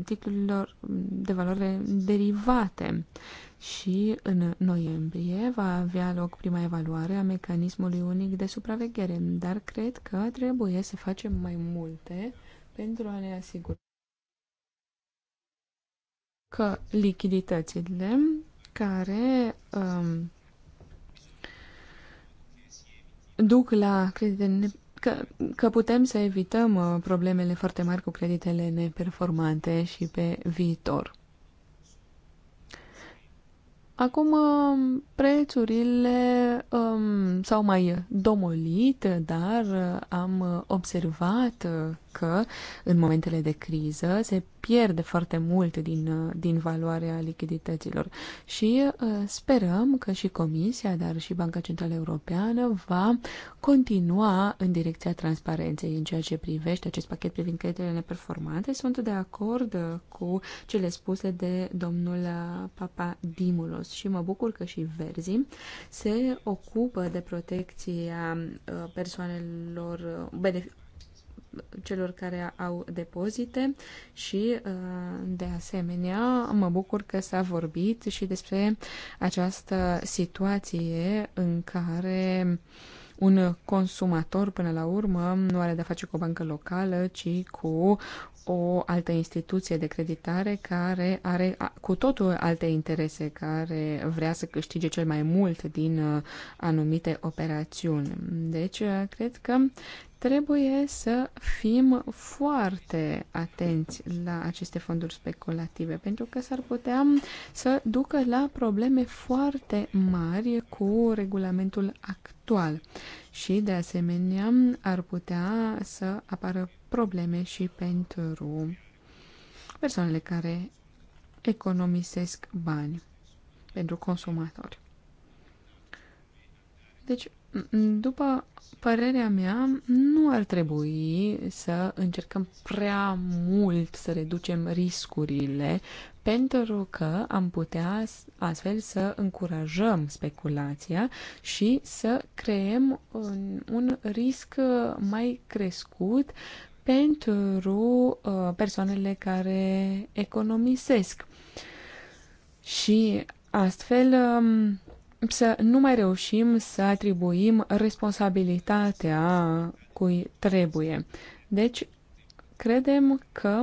titlurilor um, de valoare derivate și în noiembrie va avea loc prima evaluare a mecanismului unic de supraveghere, dar cred că trebuie să facem mai multe pentru a ne asigura că lichiditățile care um, duc la credite că, că putem să evităm uh, problemele foarte mari cu creditele neperformante și pe viitor. Acum um, prețurile um, s-au mai domolit, dar uh, am observat uh, că în momentele de criză se pierde foarte mult din, din valoarea lichidităților și uh, sperăm că și Comisia, dar și Banca Centrală Europeană va continua în direcția transparenței în ceea ce privește acest pachet privind creditele neperformante. Sunt de acord uh, cu cele spuse de domnul uh, Papa Dimulos și mă bucur că și Verzi se ocupă de protecția persoanelor celor care au depozite și, uh, de asemenea, mă bucur că s-a vorbit și despre această situație în care un consumator, până la urmă, nu are de-a face cu o bancă locală, ci cu o altă instituție de creditare care are cu totul alte interese, care vrea să câștige cel mai mult din uh, anumite operațiuni. Deci, uh, cred că Trebuie să fim foarte atenți la aceste fonduri speculative, pentru că s-ar putea să ducă la probleme foarte mari cu regulamentul actual și, de asemenea, ar putea să apară probleme și pentru persoanele care economisesc bani pentru consumatori. Deci, după părerea mea, nu ar trebui să încercăm prea mult să reducem riscurile, pentru că am putea astfel să încurajăm speculația și să creăm un, un risc mai crescut pentru uh, persoanele care economisesc. Și astfel. Um, să nu mai reușim să atribuim responsabilitatea cui trebuie. Deci, credem că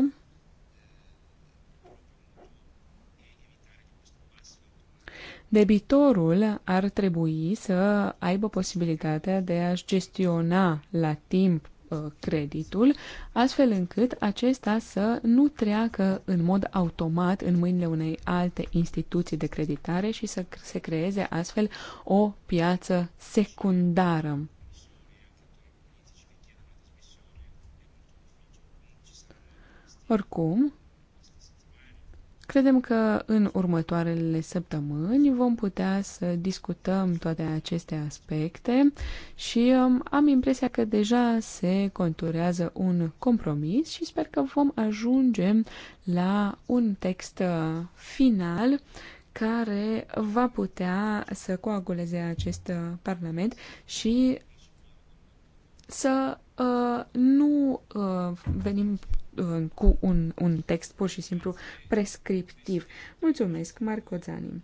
debitorul ar trebui să aibă posibilitatea de a-și gestiona la timp Uh, creditul, astfel încât acesta să nu treacă în mod automat în mâinile unei alte instituții de creditare și să se creeze astfel o piață secundară. Oricum, Credem că în următoarele săptămâni vom putea să discutăm toate aceste aspecte și um, am impresia că deja se conturează un compromis și sper că vom ajunge la un text uh, final care va putea să coaguleze acest uh, Parlament și să uh, nu uh, venim cu un, un text pur și simplu prescriptiv. Mulțumesc, Marco Zanin.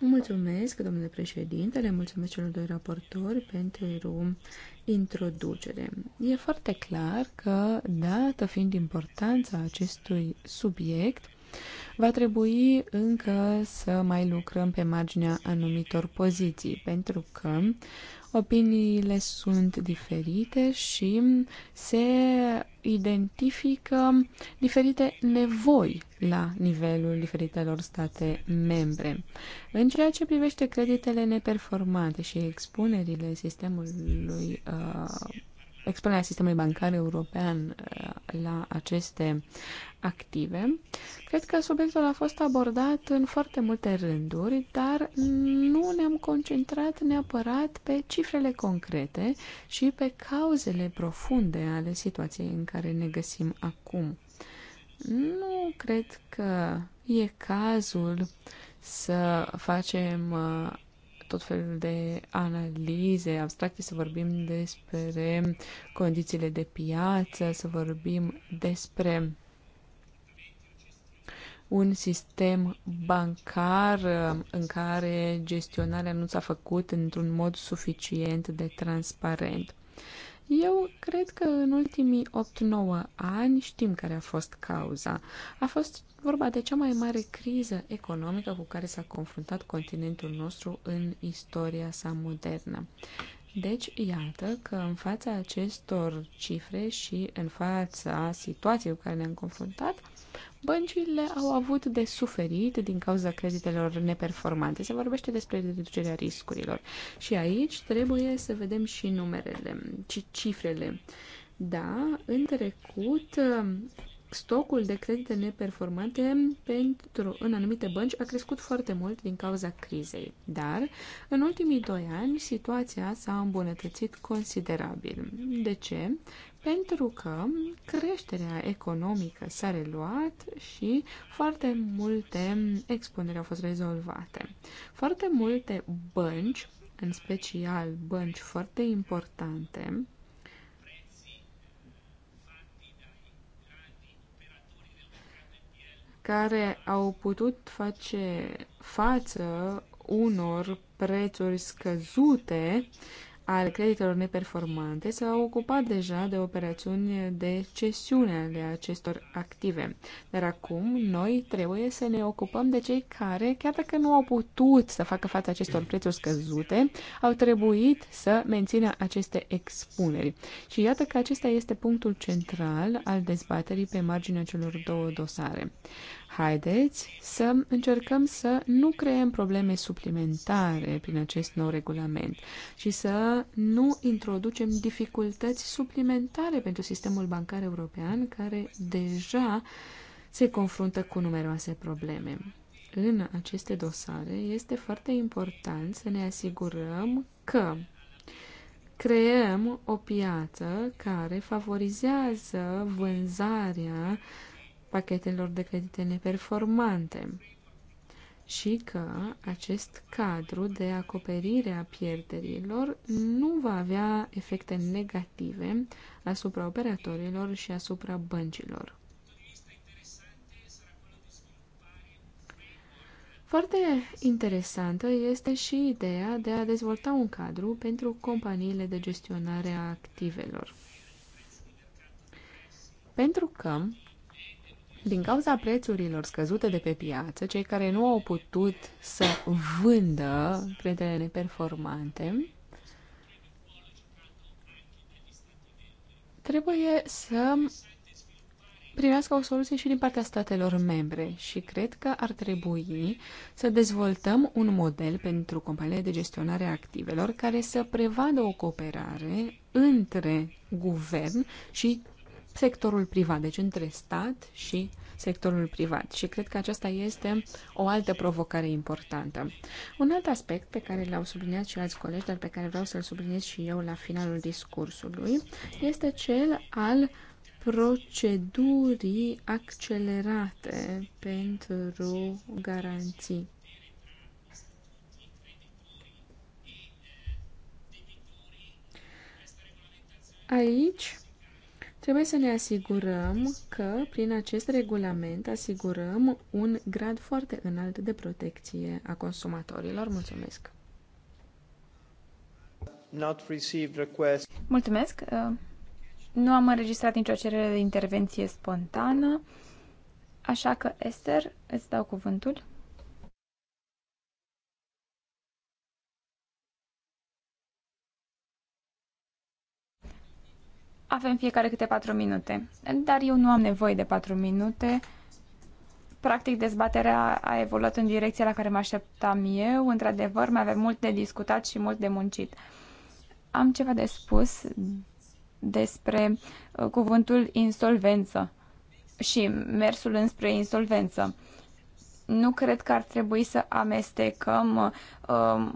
Mulțumesc, domnule președinte, le mulțumesc celor doi raportori pentru introducere. E foarte clar că, dată fiind importanța acestui subiect, va trebui încă să mai lucrăm pe marginea anumitor poziții, pentru că opiniile sunt diferite și se identifică diferite nevoi la nivelul diferitelor state membre. În ceea ce privește creditele neperformante și expunerile sistemului uh, expunerea sistemului bancar european uh, la aceste active. Cred că subiectul a fost abordat în foarte multe rânduri, dar nu ne-am concentrat neapărat pe cifrele concrete și pe cauzele profunde ale situației în care ne găsim acum. Nu cred că e cazul să facem uh, tot felul de analize abstracte, să vorbim despre condițiile de piață, să vorbim despre un sistem bancar um, în care gestionarea nu s-a făcut într-un mod suficient de transparent. Eu cred că în ultimii 8-9 ani știm care a fost cauza. A fost vorba de cea mai mare criză economică cu care s-a confruntat continentul nostru în istoria sa modernă. Deci, iată că în fața acestor cifre și în fața situației cu care ne-am confruntat, Băncile au avut de suferit din cauza creditelor neperformante. Se vorbește despre reducerea riscurilor. Și aici trebuie să vedem și numerele, ci cifrele. Da, în trecut stocul de credite neperformante pentru, în anumite bănci a crescut foarte mult din cauza crizei, dar în ultimii doi ani situația s-a îmbunătățit considerabil. De ce? pentru că creșterea economică s-a reluat și foarte multe expuneri au fost rezolvate. Foarte multe bănci, în special bănci foarte importante, care au putut face față unor prețuri scăzute ale creditelor neperformante s a ocupat deja de operațiuni de cesiune ale acestor active. Dar acum noi trebuie să ne ocupăm de cei care, chiar dacă nu au putut să facă față acestor prețuri scăzute, au trebuit să mențină aceste expuneri. Și iată că acesta este punctul central al dezbaterii pe marginea celor două dosare. Haideți să încercăm să nu creăm probleme suplimentare prin acest nou regulament și să nu introducem dificultăți suplimentare pentru sistemul bancar european care deja se confruntă cu numeroase probleme. În aceste dosare este foarte important să ne asigurăm că creăm o piață care favorizează vânzarea pachetelor de credite neperformante și că acest cadru de acoperire a pierderilor nu va avea efecte negative asupra operatorilor și asupra băncilor. Foarte interesantă este și ideea de a dezvolta un cadru pentru companiile de gestionare a activelor. Pentru că din cauza prețurilor scăzute de pe piață, cei care nu au putut să vândă credere neperformante trebuie să primească o soluție și din partea statelor membre și cred că ar trebui să dezvoltăm un model pentru companiile de gestionare a activelor care să prevadă o cooperare între guvern și sectorul privat, deci între stat și sectorul privat. Și cred că aceasta este o altă provocare importantă. Un alt aspect pe care l-au subliniat și alți colegi, dar pe care vreau să-l subliniez și eu la finalul discursului, este cel al procedurii accelerate pentru garanții. Aici Trebuie să ne asigurăm că, prin acest regulament, asigurăm un grad foarte înalt de protecție a consumatorilor. Mulțumesc! Not received request. Mulțumesc! Uh, nu am înregistrat nicio cerere de intervenție spontană, așa că, Esther, îți dau cuvântul. avem fiecare câte patru minute. Dar eu nu am nevoie de patru minute. Practic, dezbaterea a evoluat în direcția la care mă așteptam eu. Într-adevăr, mai avem mult de discutat și mult de muncit. Am ceva de spus despre uh, cuvântul insolvență și mersul înspre insolvență. Nu cred că ar trebui să amestecăm uh,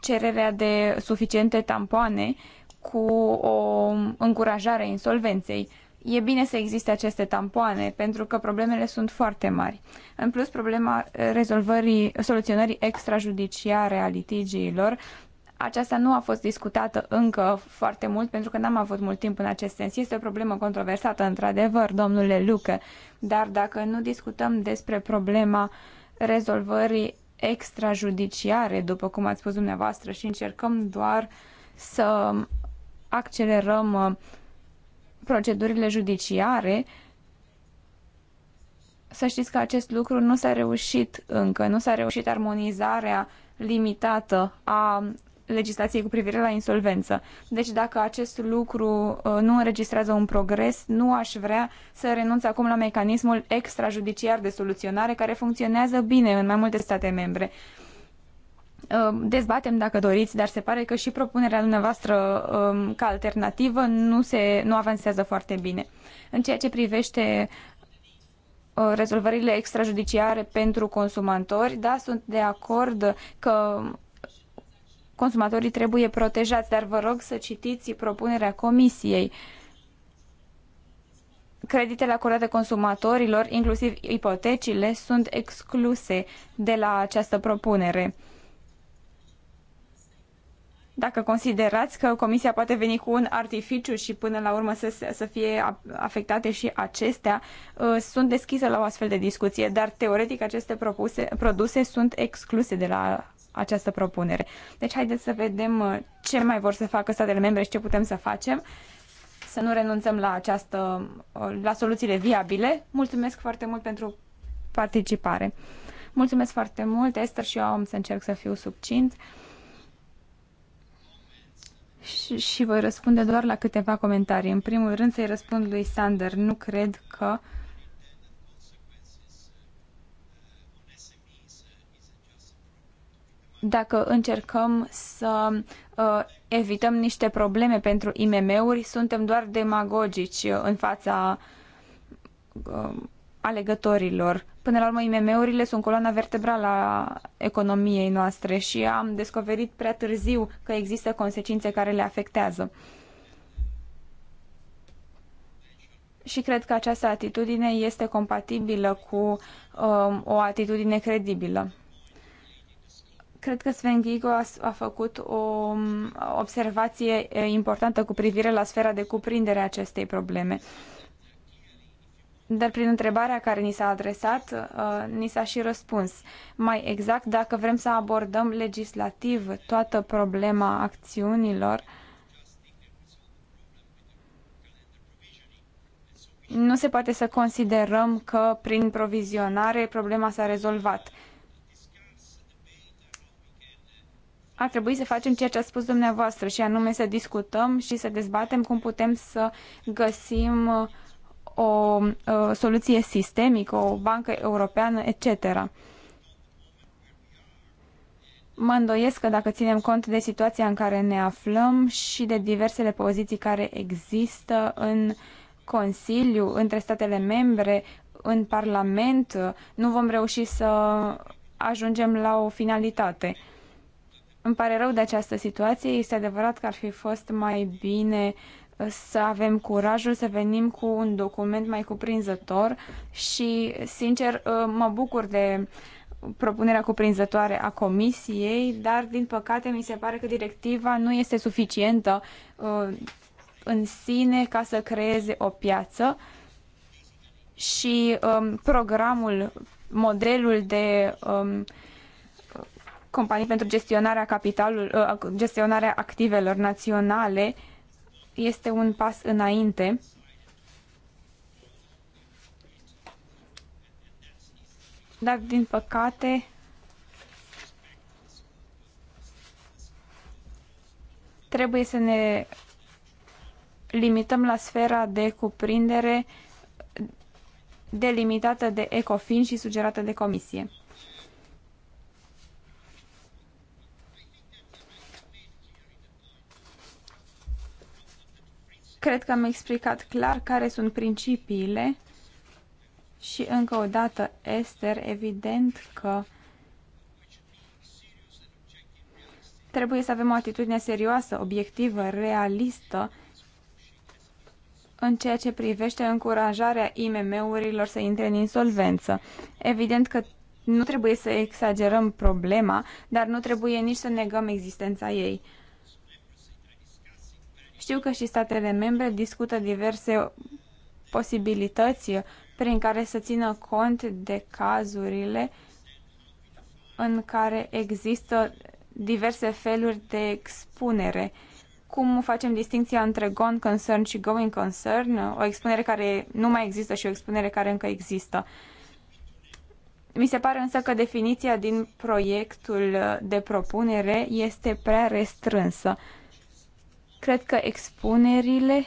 cererea de suficiente tampoane uh, cu o încurajare a insolvenței. E bine să existe aceste tampoane, pentru că problemele sunt foarte mari. În plus, problema rezolvării, soluționării extrajudiciare a litigiilor, aceasta nu a fost discutată încă foarte mult, pentru că n-am avut mult timp în acest sens. Este o problemă controversată, într-adevăr, domnule Lucă, dar dacă nu discutăm despre problema rezolvării extrajudiciare, după cum ați spus dumneavoastră, și încercăm doar să accelerăm uh, procedurile judiciare. Să știți că acest lucru nu s-a reușit încă, nu s-a reușit armonizarea limitată a legislației cu privire la insolvență. Deci dacă acest lucru uh, nu înregistrează un progres, nu aș vrea să renunț acum la mecanismul extrajudiciar de soluționare care funcționează bine în mai multe state membre. Um, dezbatem dacă doriți, dar se pare că și propunerea dumneavoastră um, ca alternativă nu, se, nu avansează foarte bine. În ceea ce privește uh, rezolvările extrajudiciare pentru consumatori, da, sunt de acord că consumatorii trebuie protejați, dar vă rog să citiți propunerea comisiei. Creditele acordate consumatorilor, inclusiv ipotecile, sunt excluse de la această propunere. Dacă considerați că Comisia poate veni cu un artificiu și până la urmă să, să fie afectate și acestea, uh, sunt deschise la o astfel de discuție, dar teoretic aceste propuse, produse sunt excluse de la această propunere. Deci haideți să vedem uh, ce mai vor să facă statele membre și ce putem să facem, să nu renunțăm la, această, uh, la soluțiile viabile. Mulțumesc foarte mult pentru participare. Mulțumesc foarte mult, Esther, și eu am să încerc să fiu subcint și, voi răspunde doar la câteva comentarii. În primul rând să-i răspund lui Sander. Nu cred că dacă încercăm să uh, evităm niște probleme pentru IMM-uri, suntem doar demagogici uh, în fața uh, alegătorilor. Până la urmă, IMM-urile sunt coloana vertebrală a economiei noastre și am descoperit prea târziu că există consecințe care le afectează. Și cred că această atitudine este compatibilă cu um, o atitudine credibilă cred că Sven Gigo a, a făcut o um, observație eh, importantă cu privire la sfera de cuprindere a acestei probleme. Uh, dar prin întrebarea care ni s-a adresat, uh, ni s-a și răspuns. Mai exact, dacă vrem să abordăm legislativ toată problema acțiunilor, nu se poate să considerăm că prin provizionare problema s-a rezolvat. ar trebui să facem ceea ce a spus dumneavoastră și anume să discutăm și să dezbatem cum putem să găsim uh, o soluție sistemică, o bancă europeană, etc. Mă îndoiesc că dacă ținem cont de situația în care ne aflăm și de diversele poziții care există în Consiliu, între statele membre, în Parlament, nu vom reuși să ajungem la o finalitate. Îmi pare rău de această situație, este adevărat că ar fi fost mai bine uh, să avem curajul să venim cu un document mai cuprinzător și, sincer, uh, mă bucur de propunerea cuprinzătoare a Comisiei, dar, din păcate, mi se pare că directiva nu este suficientă uh, în sine ca să creeze o piață și um, programul, modelul de um, companii pentru gestionarea capitalului uh, gestionarea activelor naționale este un pas înainte. Dar, din păcate, trebuie să ne limităm la sfera de cuprindere delimitată de ECOFIN și sugerată de Comisie. Cred că am explicat clar care sunt principiile și încă o dată, Esther, evident că trebuie să avem o atitudine serioasă, obiectivă, realistă în ceea ce privește încurajarea IMM-urilor să intre în insolvență. Evident că nu trebuie să exagerăm problema, dar nu trebuie nici să negăm existența ei. Știu că și statele membre discută diverse posibilități prin care să țină cont de cazurile în care există diverse feluri de expunere. Cum facem distinția între gone concern și going concern? O expunere care nu mai există și o expunere care încă există. Mi se pare însă că definiția din proiectul de propunere este prea restrânsă. Cred că expunerile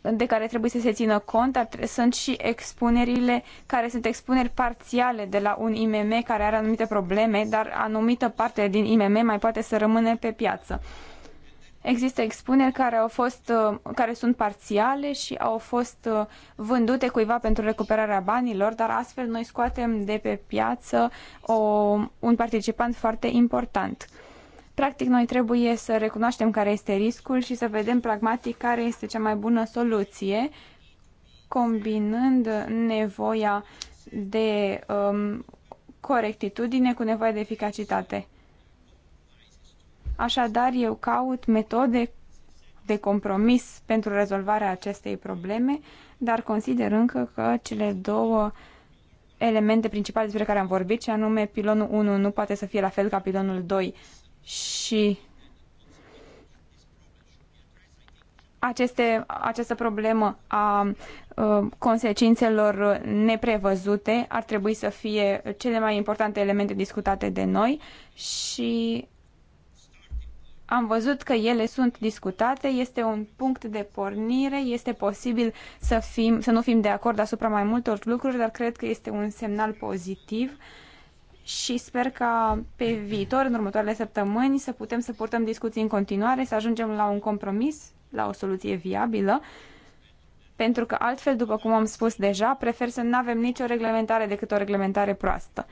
de care trebuie să se țină cont sunt și expunerile care sunt expuneri parțiale de la un IMM care are anumite probleme, dar anumită parte din IMM mai poate să rămână pe piață. Există expuneri care au fost, uh, care sunt parțiale și au fost uh, vândute cuiva pentru recuperarea banilor, dar astfel noi scoatem de pe piață o, un participant foarte important. Practic, noi trebuie să recunoaștem care este riscul și să vedem pragmatic care este cea mai bună soluție, combinând nevoia de um, corectitudine cu nevoia de eficacitate. Așadar, eu caut metode de compromis pentru rezolvarea acestei probleme, dar consider încă că cele două elemente principale despre care am vorbit, și anume pilonul 1 nu poate să fie la fel ca pilonul 2 și aceste, această problemă a, a ă, consecințelor neprevăzute ar trebui să fie cele mai importante elemente discutate de noi și am văzut că ele sunt discutate, este un punct de pornire, este posibil să, fim, să nu fim de acord asupra mai multor lucruri, dar cred că este un semnal pozitiv și sper ca pe viitor, în următoarele săptămâni, să putem să purtăm discuții în continuare, să ajungem la un compromis, la o soluție viabilă, pentru că altfel, după cum am spus deja, prefer să nu avem nicio reglementare decât o reglementare proastă.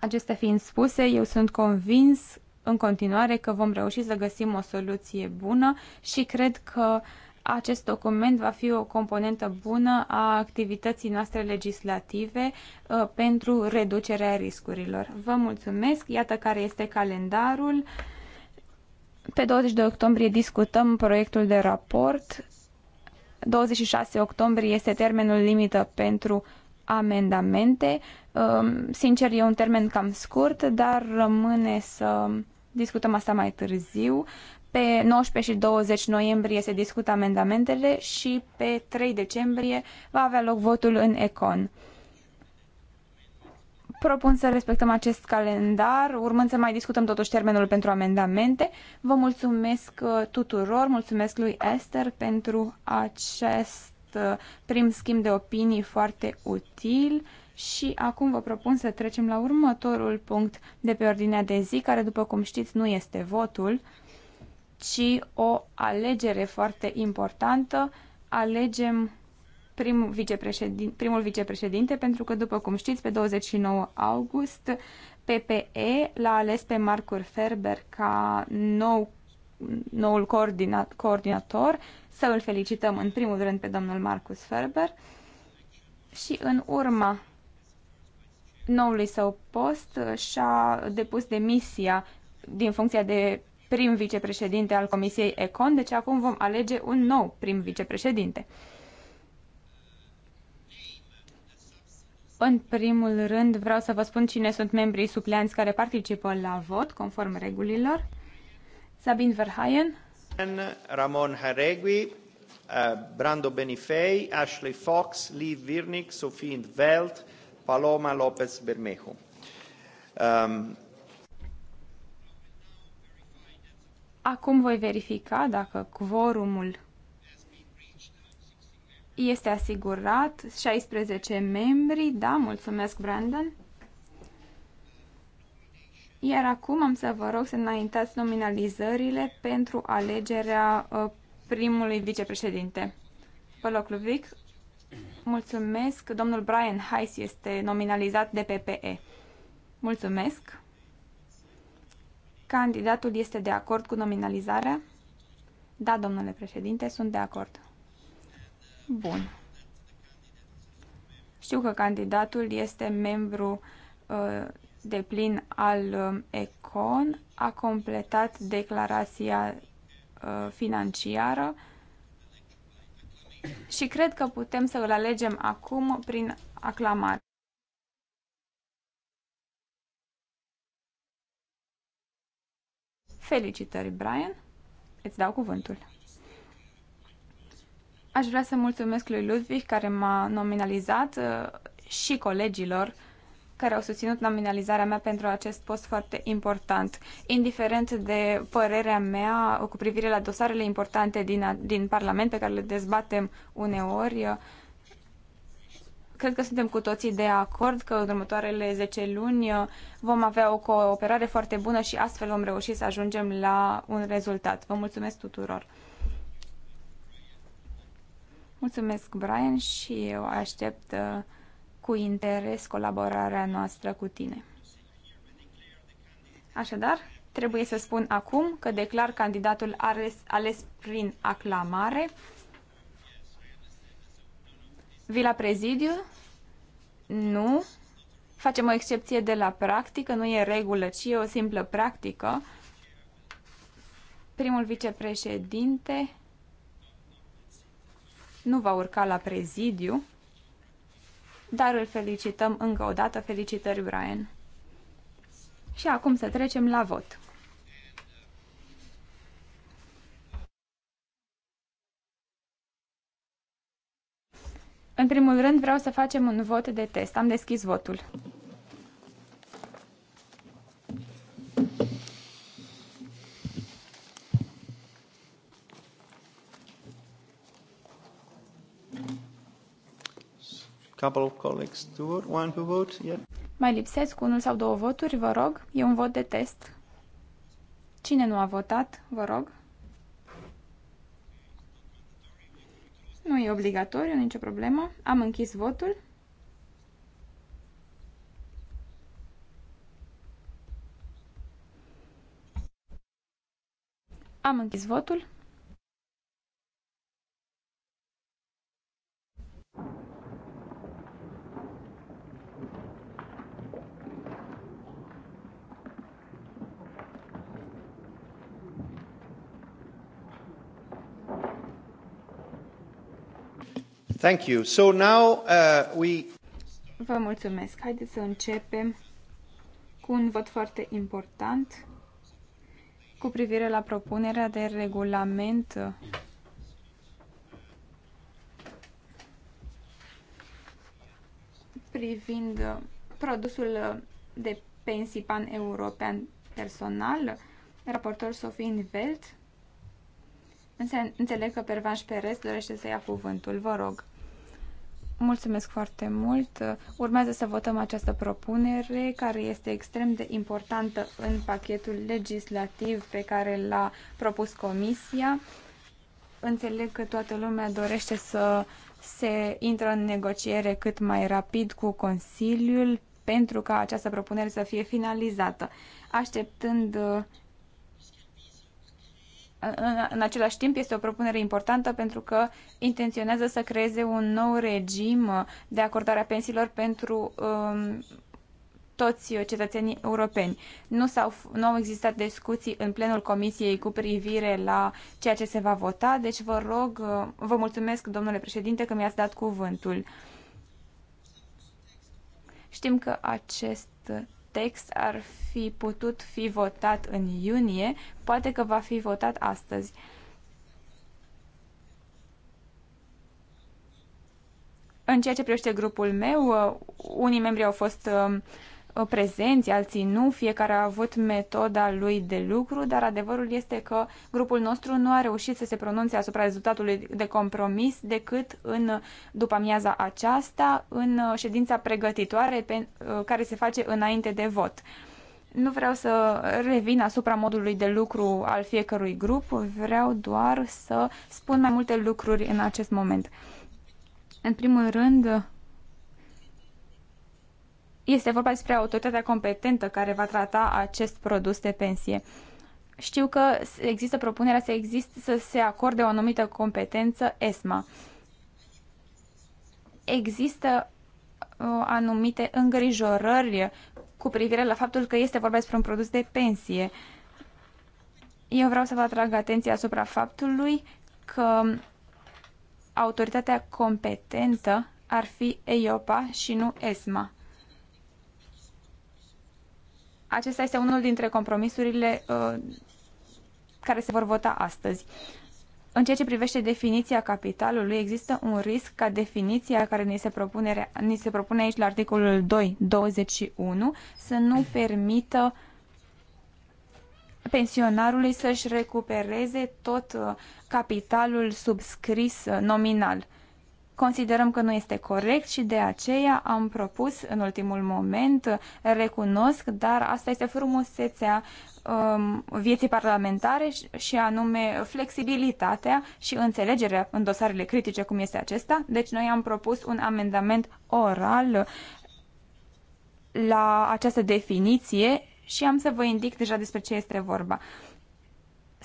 Acestea fiind spuse, eu sunt convins în continuare că vom reuși să găsim o soluție bună și cred că acest document va fi o componentă bună a activității noastre legislative uh, pentru reducerea riscurilor. Vă mulțumesc, iată care este calendarul. Pe 20 de octombrie discutăm proiectul de raport. 26 octombrie este termenul limită pentru amendamente. Um, sincer, e un termen cam scurt, dar rămâne să discutăm asta mai târziu. Pe 19 și 20 noiembrie se discută amendamentele și pe 3 decembrie va avea loc votul în Econ. Propun să respectăm acest calendar, urmând să mai discutăm totuși termenul pentru amendamente. Vă mulțumesc uh, tuturor, mulțumesc lui Esther pentru acest uh, prim schimb de opinii foarte util și acum vă propun să trecem la următorul punct de pe ordinea de zi, care, după cum știți, nu este votul, ci o alegere foarte importantă. Alegem primul vicepreședin, primul vicepreședinte, pentru că, după cum știți, pe 29 august, PPE l-a ales pe Marcur Ferber ca nou, noul coordina, coordinator. Să îl felicităm în primul rând pe domnul Marcus Ferber. Și în urma noului său post și-a depus demisia din funcția de prim vicepreședinte al Comisiei Econ, deci acum vom alege un nou prim vicepreședinte. În primul rând vreau să vă spun cine sunt membrii supleanți care participă la vot, conform regulilor. Sabin Verhaien. Ramon Haregui, uh, Brando Benifei, Ashley Fox, Lee Virnick, Sofie Veld, Paloma López Bermejo. Um... Acum voi verifica dacă quorumul este asigurat. 16 membri, da, mulțumesc, Brandon. Iar acum am să vă rog să înaintați nominalizările pentru alegerea uh, primului vicepreședinte. Pălocluvic, Mulțumesc. Domnul Brian Heiss este nominalizat de PPE. Mulțumesc. Candidatul este de acord cu nominalizarea? Da, domnule președinte, sunt de acord. Bun. Știu că candidatul este membru uh, de plin al um, ECON, a completat declarația uh, financiară, și cred că putem să îl alegem acum prin aclamare. Felicitări, Brian! Îți dau cuvântul. Aș vrea să mulțumesc lui Ludwig care m-a nominalizat uh, și colegilor care au susținut nominalizarea mea pentru acest post foarte important. Indiferent de părerea mea cu privire la dosarele importante din, din Parlament pe care le dezbatem uneori, cred că suntem cu toții de acord că în următoarele 10 luni vom avea o cooperare foarte bună și astfel vom reuși să ajungem la un rezultat. Vă mulțumesc tuturor! Mulțumesc, Brian, și eu aștept uh, cu interes colaborarea noastră cu tine. Așadar, trebuie să spun acum că declar candidatul ales, ales prin aclamare. Vila prezidiu? Nu. Facem o excepție de la practică, nu e regulă, ci e o simplă practică. Primul vicepreședinte nu va urca la prezidiu dar îl felicităm încă o dată. Felicitări, Brian! Și acum să trecem la vot. În primul rând vreau să facem un vot de test. Am deschis votul. couple of colleagues to vote, one vote, Mai lipsesc unul sau două voturi, vă rog. E un vot de test. Cine nu a votat, vă rog. Nu e obligatoriu, nicio problemă. Am închis votul. Am închis votul. Thank you. So now uh, we... Vă mulțumesc. Haideți să începem cu un vot foarte important cu privire la propunerea de regulament privind produsul de pensii pan-european personal, raportor Sofie Invelt. Însă înțeleg că Pervanș Perez dorește să ia cuvântul. Vă rog. Mulțumesc foarte mult. Urmează să votăm această propunere care este extrem de importantă în pachetul legislativ pe care l-a propus Comisia. Înțeleg că toată lumea dorește să se intră în negociere cât mai rapid cu Consiliul pentru ca această propunere să fie finalizată, așteptând în, în același timp este o propunere importantă pentru că intenționează să creeze un nou regim de acordare a pensiilor pentru um, toți cetățenii europeni. Nu, s-au, nu au existat discuții în plenul comisiei cu privire la ceea ce se va vota, deci vă rog, uh, vă mulțumesc, domnule președinte, că mi-ați dat cuvântul. Știm că acest text ar fi putut fi votat în iunie, poate că va fi votat astăzi. În ceea ce privește grupul meu, uh, unii membri au fost um, Uh, prezenți, alții nu, fiecare a avut metoda lui de lucru, dar adevărul este că grupul nostru nu a reușit să se pronunțe asupra rezultatului de compromis decât în după amiaza aceasta, în uh, ședința pregătitoare pe, uh, care se face înainte de vot. Nu vreau să revin asupra modului de lucru al fiecărui grup, vreau doar să spun mai multe lucruri în acest moment. În primul rând, este vorba despre autoritatea competentă care va trata acest produs de pensie. Știu că există propunerea să, exist, să se acorde o anumită competență ESMA. Există uh, anumite îngrijorări cu privire la faptul că este vorba despre un produs de pensie. Eu vreau să vă atrag atenția asupra faptului că autoritatea competentă ar fi EIOPA și nu ESMA. Acesta este unul dintre compromisurile uh, care se vor vota astăzi. În ceea ce privește definiția capitalului, există un risc ca definiția care ni se propune, ni se propune aici la articolul 2.21 să nu permită pensionarului să-și recupereze tot uh, capitalul subscris uh, nominal. Considerăm că nu este corect și de aceea am propus în ultimul moment, recunosc, dar asta este frumusețea um, vieții parlamentare și anume flexibilitatea și înțelegerea în dosarele critice cum este acesta. Deci noi am propus un amendament oral la această definiție și am să vă indic deja despre ce este vorba.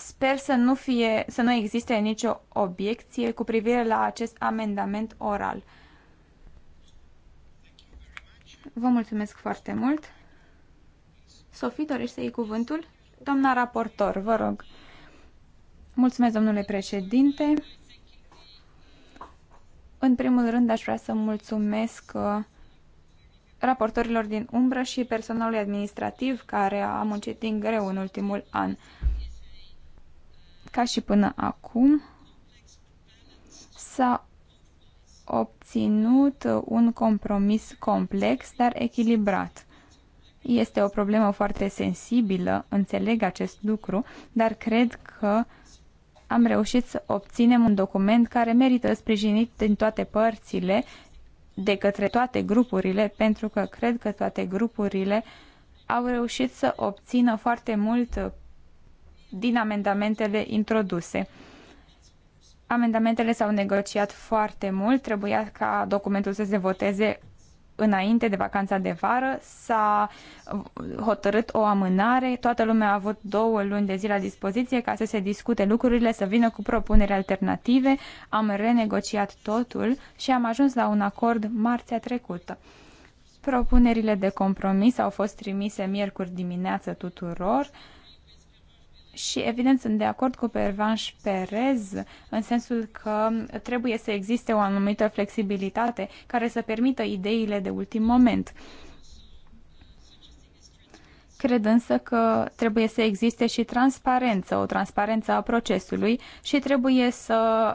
Sper să nu, fie, să nu existe nicio obiecție cu privire la acest amendament oral. Vă mulțumesc foarte mult. Sofie, dorește să iei cuvântul? Doamna raportor, vă rog. Mulțumesc, domnule președinte. În primul rând, aș vrea să mulțumesc uh, raportorilor din umbră și personalului administrativ care a muncit din greu în ultimul an. Ca și până acum, s-a obținut un compromis complex, dar echilibrat. Este o problemă foarte sensibilă, înțeleg acest lucru, dar cred că am reușit să obținem un document care merită sprijinit din toate părțile, de către toate grupurile, pentru că cred că toate grupurile au reușit să obțină foarte mult din amendamentele introduse. Amendamentele s-au negociat foarte mult, trebuia ca documentul să se voteze înainte de vacanța de vară, s-a hotărât o amânare, toată lumea a avut două luni de zi la dispoziție ca să se discute lucrurile, să vină cu propuneri alternative, am renegociat totul și am ajuns la un acord marțea trecută. Propunerile de compromis au fost trimise miercuri dimineață tuturor, uh, și evident sunt de acord cu Pervanș Perez în sensul că trebuie să existe o anumită flexibilitate care să permită ideile de ultim moment. Cred însă că trebuie să existe și transparență, o transparență a procesului și trebuie să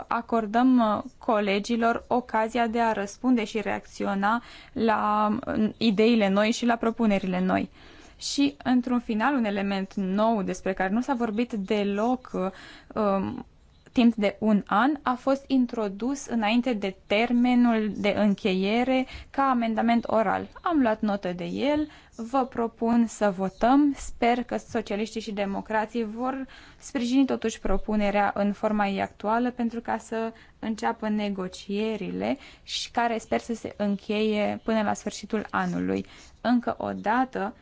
acordăm colegilor ocazia de a răspunde și reacționa la ideile noi și la propunerile noi. Și, într-un final, un element nou despre care nu s-a vorbit deloc um, timp de un an a fost introdus înainte de termenul de încheiere ca amendament oral. Am luat notă de el, vă propun să votăm, sper că socialiștii și democrații vor sprijini totuși propunerea în forma ei actuală pentru ca să înceapă negocierile și care sper să se încheie până la sfârșitul anului. Încă o dată,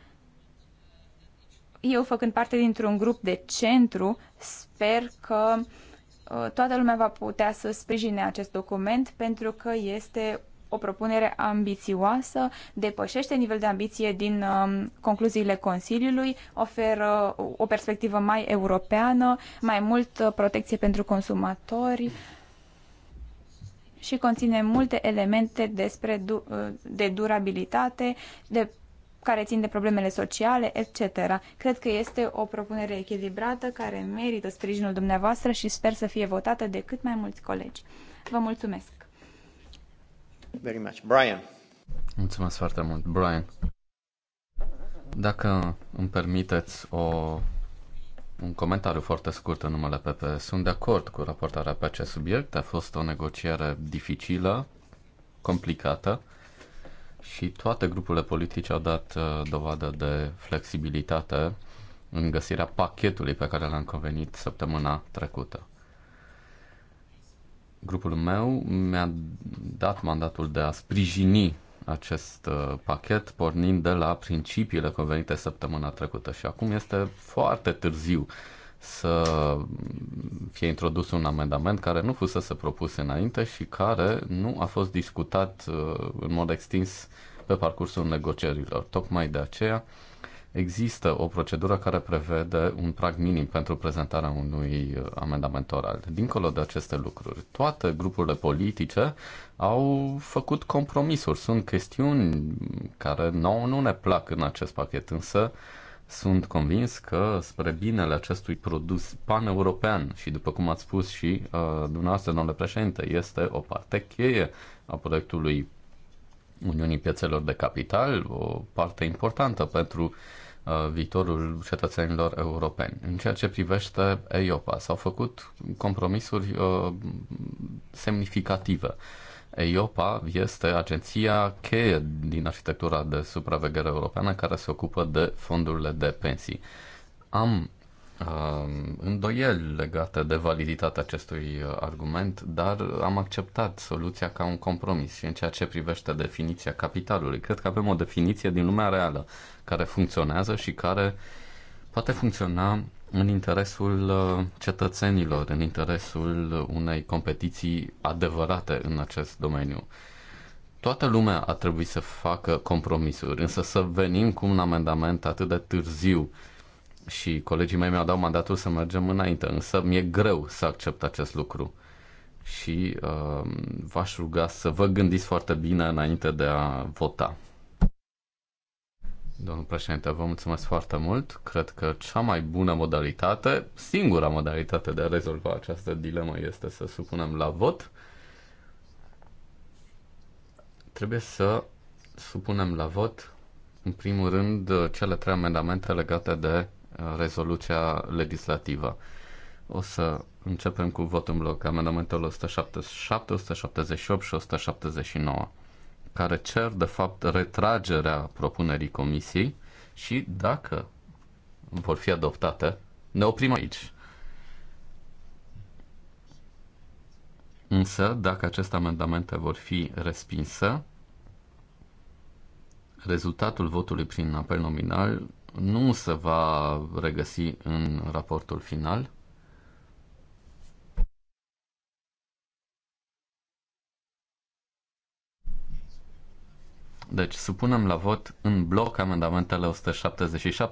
eu, făcând parte dintr-un grup de centru, sper că uh, toată lumea va putea să sprijine acest document pentru că este o propunere ambițioasă, depășește nivel de ambiție din um, concluziile Consiliului, oferă o perspectivă mai europeană, mai mult uh, protecție pentru consumatori și conține multe elemente despre uh, de durabilitate, de care țin de problemele sociale, etc. Cred că este o propunere echilibrată care merită sprijinul dumneavoastră și sper să fie votată de cât mai mulți colegi. Vă mulțumesc! Very much. Brian. Mulțumesc foarte mult, Brian. Dacă îmi permiteți o, un comentariu foarte scurt în numele PP, sunt de acord cu raportarea pe acest subiect. A fost o negociere dificilă, complicată și toate grupurile politice au dat uh, dovadă de flexibilitate în găsirea pachetului pe care l-am convenit săptămâna trecută. Grupul meu mi-a dat mandatul de a sprijini acest uh, pachet pornind de la principiile convenite săptămâna trecută și acum este foarte târziu să fie introdus un amendament care nu fusese propus înainte și care nu a fost discutat uh, în mod extins pe parcursul negocierilor. Tocmai de aceea există o procedură care prevede un prag minim pentru prezentarea unui uh, amendament oral. Dincolo de aceste lucruri, toate grupurile politice au făcut compromisuri. Sunt chestiuni care nouă nu ne plac în acest pachet, însă sunt convins că spre binele acestui produs pan-european și, după cum ați spus și uh, dumneavoastră, domnule președinte, este o parte cheie a proiectului Uniunii Piețelor de Capital, o parte importantă pentru uh, viitorul cetățenilor europeni. În ceea ce privește EIOPA, s-au făcut compromisuri uh, semnificative. Uh, EIOPA este agenția cheie din arhitectura de supraveghere europeană care se ocupă de fondurile de pensii. Am uh, îndoieli legate de validitatea acestui uh, argument, dar am acceptat soluția ca un compromis și în ceea ce privește definiția capitalului. Cred că avem o definiție din lumea reală care funcționează și care poate funcționa în interesul uh, cetățenilor, în interesul unei competiții adevărate în acest domeniu. Toată lumea a trebuit să facă compromisuri, însă să venim cu un amendament atât de târziu și colegii mei mi-au dat mandatul să mergem înainte, însă mi-e greu să accept acest lucru și uh, v-aș ruga să vă gândiți foarte bine înainte de a vota. Domnul președinte, vă mulțumesc foarte mult. Cred că cea mai bună modalitate, singura modalitate de a rezolva această dilemă este să supunem la vot. Trebuie să supunem la vot, în primul rând, cele trei amendamente legate de uh, rezoluția legislativă. O să începem cu votul în bloc amendamentul 177, 178 și 179 care cer, de fapt, retragerea propunerii comisiei și dacă vor fi adoptate, ne oprim aici. Însă, dacă aceste amendamente vor fi respinse, rezultatul votului prin apel nominal nu se va regăsi în raportul final Deci supunem la vot în bloc amendamentele 177,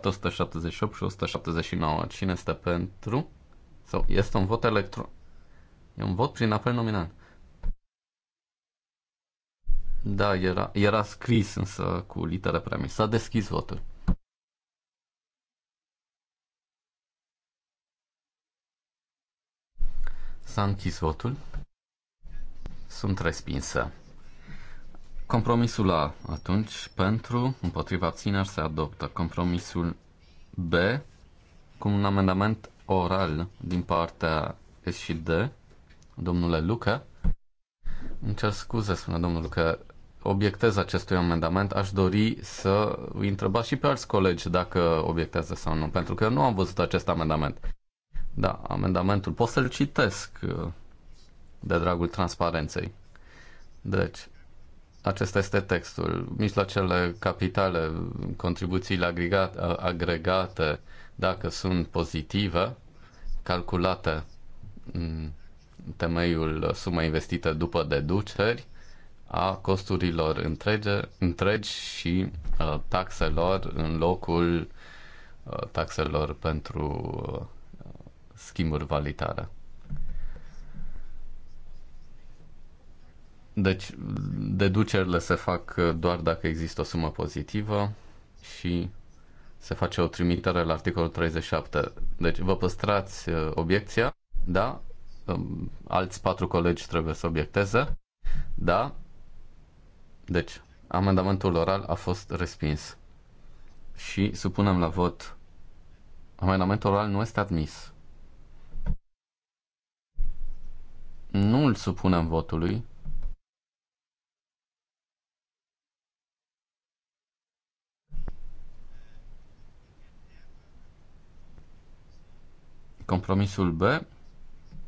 178 și 179. Cine este pentru? Sau este un vot electro? E un vot prin apel nominal. Da, era, era scris însă cu litere prea mici. S-a deschis votul. S-a închis votul. Sunt respinsă. Compromisul A, atunci, pentru, împotriva abțineri se adoptă. Compromisul B, cu un amendament oral din partea S și D, domnule Luca. Îmi cer scuze, spune domnul Luca, obiectez acestui amendament, aș dori să îi întreba și pe alți colegi dacă obiectează sau nu, pentru că eu nu am văzut acest amendament. Da, amendamentul pot să-l citesc de dragul transparenței. Deci, acesta este textul. Mijloacele capitale, contribuțiile agregate, agregate dacă sunt pozitive, calculate în temeiul suma investită după deduceri a costurilor întrege, întregi și uh, taxelor în locul uh, taxelor pentru uh, schimburi valitare. Deci, deducerile se fac doar dacă există o sumă pozitivă și se face o trimitere la articolul 37. Deci, vă păstrați uh, obiecția, da? Um, alți patru colegi trebuie să obiecteze, da? Deci, amendamentul oral a fost respins. Și supunem la vot. Amendamentul oral nu este admis. Nu îl supunem votului, Compromisul B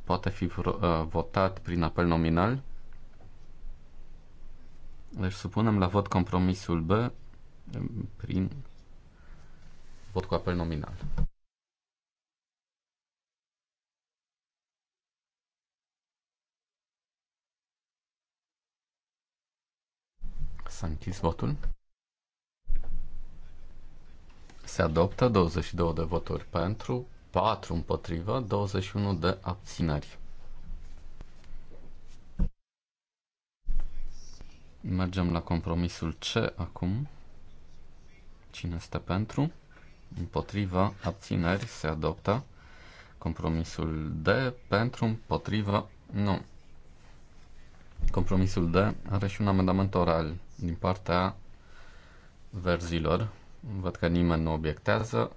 poate fi uh, votat prin apel nominal. Deci supunem la vot compromisul B um, prin vot cu apel nominal. S-a închis votul. Se adoptă 22 de voturi pentru, 4 împotrivă, 21 de abțineri. Mergem la compromisul C acum. Cine este pentru? Împotriva, abțineri, se adoptă. Compromisul D, pentru, împotriva, nu. Compromisul D are și un amendament oral din partea verzilor. Văd că nimeni nu obiectează.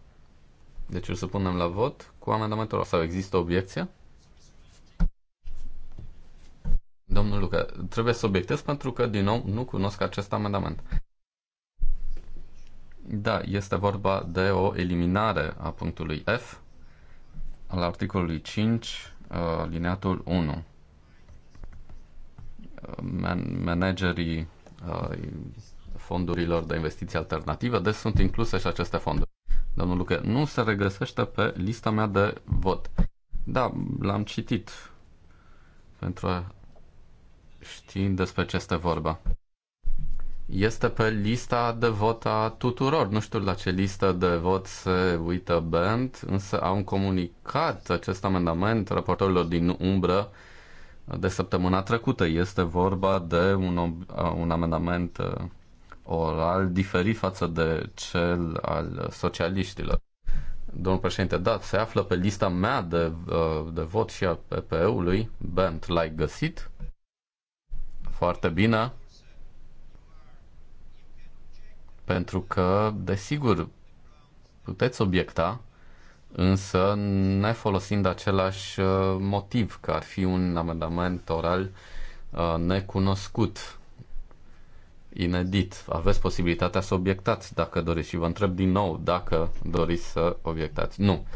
Deci o să punem la vot cu amendamentul sau există obiecție? Domnul Luca, trebuie să obiectez pentru că, din nou, nu cunosc acest amendament. Da, este vorba de o eliminare a punctului F al articolului 5, uh, alineatul 1. Man- managerii uh, fondurilor de investiții alternative, deci sunt incluse și aceste fonduri domnul Luca, nu se regăsește pe lista mea de vot. Da, l-am citit pentru a ști despre ce este vorba. Este pe lista de vot a tuturor. Nu știu la ce listă de vot se uită Band, însă au comunicat acest amendament raportorilor din umbră de săptămâna trecută. Este vorba de un, un amendament uh, oral diferit față de cel al socialiștilor. Domnul președinte, da, se află pe lista mea de, uh, de vot și a PPE-ului. Bent, l-ai găsit? Foarte bine. Pentru că, desigur, puteți obiecta, însă ne folosind același uh, motiv, că ar fi un amendament oral uh, necunoscut inedit. Aveți posibilitatea să obiectați dacă doriți și vă întreb din nou dacă doriți să obiectați. Nu.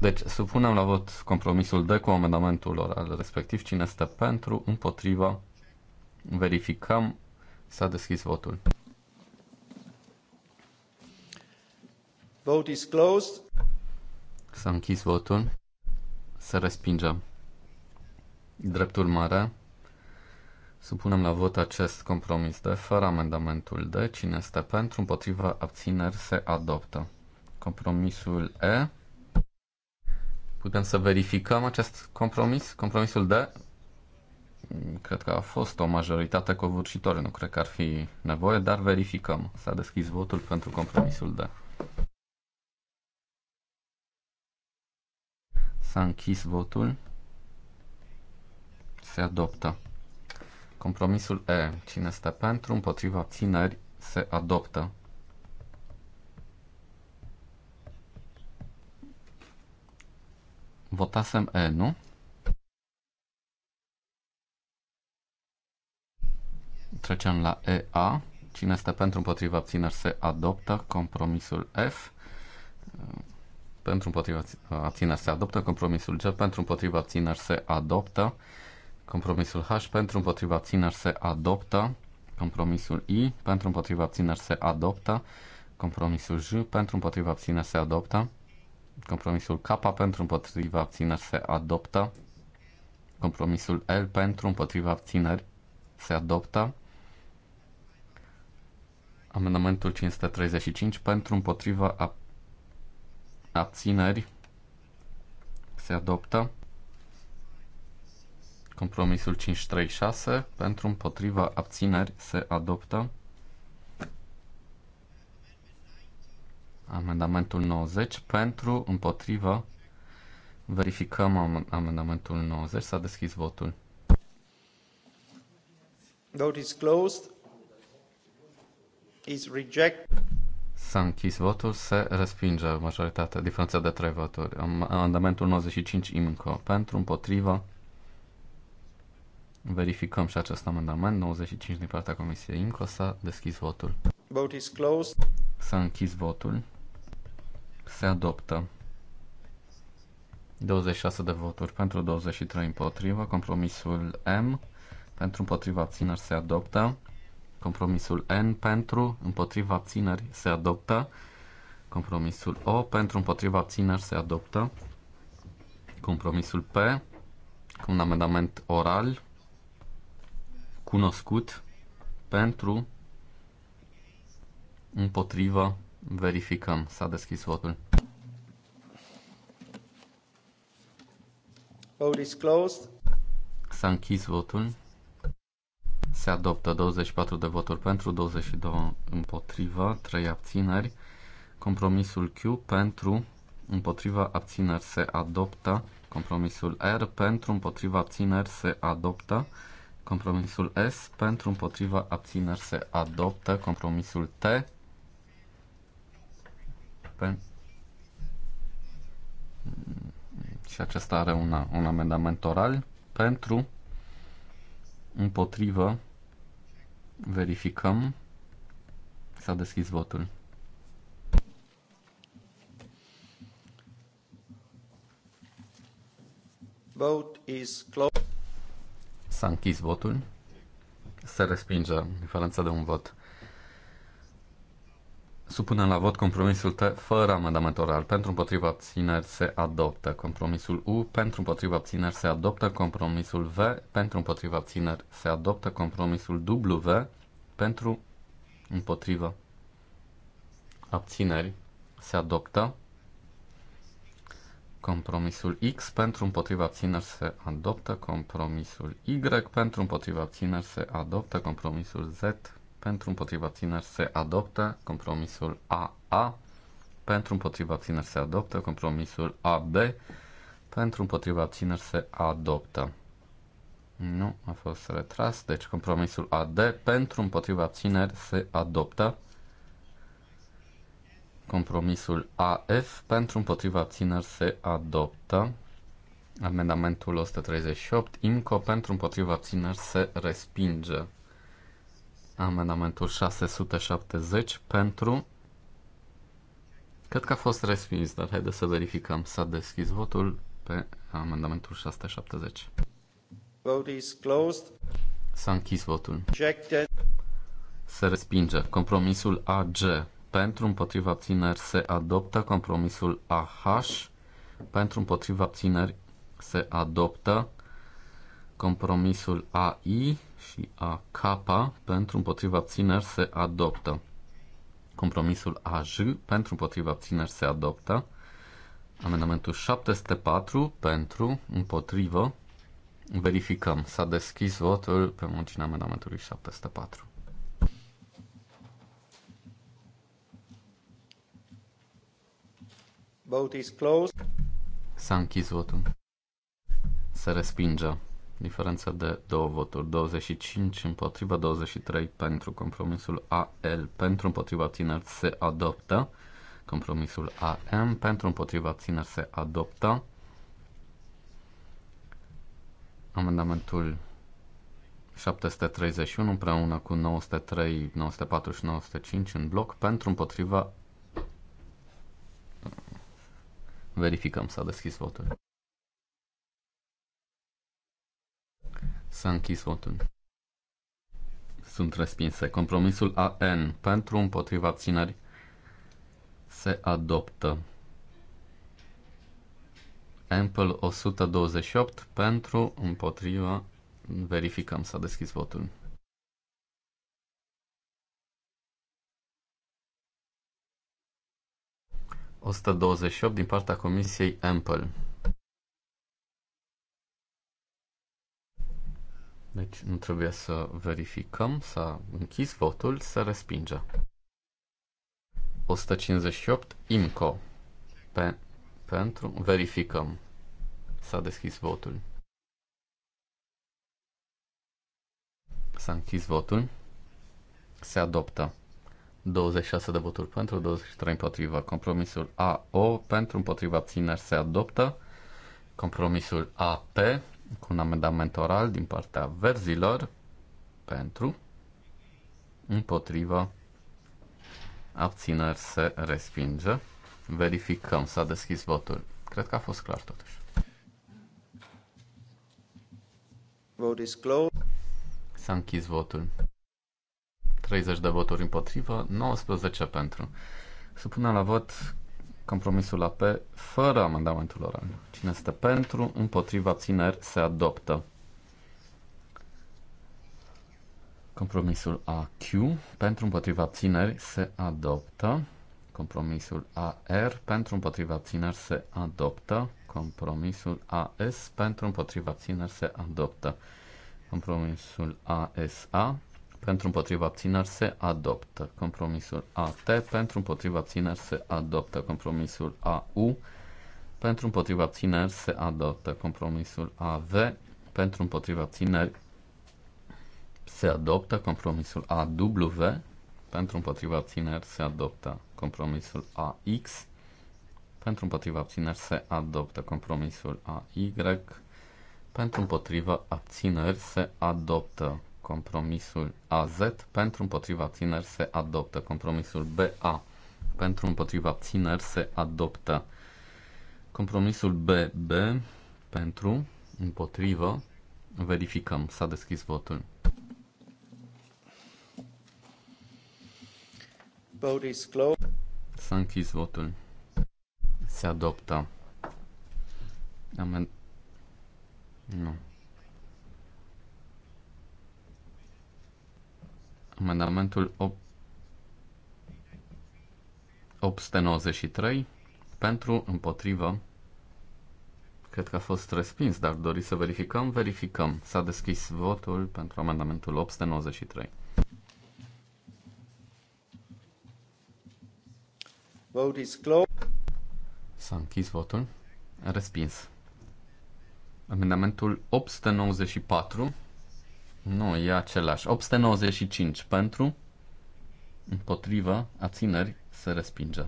Deci supunem la vot compromisul de cu amendamentul oral respectiv. Cine este pentru, împotriva, verificăm, s-a deschis votul. Vote is closed. S-a închis votul. Să respingem. Dreptul mare. Supunem la vot acest compromis de fără amendamentul D. Cine este pentru, împotriva, abțineri, se adoptă. Compromisul E. Putem să verificăm acest compromis? Compromisul D. Cred că a fost o majoritate covârșitoare, nu cred că ar fi nevoie, dar verificăm. S-a deschis votul pentru compromisul D. S-a închis votul. Se adoptă. Compromisul E. Cine este pentru, împotriva abțineri, se adoptă. Votasem E, nu? Trecem la EA. Cine este pentru, împotriva abțineri, se adoptă. Compromisul F. Pentru împotriva abțineri se adoptă. Compromisul G. Pentru împotriva abțineri se adoptă. Compromisul H pentru împotriva țineri se adoptă. Compromisul I pentru împotriva țineri se adoptă. Compromisul J pentru împotriva țineri se adoptă. Compromisul K pentru împotriva țineri se adoptă. Compromisul L pentru împotriva țineri se adoptă. Amendamentul 535 pentru împotriva abțineri se adoptă. Compromisul 536 pentru împotriva abțineri se adoptă. Amendamentul 90 pentru împotriva. Verificăm am- amendamentul 90. S-a deschis votul. Vote is closed. Is reject. S-a închis votul, se respinge majoritatea, diferența de 3 voturi. Amendamentul 95 IMCO pentru împotriva Verificăm și acest amendament. 95 din partea Comisiei INCO s-a deschis votul. Vote is closed. S-a închis votul. Se adoptă. 26 de voturi pentru 23 împotriva. Compromisul M pentru împotriva abțineri se adoptă. Compromisul N pentru împotriva abțineri se adoptă. Compromisul O pentru împotriva abțineri se adoptă. Compromisul P cu un amendament oral cunoscut pentru împotriva verificăm. S-a deschis votul. Vote is closed. S-a închis votul. Se adoptă 24 de voturi pentru, 22 împotriva, 3 abțineri. Compromisul Q pentru, împotriva abțineri se adoptă. Compromisul R pentru, împotriva abțineri se adoptă. Compromisul S pentru împotriva abțineri se adoptă. Compromisul T pen... și acesta are una, un amendament oral pentru împotrivă verificăm s-a deschis votul. Vote is closed. S-a închis votul. Se respinge diferența de un vot. Supunem la vot compromisul T fără amendament oral. Pentru împotriva abțineri se adoptă. Compromisul U pentru împotriva abțineri se adoptă. Compromisul V pentru împotriva abțineri se adoptă. Compromisul W pentru împotriva abțineri se adoptă. Compromisul X pentru împotriva abțineri se adoptă, compromisul Y pentru împotriva abțineri se adoptă, compromisul Z pentru împotriva abțineri se adoptă, compromisul AA pentru împotriva abțineri se adoptă, compromisul AB pentru împotriva abțineri se adoptă. Nu, a fost retras, deci compromisul AD pentru împotriva abțineri se adoptă. Compromisul AF pentru împotriva abțineri se adoptă. Amendamentul 138 IMCO pentru împotriva abțineri se respinge. Amendamentul 670 pentru Cred că a fost respins, dar haideți să verificăm. S-a deschis votul pe amendamentul 670. Vote is closed. S-a închis votul. Rejected. Se respinge. Compromisul AG pentru împotriva abțineri se adoptă. Compromisul AH pentru împotriva abțineri se adoptă. Compromisul AI și AK pentru împotriva abțineri se adoptă. Compromisul AJ pentru împotriva abțineri se adoptă. Amendamentul 704 pentru împotrivă. Verificăm. S-a deschis votul pe marginea amendamentului 704. Vote is closed. S-a închis votul. Se respinge. Diferență de două voturi. 25 împotriva, 23 pentru. Compromisul AL pentru împotriva tineri se adoptă. Compromisul AM pentru împotriva tineri se adoptă. Amendamentul 731 împreună cu 903, 904 și 905 în bloc pentru împotriva Verificăm, s-a deschis votul. S-a închis votul. Sunt respinse. Compromisul AN pentru împotriva abțineri se adoptă. Ample 128 pentru împotriva verificăm s-a deschis votul. 128 din partea Comisiei Ample. Deci nu trebuie să verificăm, s-a închis votul, se respinge. 158 IMCO. Pe, pentru, verificăm. S-a deschis votul. S-a închis votul. Se adoptă. 26 de voturi pentru, 23 împotriva. Compromisul AO pentru împotriva abțineri se adoptă. Compromisul AP cu un amendament oral din partea verzilor pentru împotriva abțineri se respinge. Verificăm, s-a deschis votul. Cred că a fost clar totuși. Vote is closed. S-a închis votul. 30 de voturi împotrivă, 19 pentru. pune la vot compromisul AP fără amendamentul oral. Cine este pentru, împotriva, abțineri, se adoptă. Compromisul AQ pentru împotriva abțineri se adoptă. Compromisul AR pentru împotriva abțineri se adoptă. Compromisul AS pentru împotriva abțineri se adoptă. Compromisul ASA pentru împotriva abțineri se adoptă. Compromisul AT pentru împotriva abțineri se adoptă. Compromisul AU pentru împotriva abțineri se adoptă. Compromisul AV pentru împotriva abțineri se adoptă. Compromisul AW pentru împotriva abțineri se adoptă. Compromisul AX pentru împotriva abțineri se adoptă. Compromisul AY pentru împotriva abțineri se adoptă Compromisul AZ pentru împotriva abțineri se adoptă. Compromisul BA pentru împotriva abțineri se adoptă. Compromisul BB pentru împotrivă verificăm. S-a deschis votul. Vote is S-a închis votul. Se adoptă. Amen. Nu. Amendamentul 893 pentru împotrivă. Cred că a fost respins, dar doriți să verificăm? Verificăm. S-a deschis votul pentru amendamentul 893. Vote is closed. S-a închis votul. Respins. Amendamentul 894 nu, e același. 895 pentru, împotriva, țineri se respinge.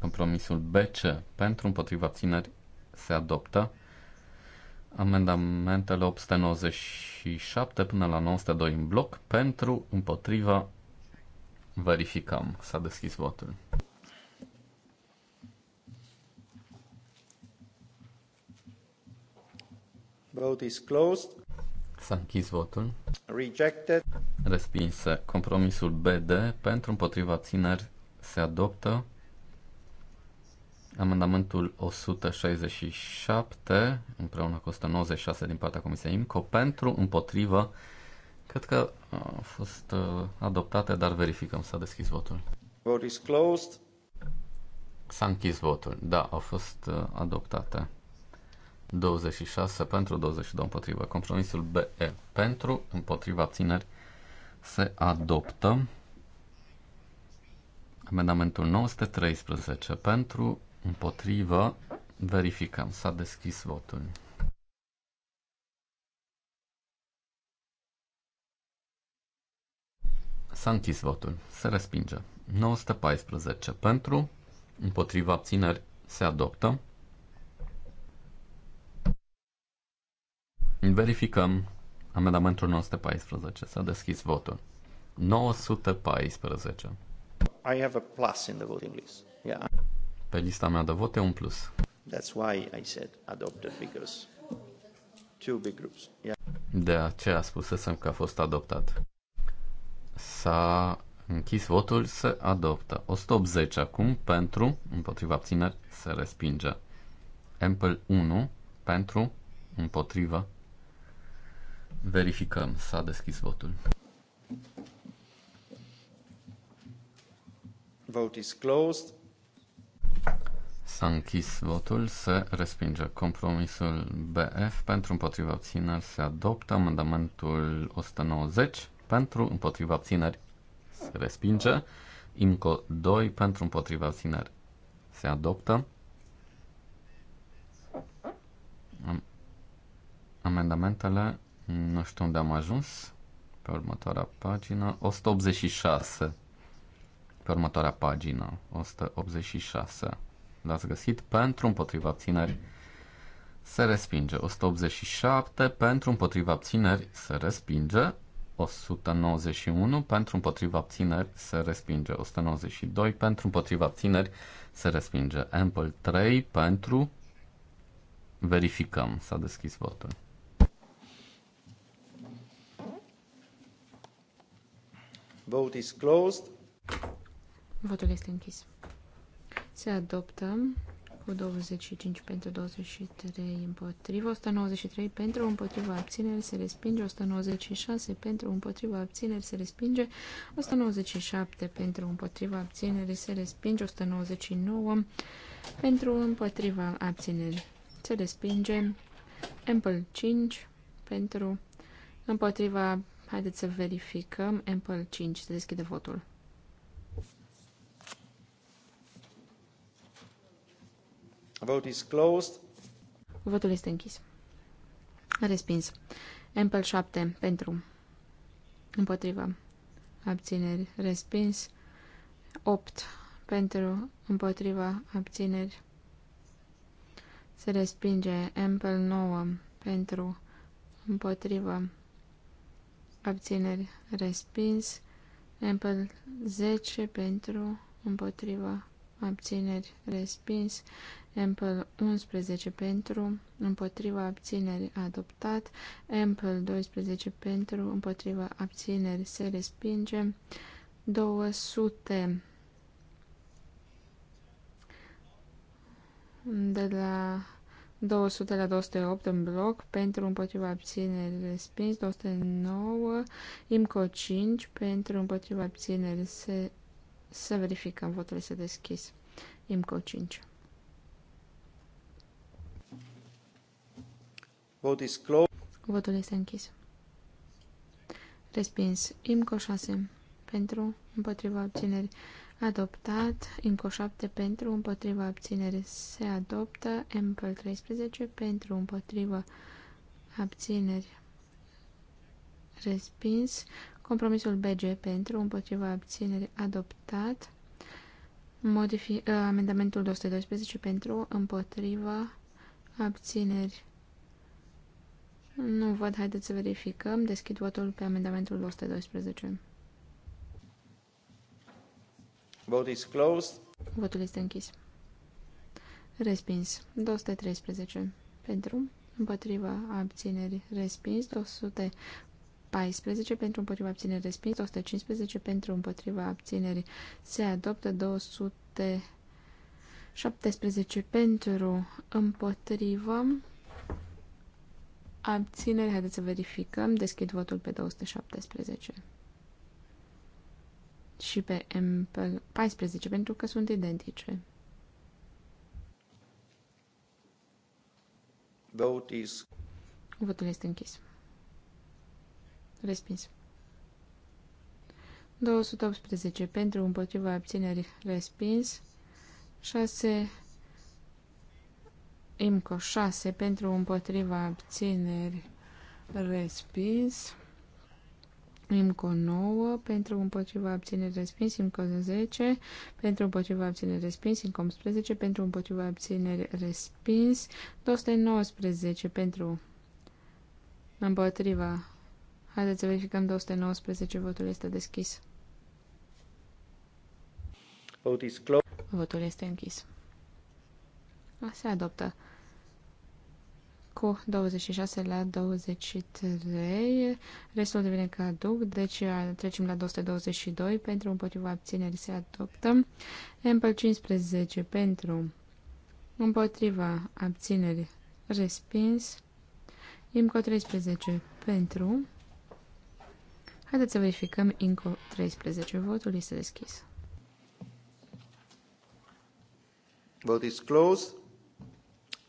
Compromisul BC pentru, împotriva, țineri se adoptă. Amendamentele 897 până la 902 în bloc, pentru, împotriva, verificăm. S-a deschis votul. Vote is closed. S-a închis votul. Rejected. Respinse. Compromisul BD pentru împotriva țineri se adoptă. Amendamentul 167 împreună cu 196 din partea Comisiei IMCO pentru împotriva Cred că uh, a fost uh, adoptate, dar verificăm. S-a deschis votul. Vote is closed. S-a închis votul. Da, au fost uh, adoptate. 26 pentru, 22 împotriva. Compromisul BE pentru, împotriva țineri, se adoptă. Amendamentul 913 pentru, împotrivă, verificăm. S-a deschis votul. S-a închis votul. Se respinge. 914 pentru, împotriva abțineri se adoptă. Verificăm amendamentul 914. S-a deschis votul. 914. I have a plus in the voting list. Yeah. Pe lista mea de vot e un plus. That's why I said adopted because two big groups. Yeah. De aceea spusesem că a fost adoptat. S-a închis votul, se adoptă. 180 acum pentru, împotriva abțineri, se respinge. Ample 1 pentru, împotriva, Verificăm. S-a deschis votul. Vote is closed. S-a închis votul, se respinge compromisul BF pentru împotriva abțineri, se adoptă amendamentul 190 pentru împotriva abțineri, se respinge, IMCO 2 pentru împotriva abțineri, se adoptă. amendamentele nu știu unde am ajuns. Pe următoarea pagină. 186. Pe următoarea pagină. 186. L-ați găsit pentru împotriva abțineri. Se respinge. 187 pentru împotriva abțineri. Se respinge. 191 pentru împotriva abțineri se respinge, 192 pentru împotriva abțineri se respinge, Ample 3 pentru verificăm, s-a deschis votul. Vote is closed. Votul este închis. Se adoptă cu 25 pentru 23 împotriva, 193 pentru împotriva abțineri se respinge, 196 pentru împotriva abțineri se respinge, 197 pentru împotriva abțineri se respinge, 199 pentru împotriva abțineri se respinge, Ample 5 pentru împotriva Haideți să verificăm Ample 5. Se deschide votul. Vote is closed. Votul este închis. Respins. Ample 7 pentru. Împotrivă. Abțineri. Respins. 8 pentru. Împotrivă. Abțineri. Se respinge. Ample 9 pentru. Împotrivă abțineri respins, Ample 10 pentru, împotriva, abțineri respins, Ample 11 pentru, împotriva abțineri adoptat, Ample 12 pentru, împotriva abțineri se respinge, 200 de la 200 la 208 în bloc, pentru împotriva abțineri respins, 209, IMCO 5, pentru împotriva abțineri se, să verificăm, votul este deschis, IMCO 5. Vote is closed. Votul este închis. Respins, IMCO 6, pentru împotriva abțineri Adoptat. încă 7 pentru, împotriva abținere se adoptă. Ample 13 pentru, împotriva abțineri respins. Compromisul BG pentru, împotriva abținere adoptat. Modifi uh, amendamentul 212 pentru, împotriva abțineri nu văd, haideți să verificăm. Deschid votul pe amendamentul 212. Vote is closed. Votul este închis. Respins. 213 pentru, împotriva abțineri respins, 214 pentru împotriva abțineri respins, 215 pentru împotriva abțineri se adoptă, 217 pentru împotriva abțineri. Haideți să verificăm. Deschid votul pe 217 și pe M14 pentru că sunt identice. Vote is... Votul este închis. Respins. 218 pentru împotriva abținerii respins. 6 IMCO 6 pentru împotriva abțineri respins. IMCO 9 pentru împotriva abțineri respins, încă 10 pentru împotriva abțineri respins, IMCO 11 pentru împotriva abțineri respins, 219 pentru împotriva. Haideți să verificăm 219, votul este deschis. Votul este închis. Se adoptă cu 26 la 23, restul devine caduc, deci trecem la 222 pentru împotriva abținerii se adoptă, Ample 15 pentru împotriva abținerii respins, IMCO 13 pentru, haideți să verificăm IMCO 13, votul este deschis. Vote is closed.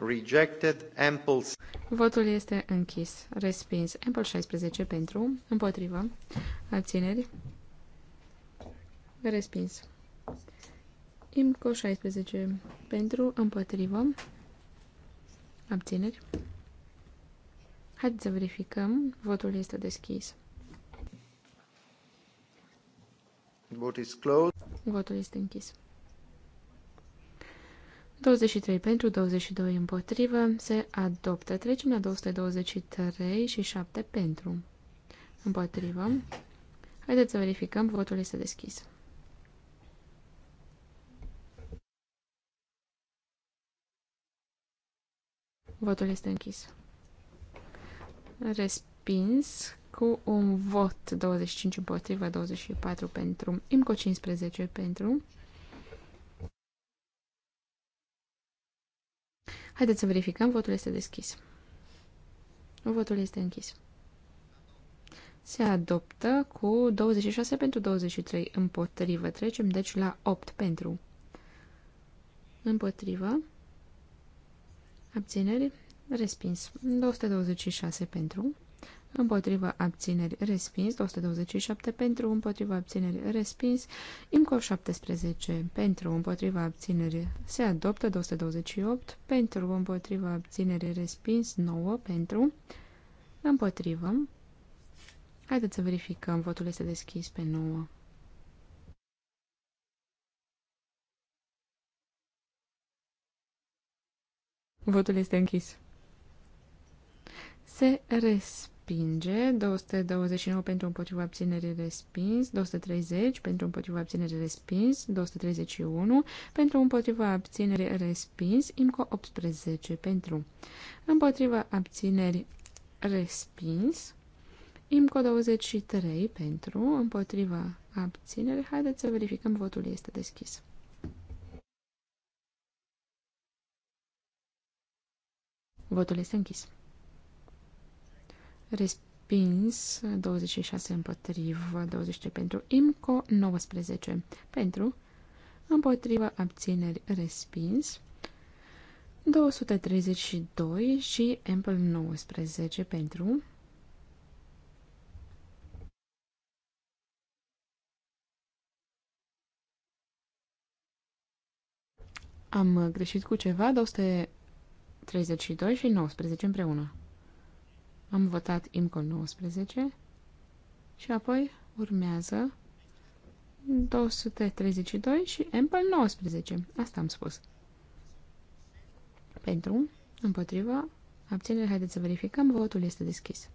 Rejected. Ample. Votul este închis. Respins. Ample 16 pentru. Împotrivă. Abțineri. Respins. IMCO 16 pentru. Împotrivă. Abțineri. Haideți să verificăm. Votul este deschis. Votul este închis. 23 pentru, 22 împotrivă, se adoptă. Trecem la 223 și 7 pentru, împotrivă. Haideți să verificăm, votul este deschis. Votul este închis. Respins cu un vot 25 împotrivă, 24 pentru, IMCO 15 pentru, Haideți să verificăm. Votul este deschis. Votul este închis. Se adoptă cu 26 pentru 23 împotrivă. Trecem deci la 8 pentru împotrivă. Abțineri. Respins. 226 pentru împotriva abțineri respins, 127 pentru, împotriva abțineri respins, IMCO 17 pentru, împotriva abțineri se adoptă, 228 pentru, împotriva abțineri respins, 9 pentru, împotrivă. Haideți să verificăm, votul este deschis pe 9. Votul este închis. Se respinge respinge, 229 pentru împotriva abținere respins, 230 pentru împotriva abținere respins, 231 pentru împotriva abținere respins, IMCO 18 pentru împotriva abțineri respins, IMCO 23 pentru împotriva abținere. Haideți să verificăm, votul este deschis. Votul este închis. Respins 26 împotrivă, 23 pentru IMCO, 19 pentru împotrivă, abțineri, respins. 232 și Ample 19 pentru Am greșit cu ceva, 232 și 19 împreună. Am votat IMCO 19 și apoi urmează 232 și Ample 19. Asta am spus. Pentru, împotriva, abținere, haideți să verificăm, votul este deschis.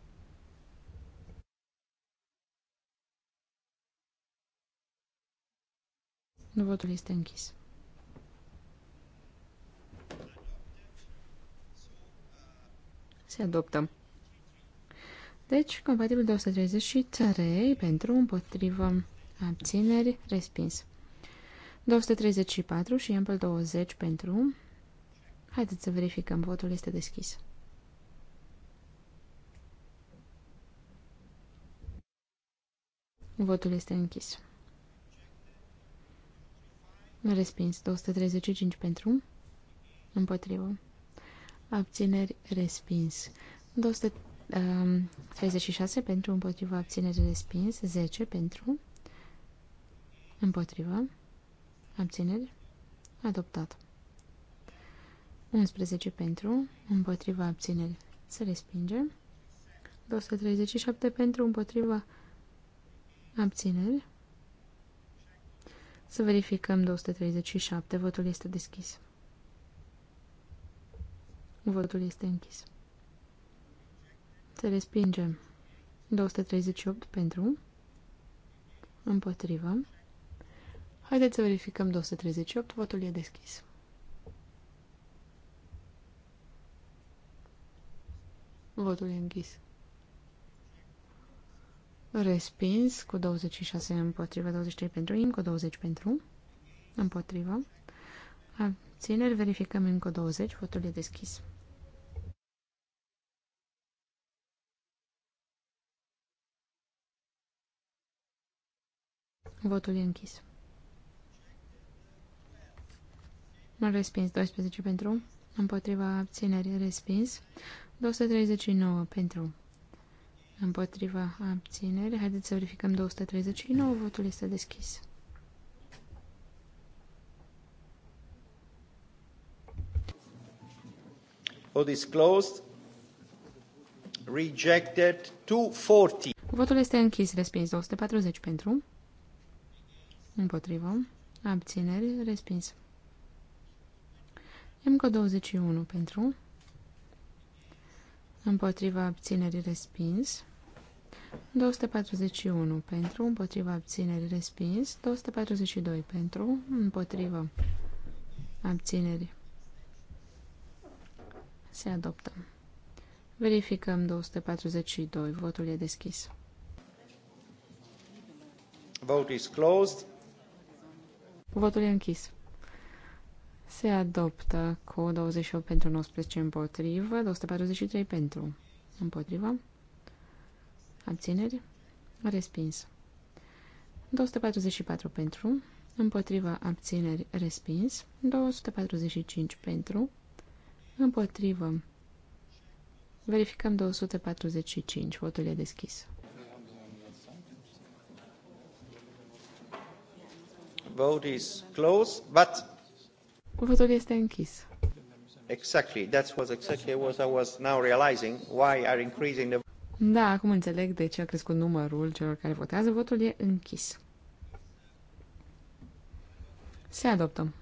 Votul este închis. Se adoptă. Deci, compatibil 233 pentru împotrivă abțineri respins. 234 și ample 20 pentru. Haideți să verificăm, votul este deschis. Votul este închis. Respins 235 pentru. Împotrivă. Abțineri respins. 200 36 pentru împotriva abținere respins, 10 pentru împotriva abținere adoptat. 11 pentru împotriva abținere se respinge. 237 pentru împotriva abținere. Să verificăm 237. Votul este deschis. Votul este închis. Se respinge 238 pentru. Împotrivă. Haideți să verificăm 238. Votul e deschis. Votul e închis. Respins cu 26 împotrivă, 23 pentru, încă 20 pentru, împotrivă. Abțineri, verificăm încă 20, votul e deschis. Votul e închis. Nu respins. 12 pentru. Împotriva abținerii. Respins. 239 pentru. Împotriva abținere. Haideți să verificăm 239. Votul este deschis. Vote is closed. Rejected 240. Votul este închis. Respins 240 pentru. Împotrivă. Abțineri. Respins. MK21 pentru. Împotriva abținerii respins. 241 pentru. Împotriva abținerii respins. 242 pentru. Împotriva abținerii. Se adoptă. Verificăm 242. Votul e deschis. Vote is closed. Votul e închis. Se adoptă cu 28 pentru 19 împotrivă, 243 pentru împotrivă, abțineri, respins. 244 pentru, împotriva abțineri, respins. 245 pentru, împotrivă. Verificăm 245, votul e deschis. Vote is closed, but... Votul este închis. Exactly, that was exactly what I was now realizing, why are increasing the... Da, acum înțeleg de ce a crescut numărul celor care votează. Votul e închis. Se adoptă.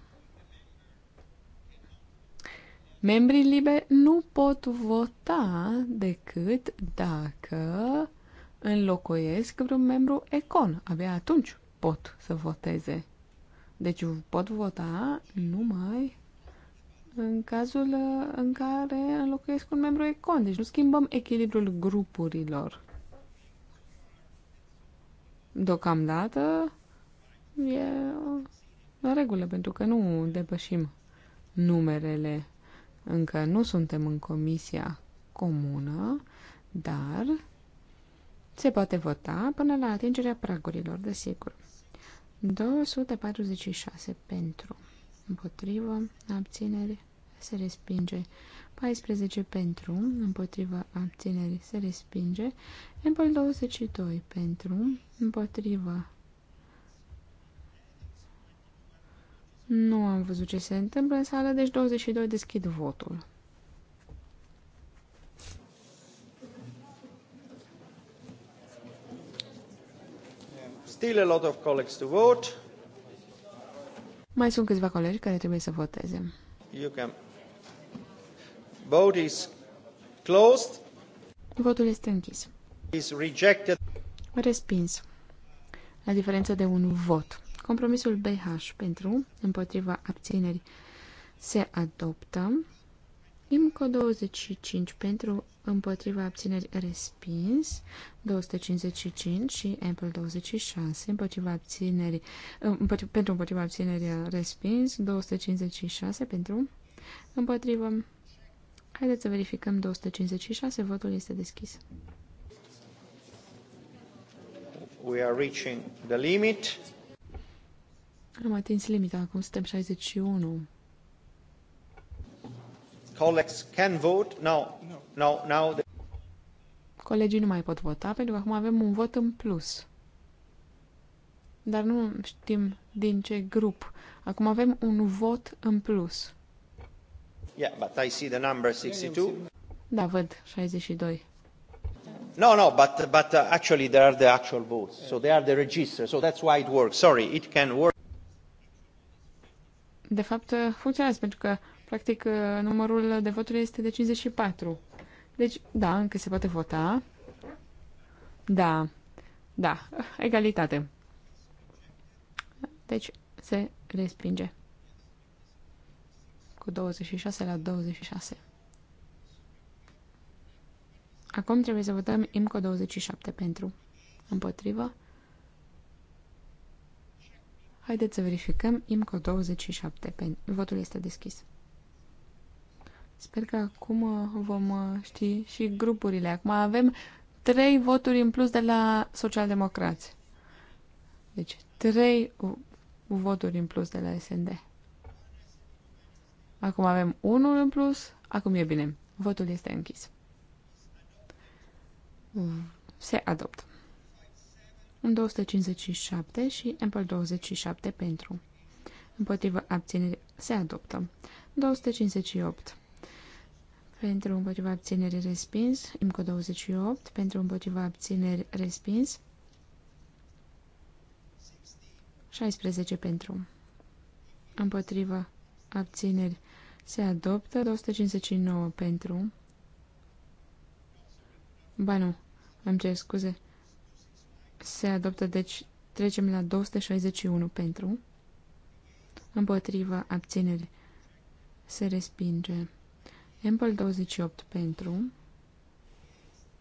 Membrii liberi nu pot vota decât dacă înlocuiesc vreun membru econ. Abia atunci pot să voteze. Deci pot vota numai în cazul uh, în care înlocuiesc un membru econ. Deci nu schimbăm echilibrul grupurilor. Deocamdată e în regulă, pentru că nu depășim numerele. Încă nu suntem în comisia comună, dar se poate vota până la atingerea pragurilor, desigur. 246 pentru, împotrivă, Abțineri. se respinge. 14 pentru, împotriva Abțineri. se respinge. Apple 22 pentru, împotriva. Nu am văzut ce se întâmplă în sală, deci 22 deschid votul. Still a lot of colleagues to vote. Mai sunt câțiva colegi care trebuie să voteze. You can. Vote is closed. Votul este închis. Is rejected. Respins. La diferență de un vot. Compromisul BH pentru, împotriva abțineri, se adoptă. IMCO 25 pentru împotriva abțineri respins, 255 și Apple 26 împotriva abțineri, împotri, pentru împotriva abțineri respins, 256 pentru împotriva. Haideți să verificăm 256, votul este deschis. We are reaching the limit. Am atins limita, acum suntem 61. Colegii nu mai pot vota pentru că acum avem un vot în plus. Dar nu știm din ce grup. Acum avem un vot în plus. Yeah, but I see the number 62. Da, văd 62. No, no, but but uh, actually there are the actual votes. So they are the register. So that's why it works. Sorry, it can work. De fapt, uh, funcționează pentru că Practic, uh, numărul de voturi este de 54. Deci, da, încă se poate vota. Da, da, egalitate. Deci, se respinge. Cu 26 la 26. Acum trebuie să votăm IMCO 27 pentru. Împotrivă. Haideți să verificăm IMCO 27. Votul este deschis. Sper că acum uh, vom uh, ști și grupurile. Acum avem trei voturi în plus de la socialdemocrați. Deci, trei voturi în plus de la SND. Acum avem unul în plus. Acum e bine. Votul este închis. Se adoptă. În 257 și Apple 27 pentru. Împotrivă abținere se adoptă. 258 pentru împotriva abțineri respins, IMCO 28, pentru împotriva abțineri respins, 16 pentru împotriva abțineri se adoptă, 259 pentru, ba nu, îmi cer scuze, se adoptă, deci trecem la 261 pentru, împotriva abțineri se respinge. Ample 28 pentru,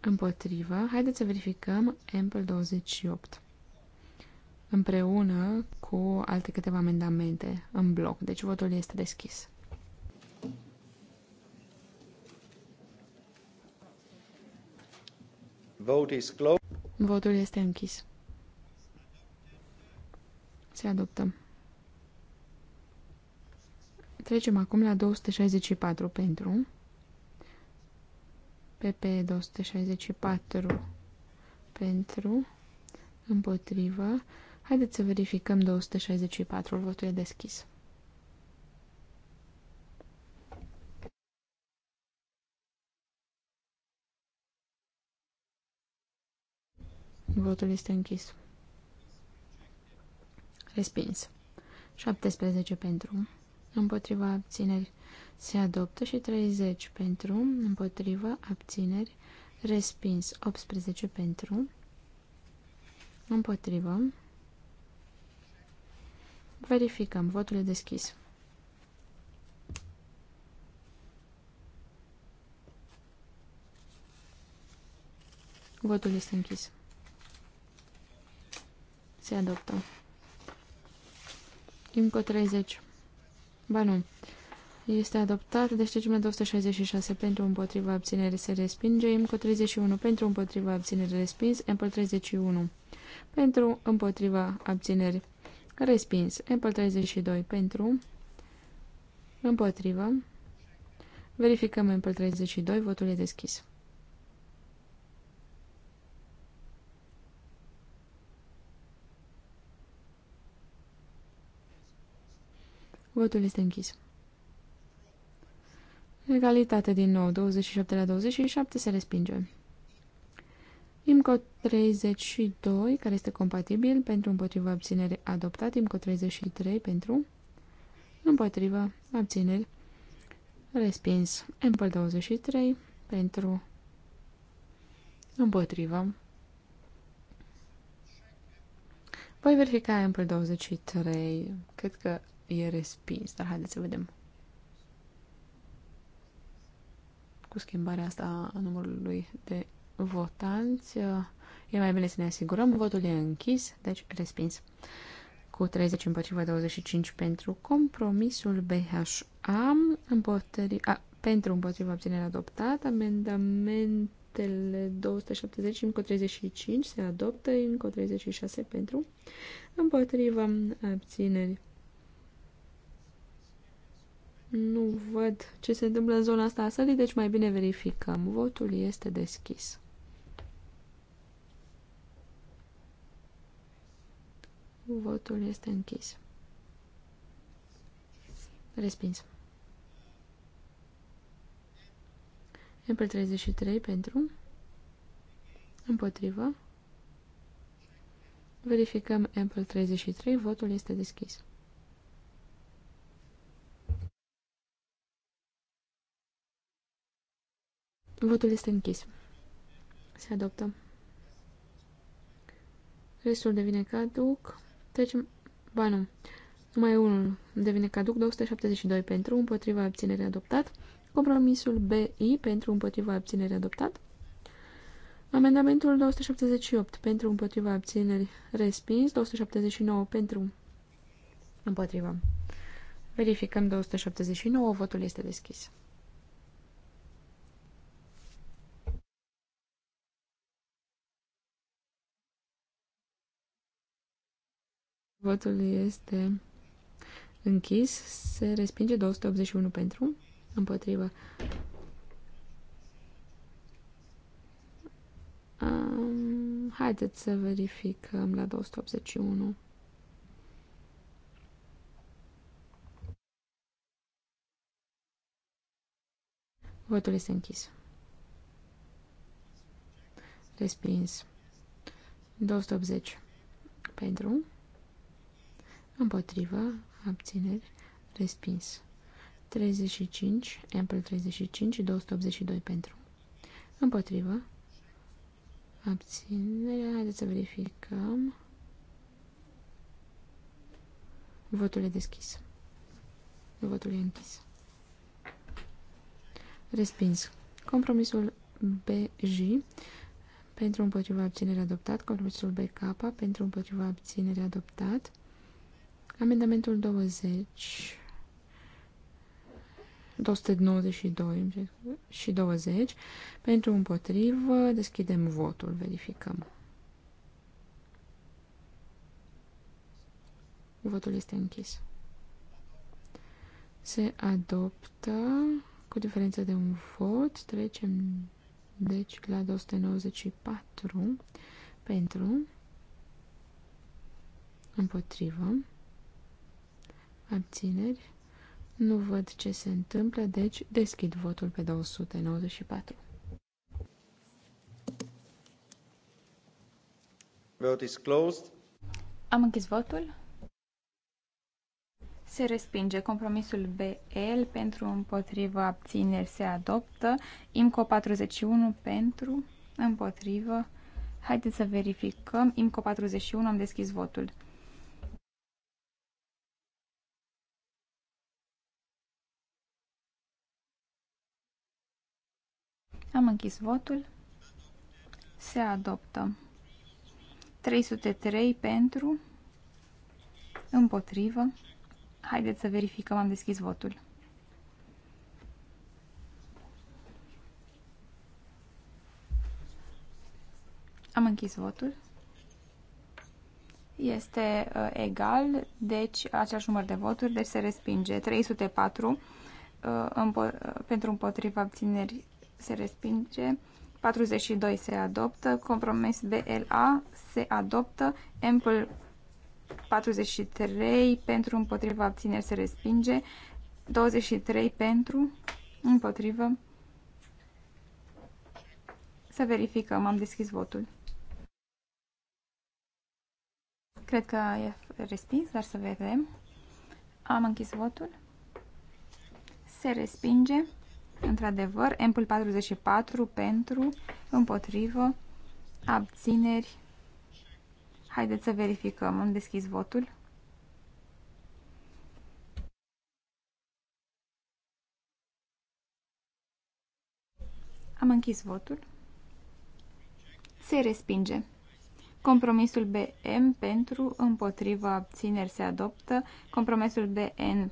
împotrivă. Haideți să verificăm Ample 28 împreună cu alte câteva amendamente în bloc. Deci votul este deschis. Vote is closed. Votul este închis. Se adoptă. Trecem acum la 264 pentru. PP 264 pentru. Împotrivă. Haideți să verificăm 264. Votul e deschis. Votul este închis. Respins. 17 pentru împotriva abțineri se adoptă și 30 pentru, împotriva abțineri, respins 18 pentru, împotriva. Verificăm, votul e deschis. Votul este închis. Se adoptă. Încă 30 Ba nu. Este adoptat. Deci trecem 266 pentru împotriva abținere se respinge. cu 31 pentru împotriva abținere respins. M 31 pentru împotriva abținere respins. M 32 pentru împotriva. Verificăm M 32. Votul e deschis. Votul este închis. Egalitate din nou, 27 la 27 se respinge. IMCO 32, care este compatibil pentru împotriva abținere adoptat, IMCO 33 pentru împotriva abțineri respins, IMCO 23 pentru împotriva. Voi verifica IMCO 23, cred că e respins, dar haideți să vedem. Cu schimbarea asta a numărului de votanți, e mai bine să ne asigurăm. Votul e închis, deci respins. Cu 30 împotriva 25 pentru compromisul BHA, împotri, a, pentru împotriva obținere adoptat, amendament Actele 270 cu 35 se adoptă, încă 36 pentru, împotriva abțineri nu văd ce se întâmplă în zona asta a sălii, deci mai bine verificăm. Votul este deschis. Votul este închis. Respins. MP33 pentru. Împotrivă. Verificăm MP33. Votul este deschis. Votul este închis. Se adoptă. Restul devine caduc. Trecem... Ba nu. Numai unul devine caduc. 272 pentru, împotriva abținere adoptat. Compromisul BI pentru, împotriva abținere adoptat. Amendamentul 278 pentru, împotriva abțineri respins. 279 pentru, împotriva. Verificăm 279. Votul este deschis. Votul este închis. Se respinge 281 pentru, împotrivă. Um, haideți să verificăm la 281. Votul este închis. Respins. 280 pentru Împotrivă. Abțineri. Respins. 35. Ample 35. 282 pentru. Împotrivă. Abținere. Haideți să verificăm. Votul e deschis. Votul e închis. Respins. Compromisul BJ pentru împotriva abținere adoptat. Compromisul BK pentru împotriva abținere adoptat. Amendamentul 20, 292 și 20, pentru împotrivă, deschidem votul, verificăm. Votul este închis. Se adoptă cu diferență de un vot. Trecem deci la 294 pentru împotrivă abțineri. Nu văd ce se întâmplă, deci deschid votul pe 294. Vote is closed. Am închis votul. Se respinge compromisul BL pentru împotrivă abțineri se adoptă. IMCO 41 pentru împotrivă. Haideți să verificăm. IMCO 41 am deschis votul. Am închis votul. Se adoptă. 303 pentru. Împotrivă. Haideți să verificăm. Am deschis votul. Am închis votul. Este uh, egal, deci același număr de voturi, deci se respinge 304 uh, împo uh, pentru împotriva abțineri se respinge, 42 se adoptă, compromis BLA se adoptă, Ample 43 pentru împotriva abțineri se respinge, 23 pentru împotrivă. Să verificăm, am deschis votul. Cred că e respins, dar să vedem. Am închis votul. Se respinge. Într-adevăr, m 44 pentru, împotrivă, abțineri. Haideți să verificăm. Am deschis votul. Am închis votul. Se respinge. Compromisul BM pentru, împotrivă, abțineri se adoptă. Compromisul BN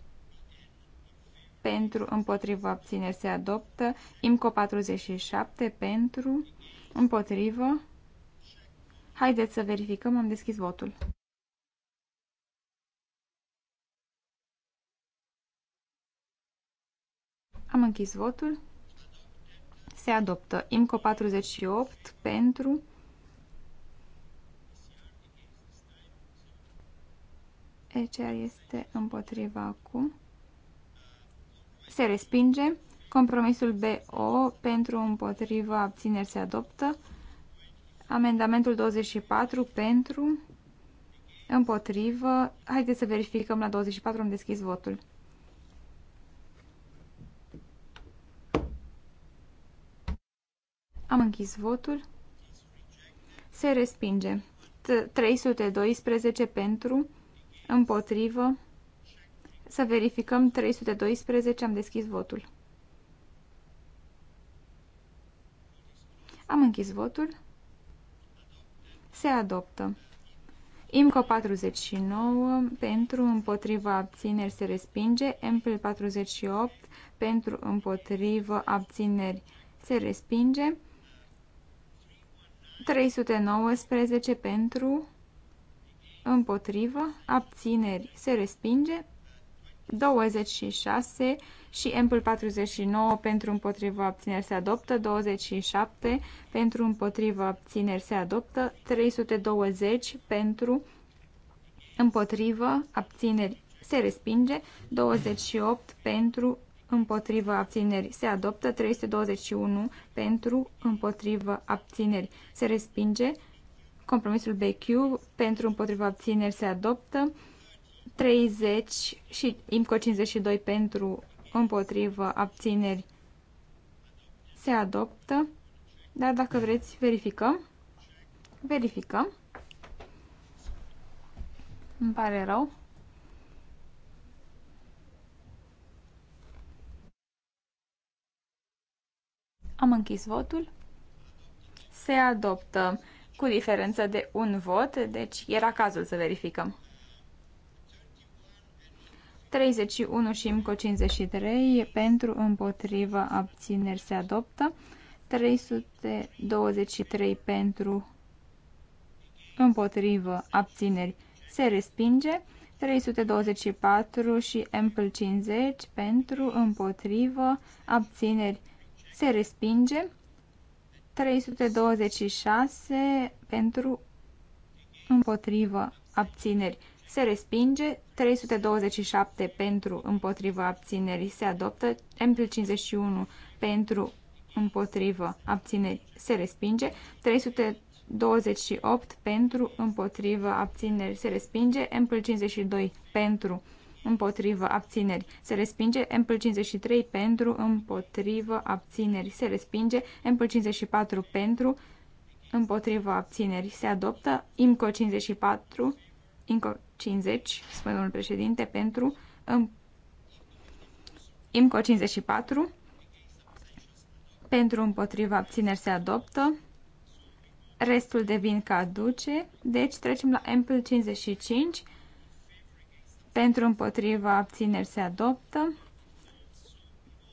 pentru, împotrivă, abțineri se adoptă. IMCO 47 pentru, împotrivă. Haideți să verificăm, am deschis votul. Am închis votul. Se adoptă IMCO 48 pentru ECR este împotriva acum se respinge. Compromisul BO pentru împotrivă abțineri se adoptă. Amendamentul 24 pentru împotrivă. Haideți să verificăm la 24, am deschis votul. Am închis votul. Se respinge. 312 pentru împotrivă. Să verificăm 312, am deschis votul. Am închis votul. Se adoptă. IMCO 49 pentru împotriva abțineri se respinge, MPL 48 pentru împotriva abțineri se respinge, 319 pentru împotrivă abțineri se respinge, 26 și Empl 49 pentru împotriva abțineri se adoptă, 27 pentru împotriva abțineri se adoptă, 320 pentru împotriva abțineri se respinge, 28 pentru împotriva abțineri se adoptă, 321 pentru împotriva abțineri se respinge, compromisul BQ pentru împotriva abțineri se adoptă, 30 și IMCO 52 pentru împotrivă abțineri se adoptă, dar dacă vreți verificăm, verificăm, îmi pare rău. Am închis votul. Se adoptă cu diferență de un vot, deci era cazul să verificăm. 31 și IMCO 53 pentru împotriva abțineri se adoptă. 323 pentru împotrivă abțineri se respinge. 324 și Ample 50 pentru împotrivă abțineri se respinge. 326 pentru împotrivă abțineri se respinge, 327 pentru împotrivă abținerii se adoptă, M51 pentru împotrivă abținerii se respinge, 328 pentru împotrivă abținerii se respinge, M52 pentru împotrivă abțineri se respinge, M53 pentru împotrivă abțineri se respinge, M54 pentru împotrivă abțineri se adoptă, IMCO 54 încă 50, spune domnul președinte, pentru IMCO 54, pentru împotriva abțineri se adoptă, restul devin caduce, deci trecem la ampl 55, pentru împotriva abțineri se adoptă,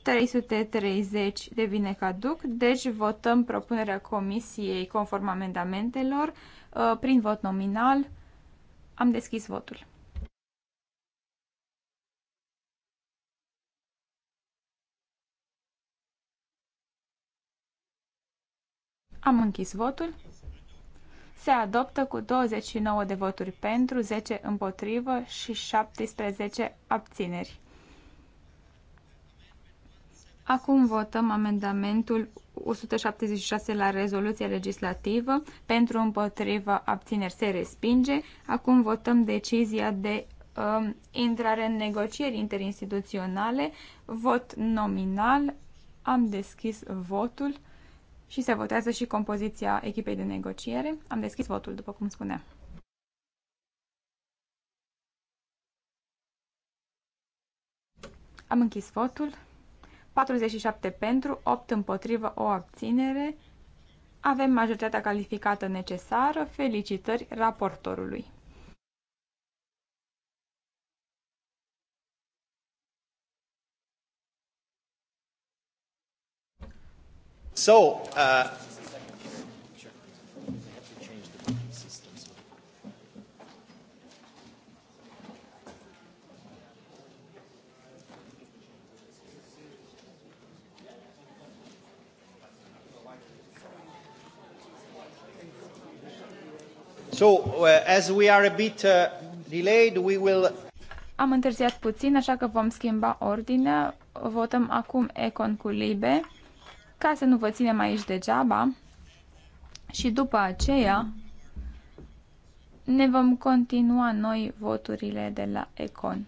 330 devine caduc, deci votăm propunerea comisiei conform amendamentelor uh, prin vot nominal. Am deschis votul. Am închis votul. Se adoptă cu 29 de voturi pentru, 10 împotrivă și 17 abțineri. Acum votăm amendamentul 176 la rezoluție legislativă. Pentru împotriva abțineri se respinge. Acum votăm decizia de um, intrare în negocieri interinstituționale. Vot nominal. Am deschis votul și se votează și compoziția echipei de negociere. Am deschis votul, după cum spunea. Am închis votul. 47 pentru, 8 împotrivă, o abținere. Avem majoritatea calificată necesară. Felicitări raportorului! So, uh, So, uh, as we are a bit uh, delayed, we will... Am întârziat puțin, așa că vom schimba ordinea. Votăm acum Econ cu Libe, ca să nu vă ținem aici degeaba. Și după aceea ne vom continua noi voturile de la Econ.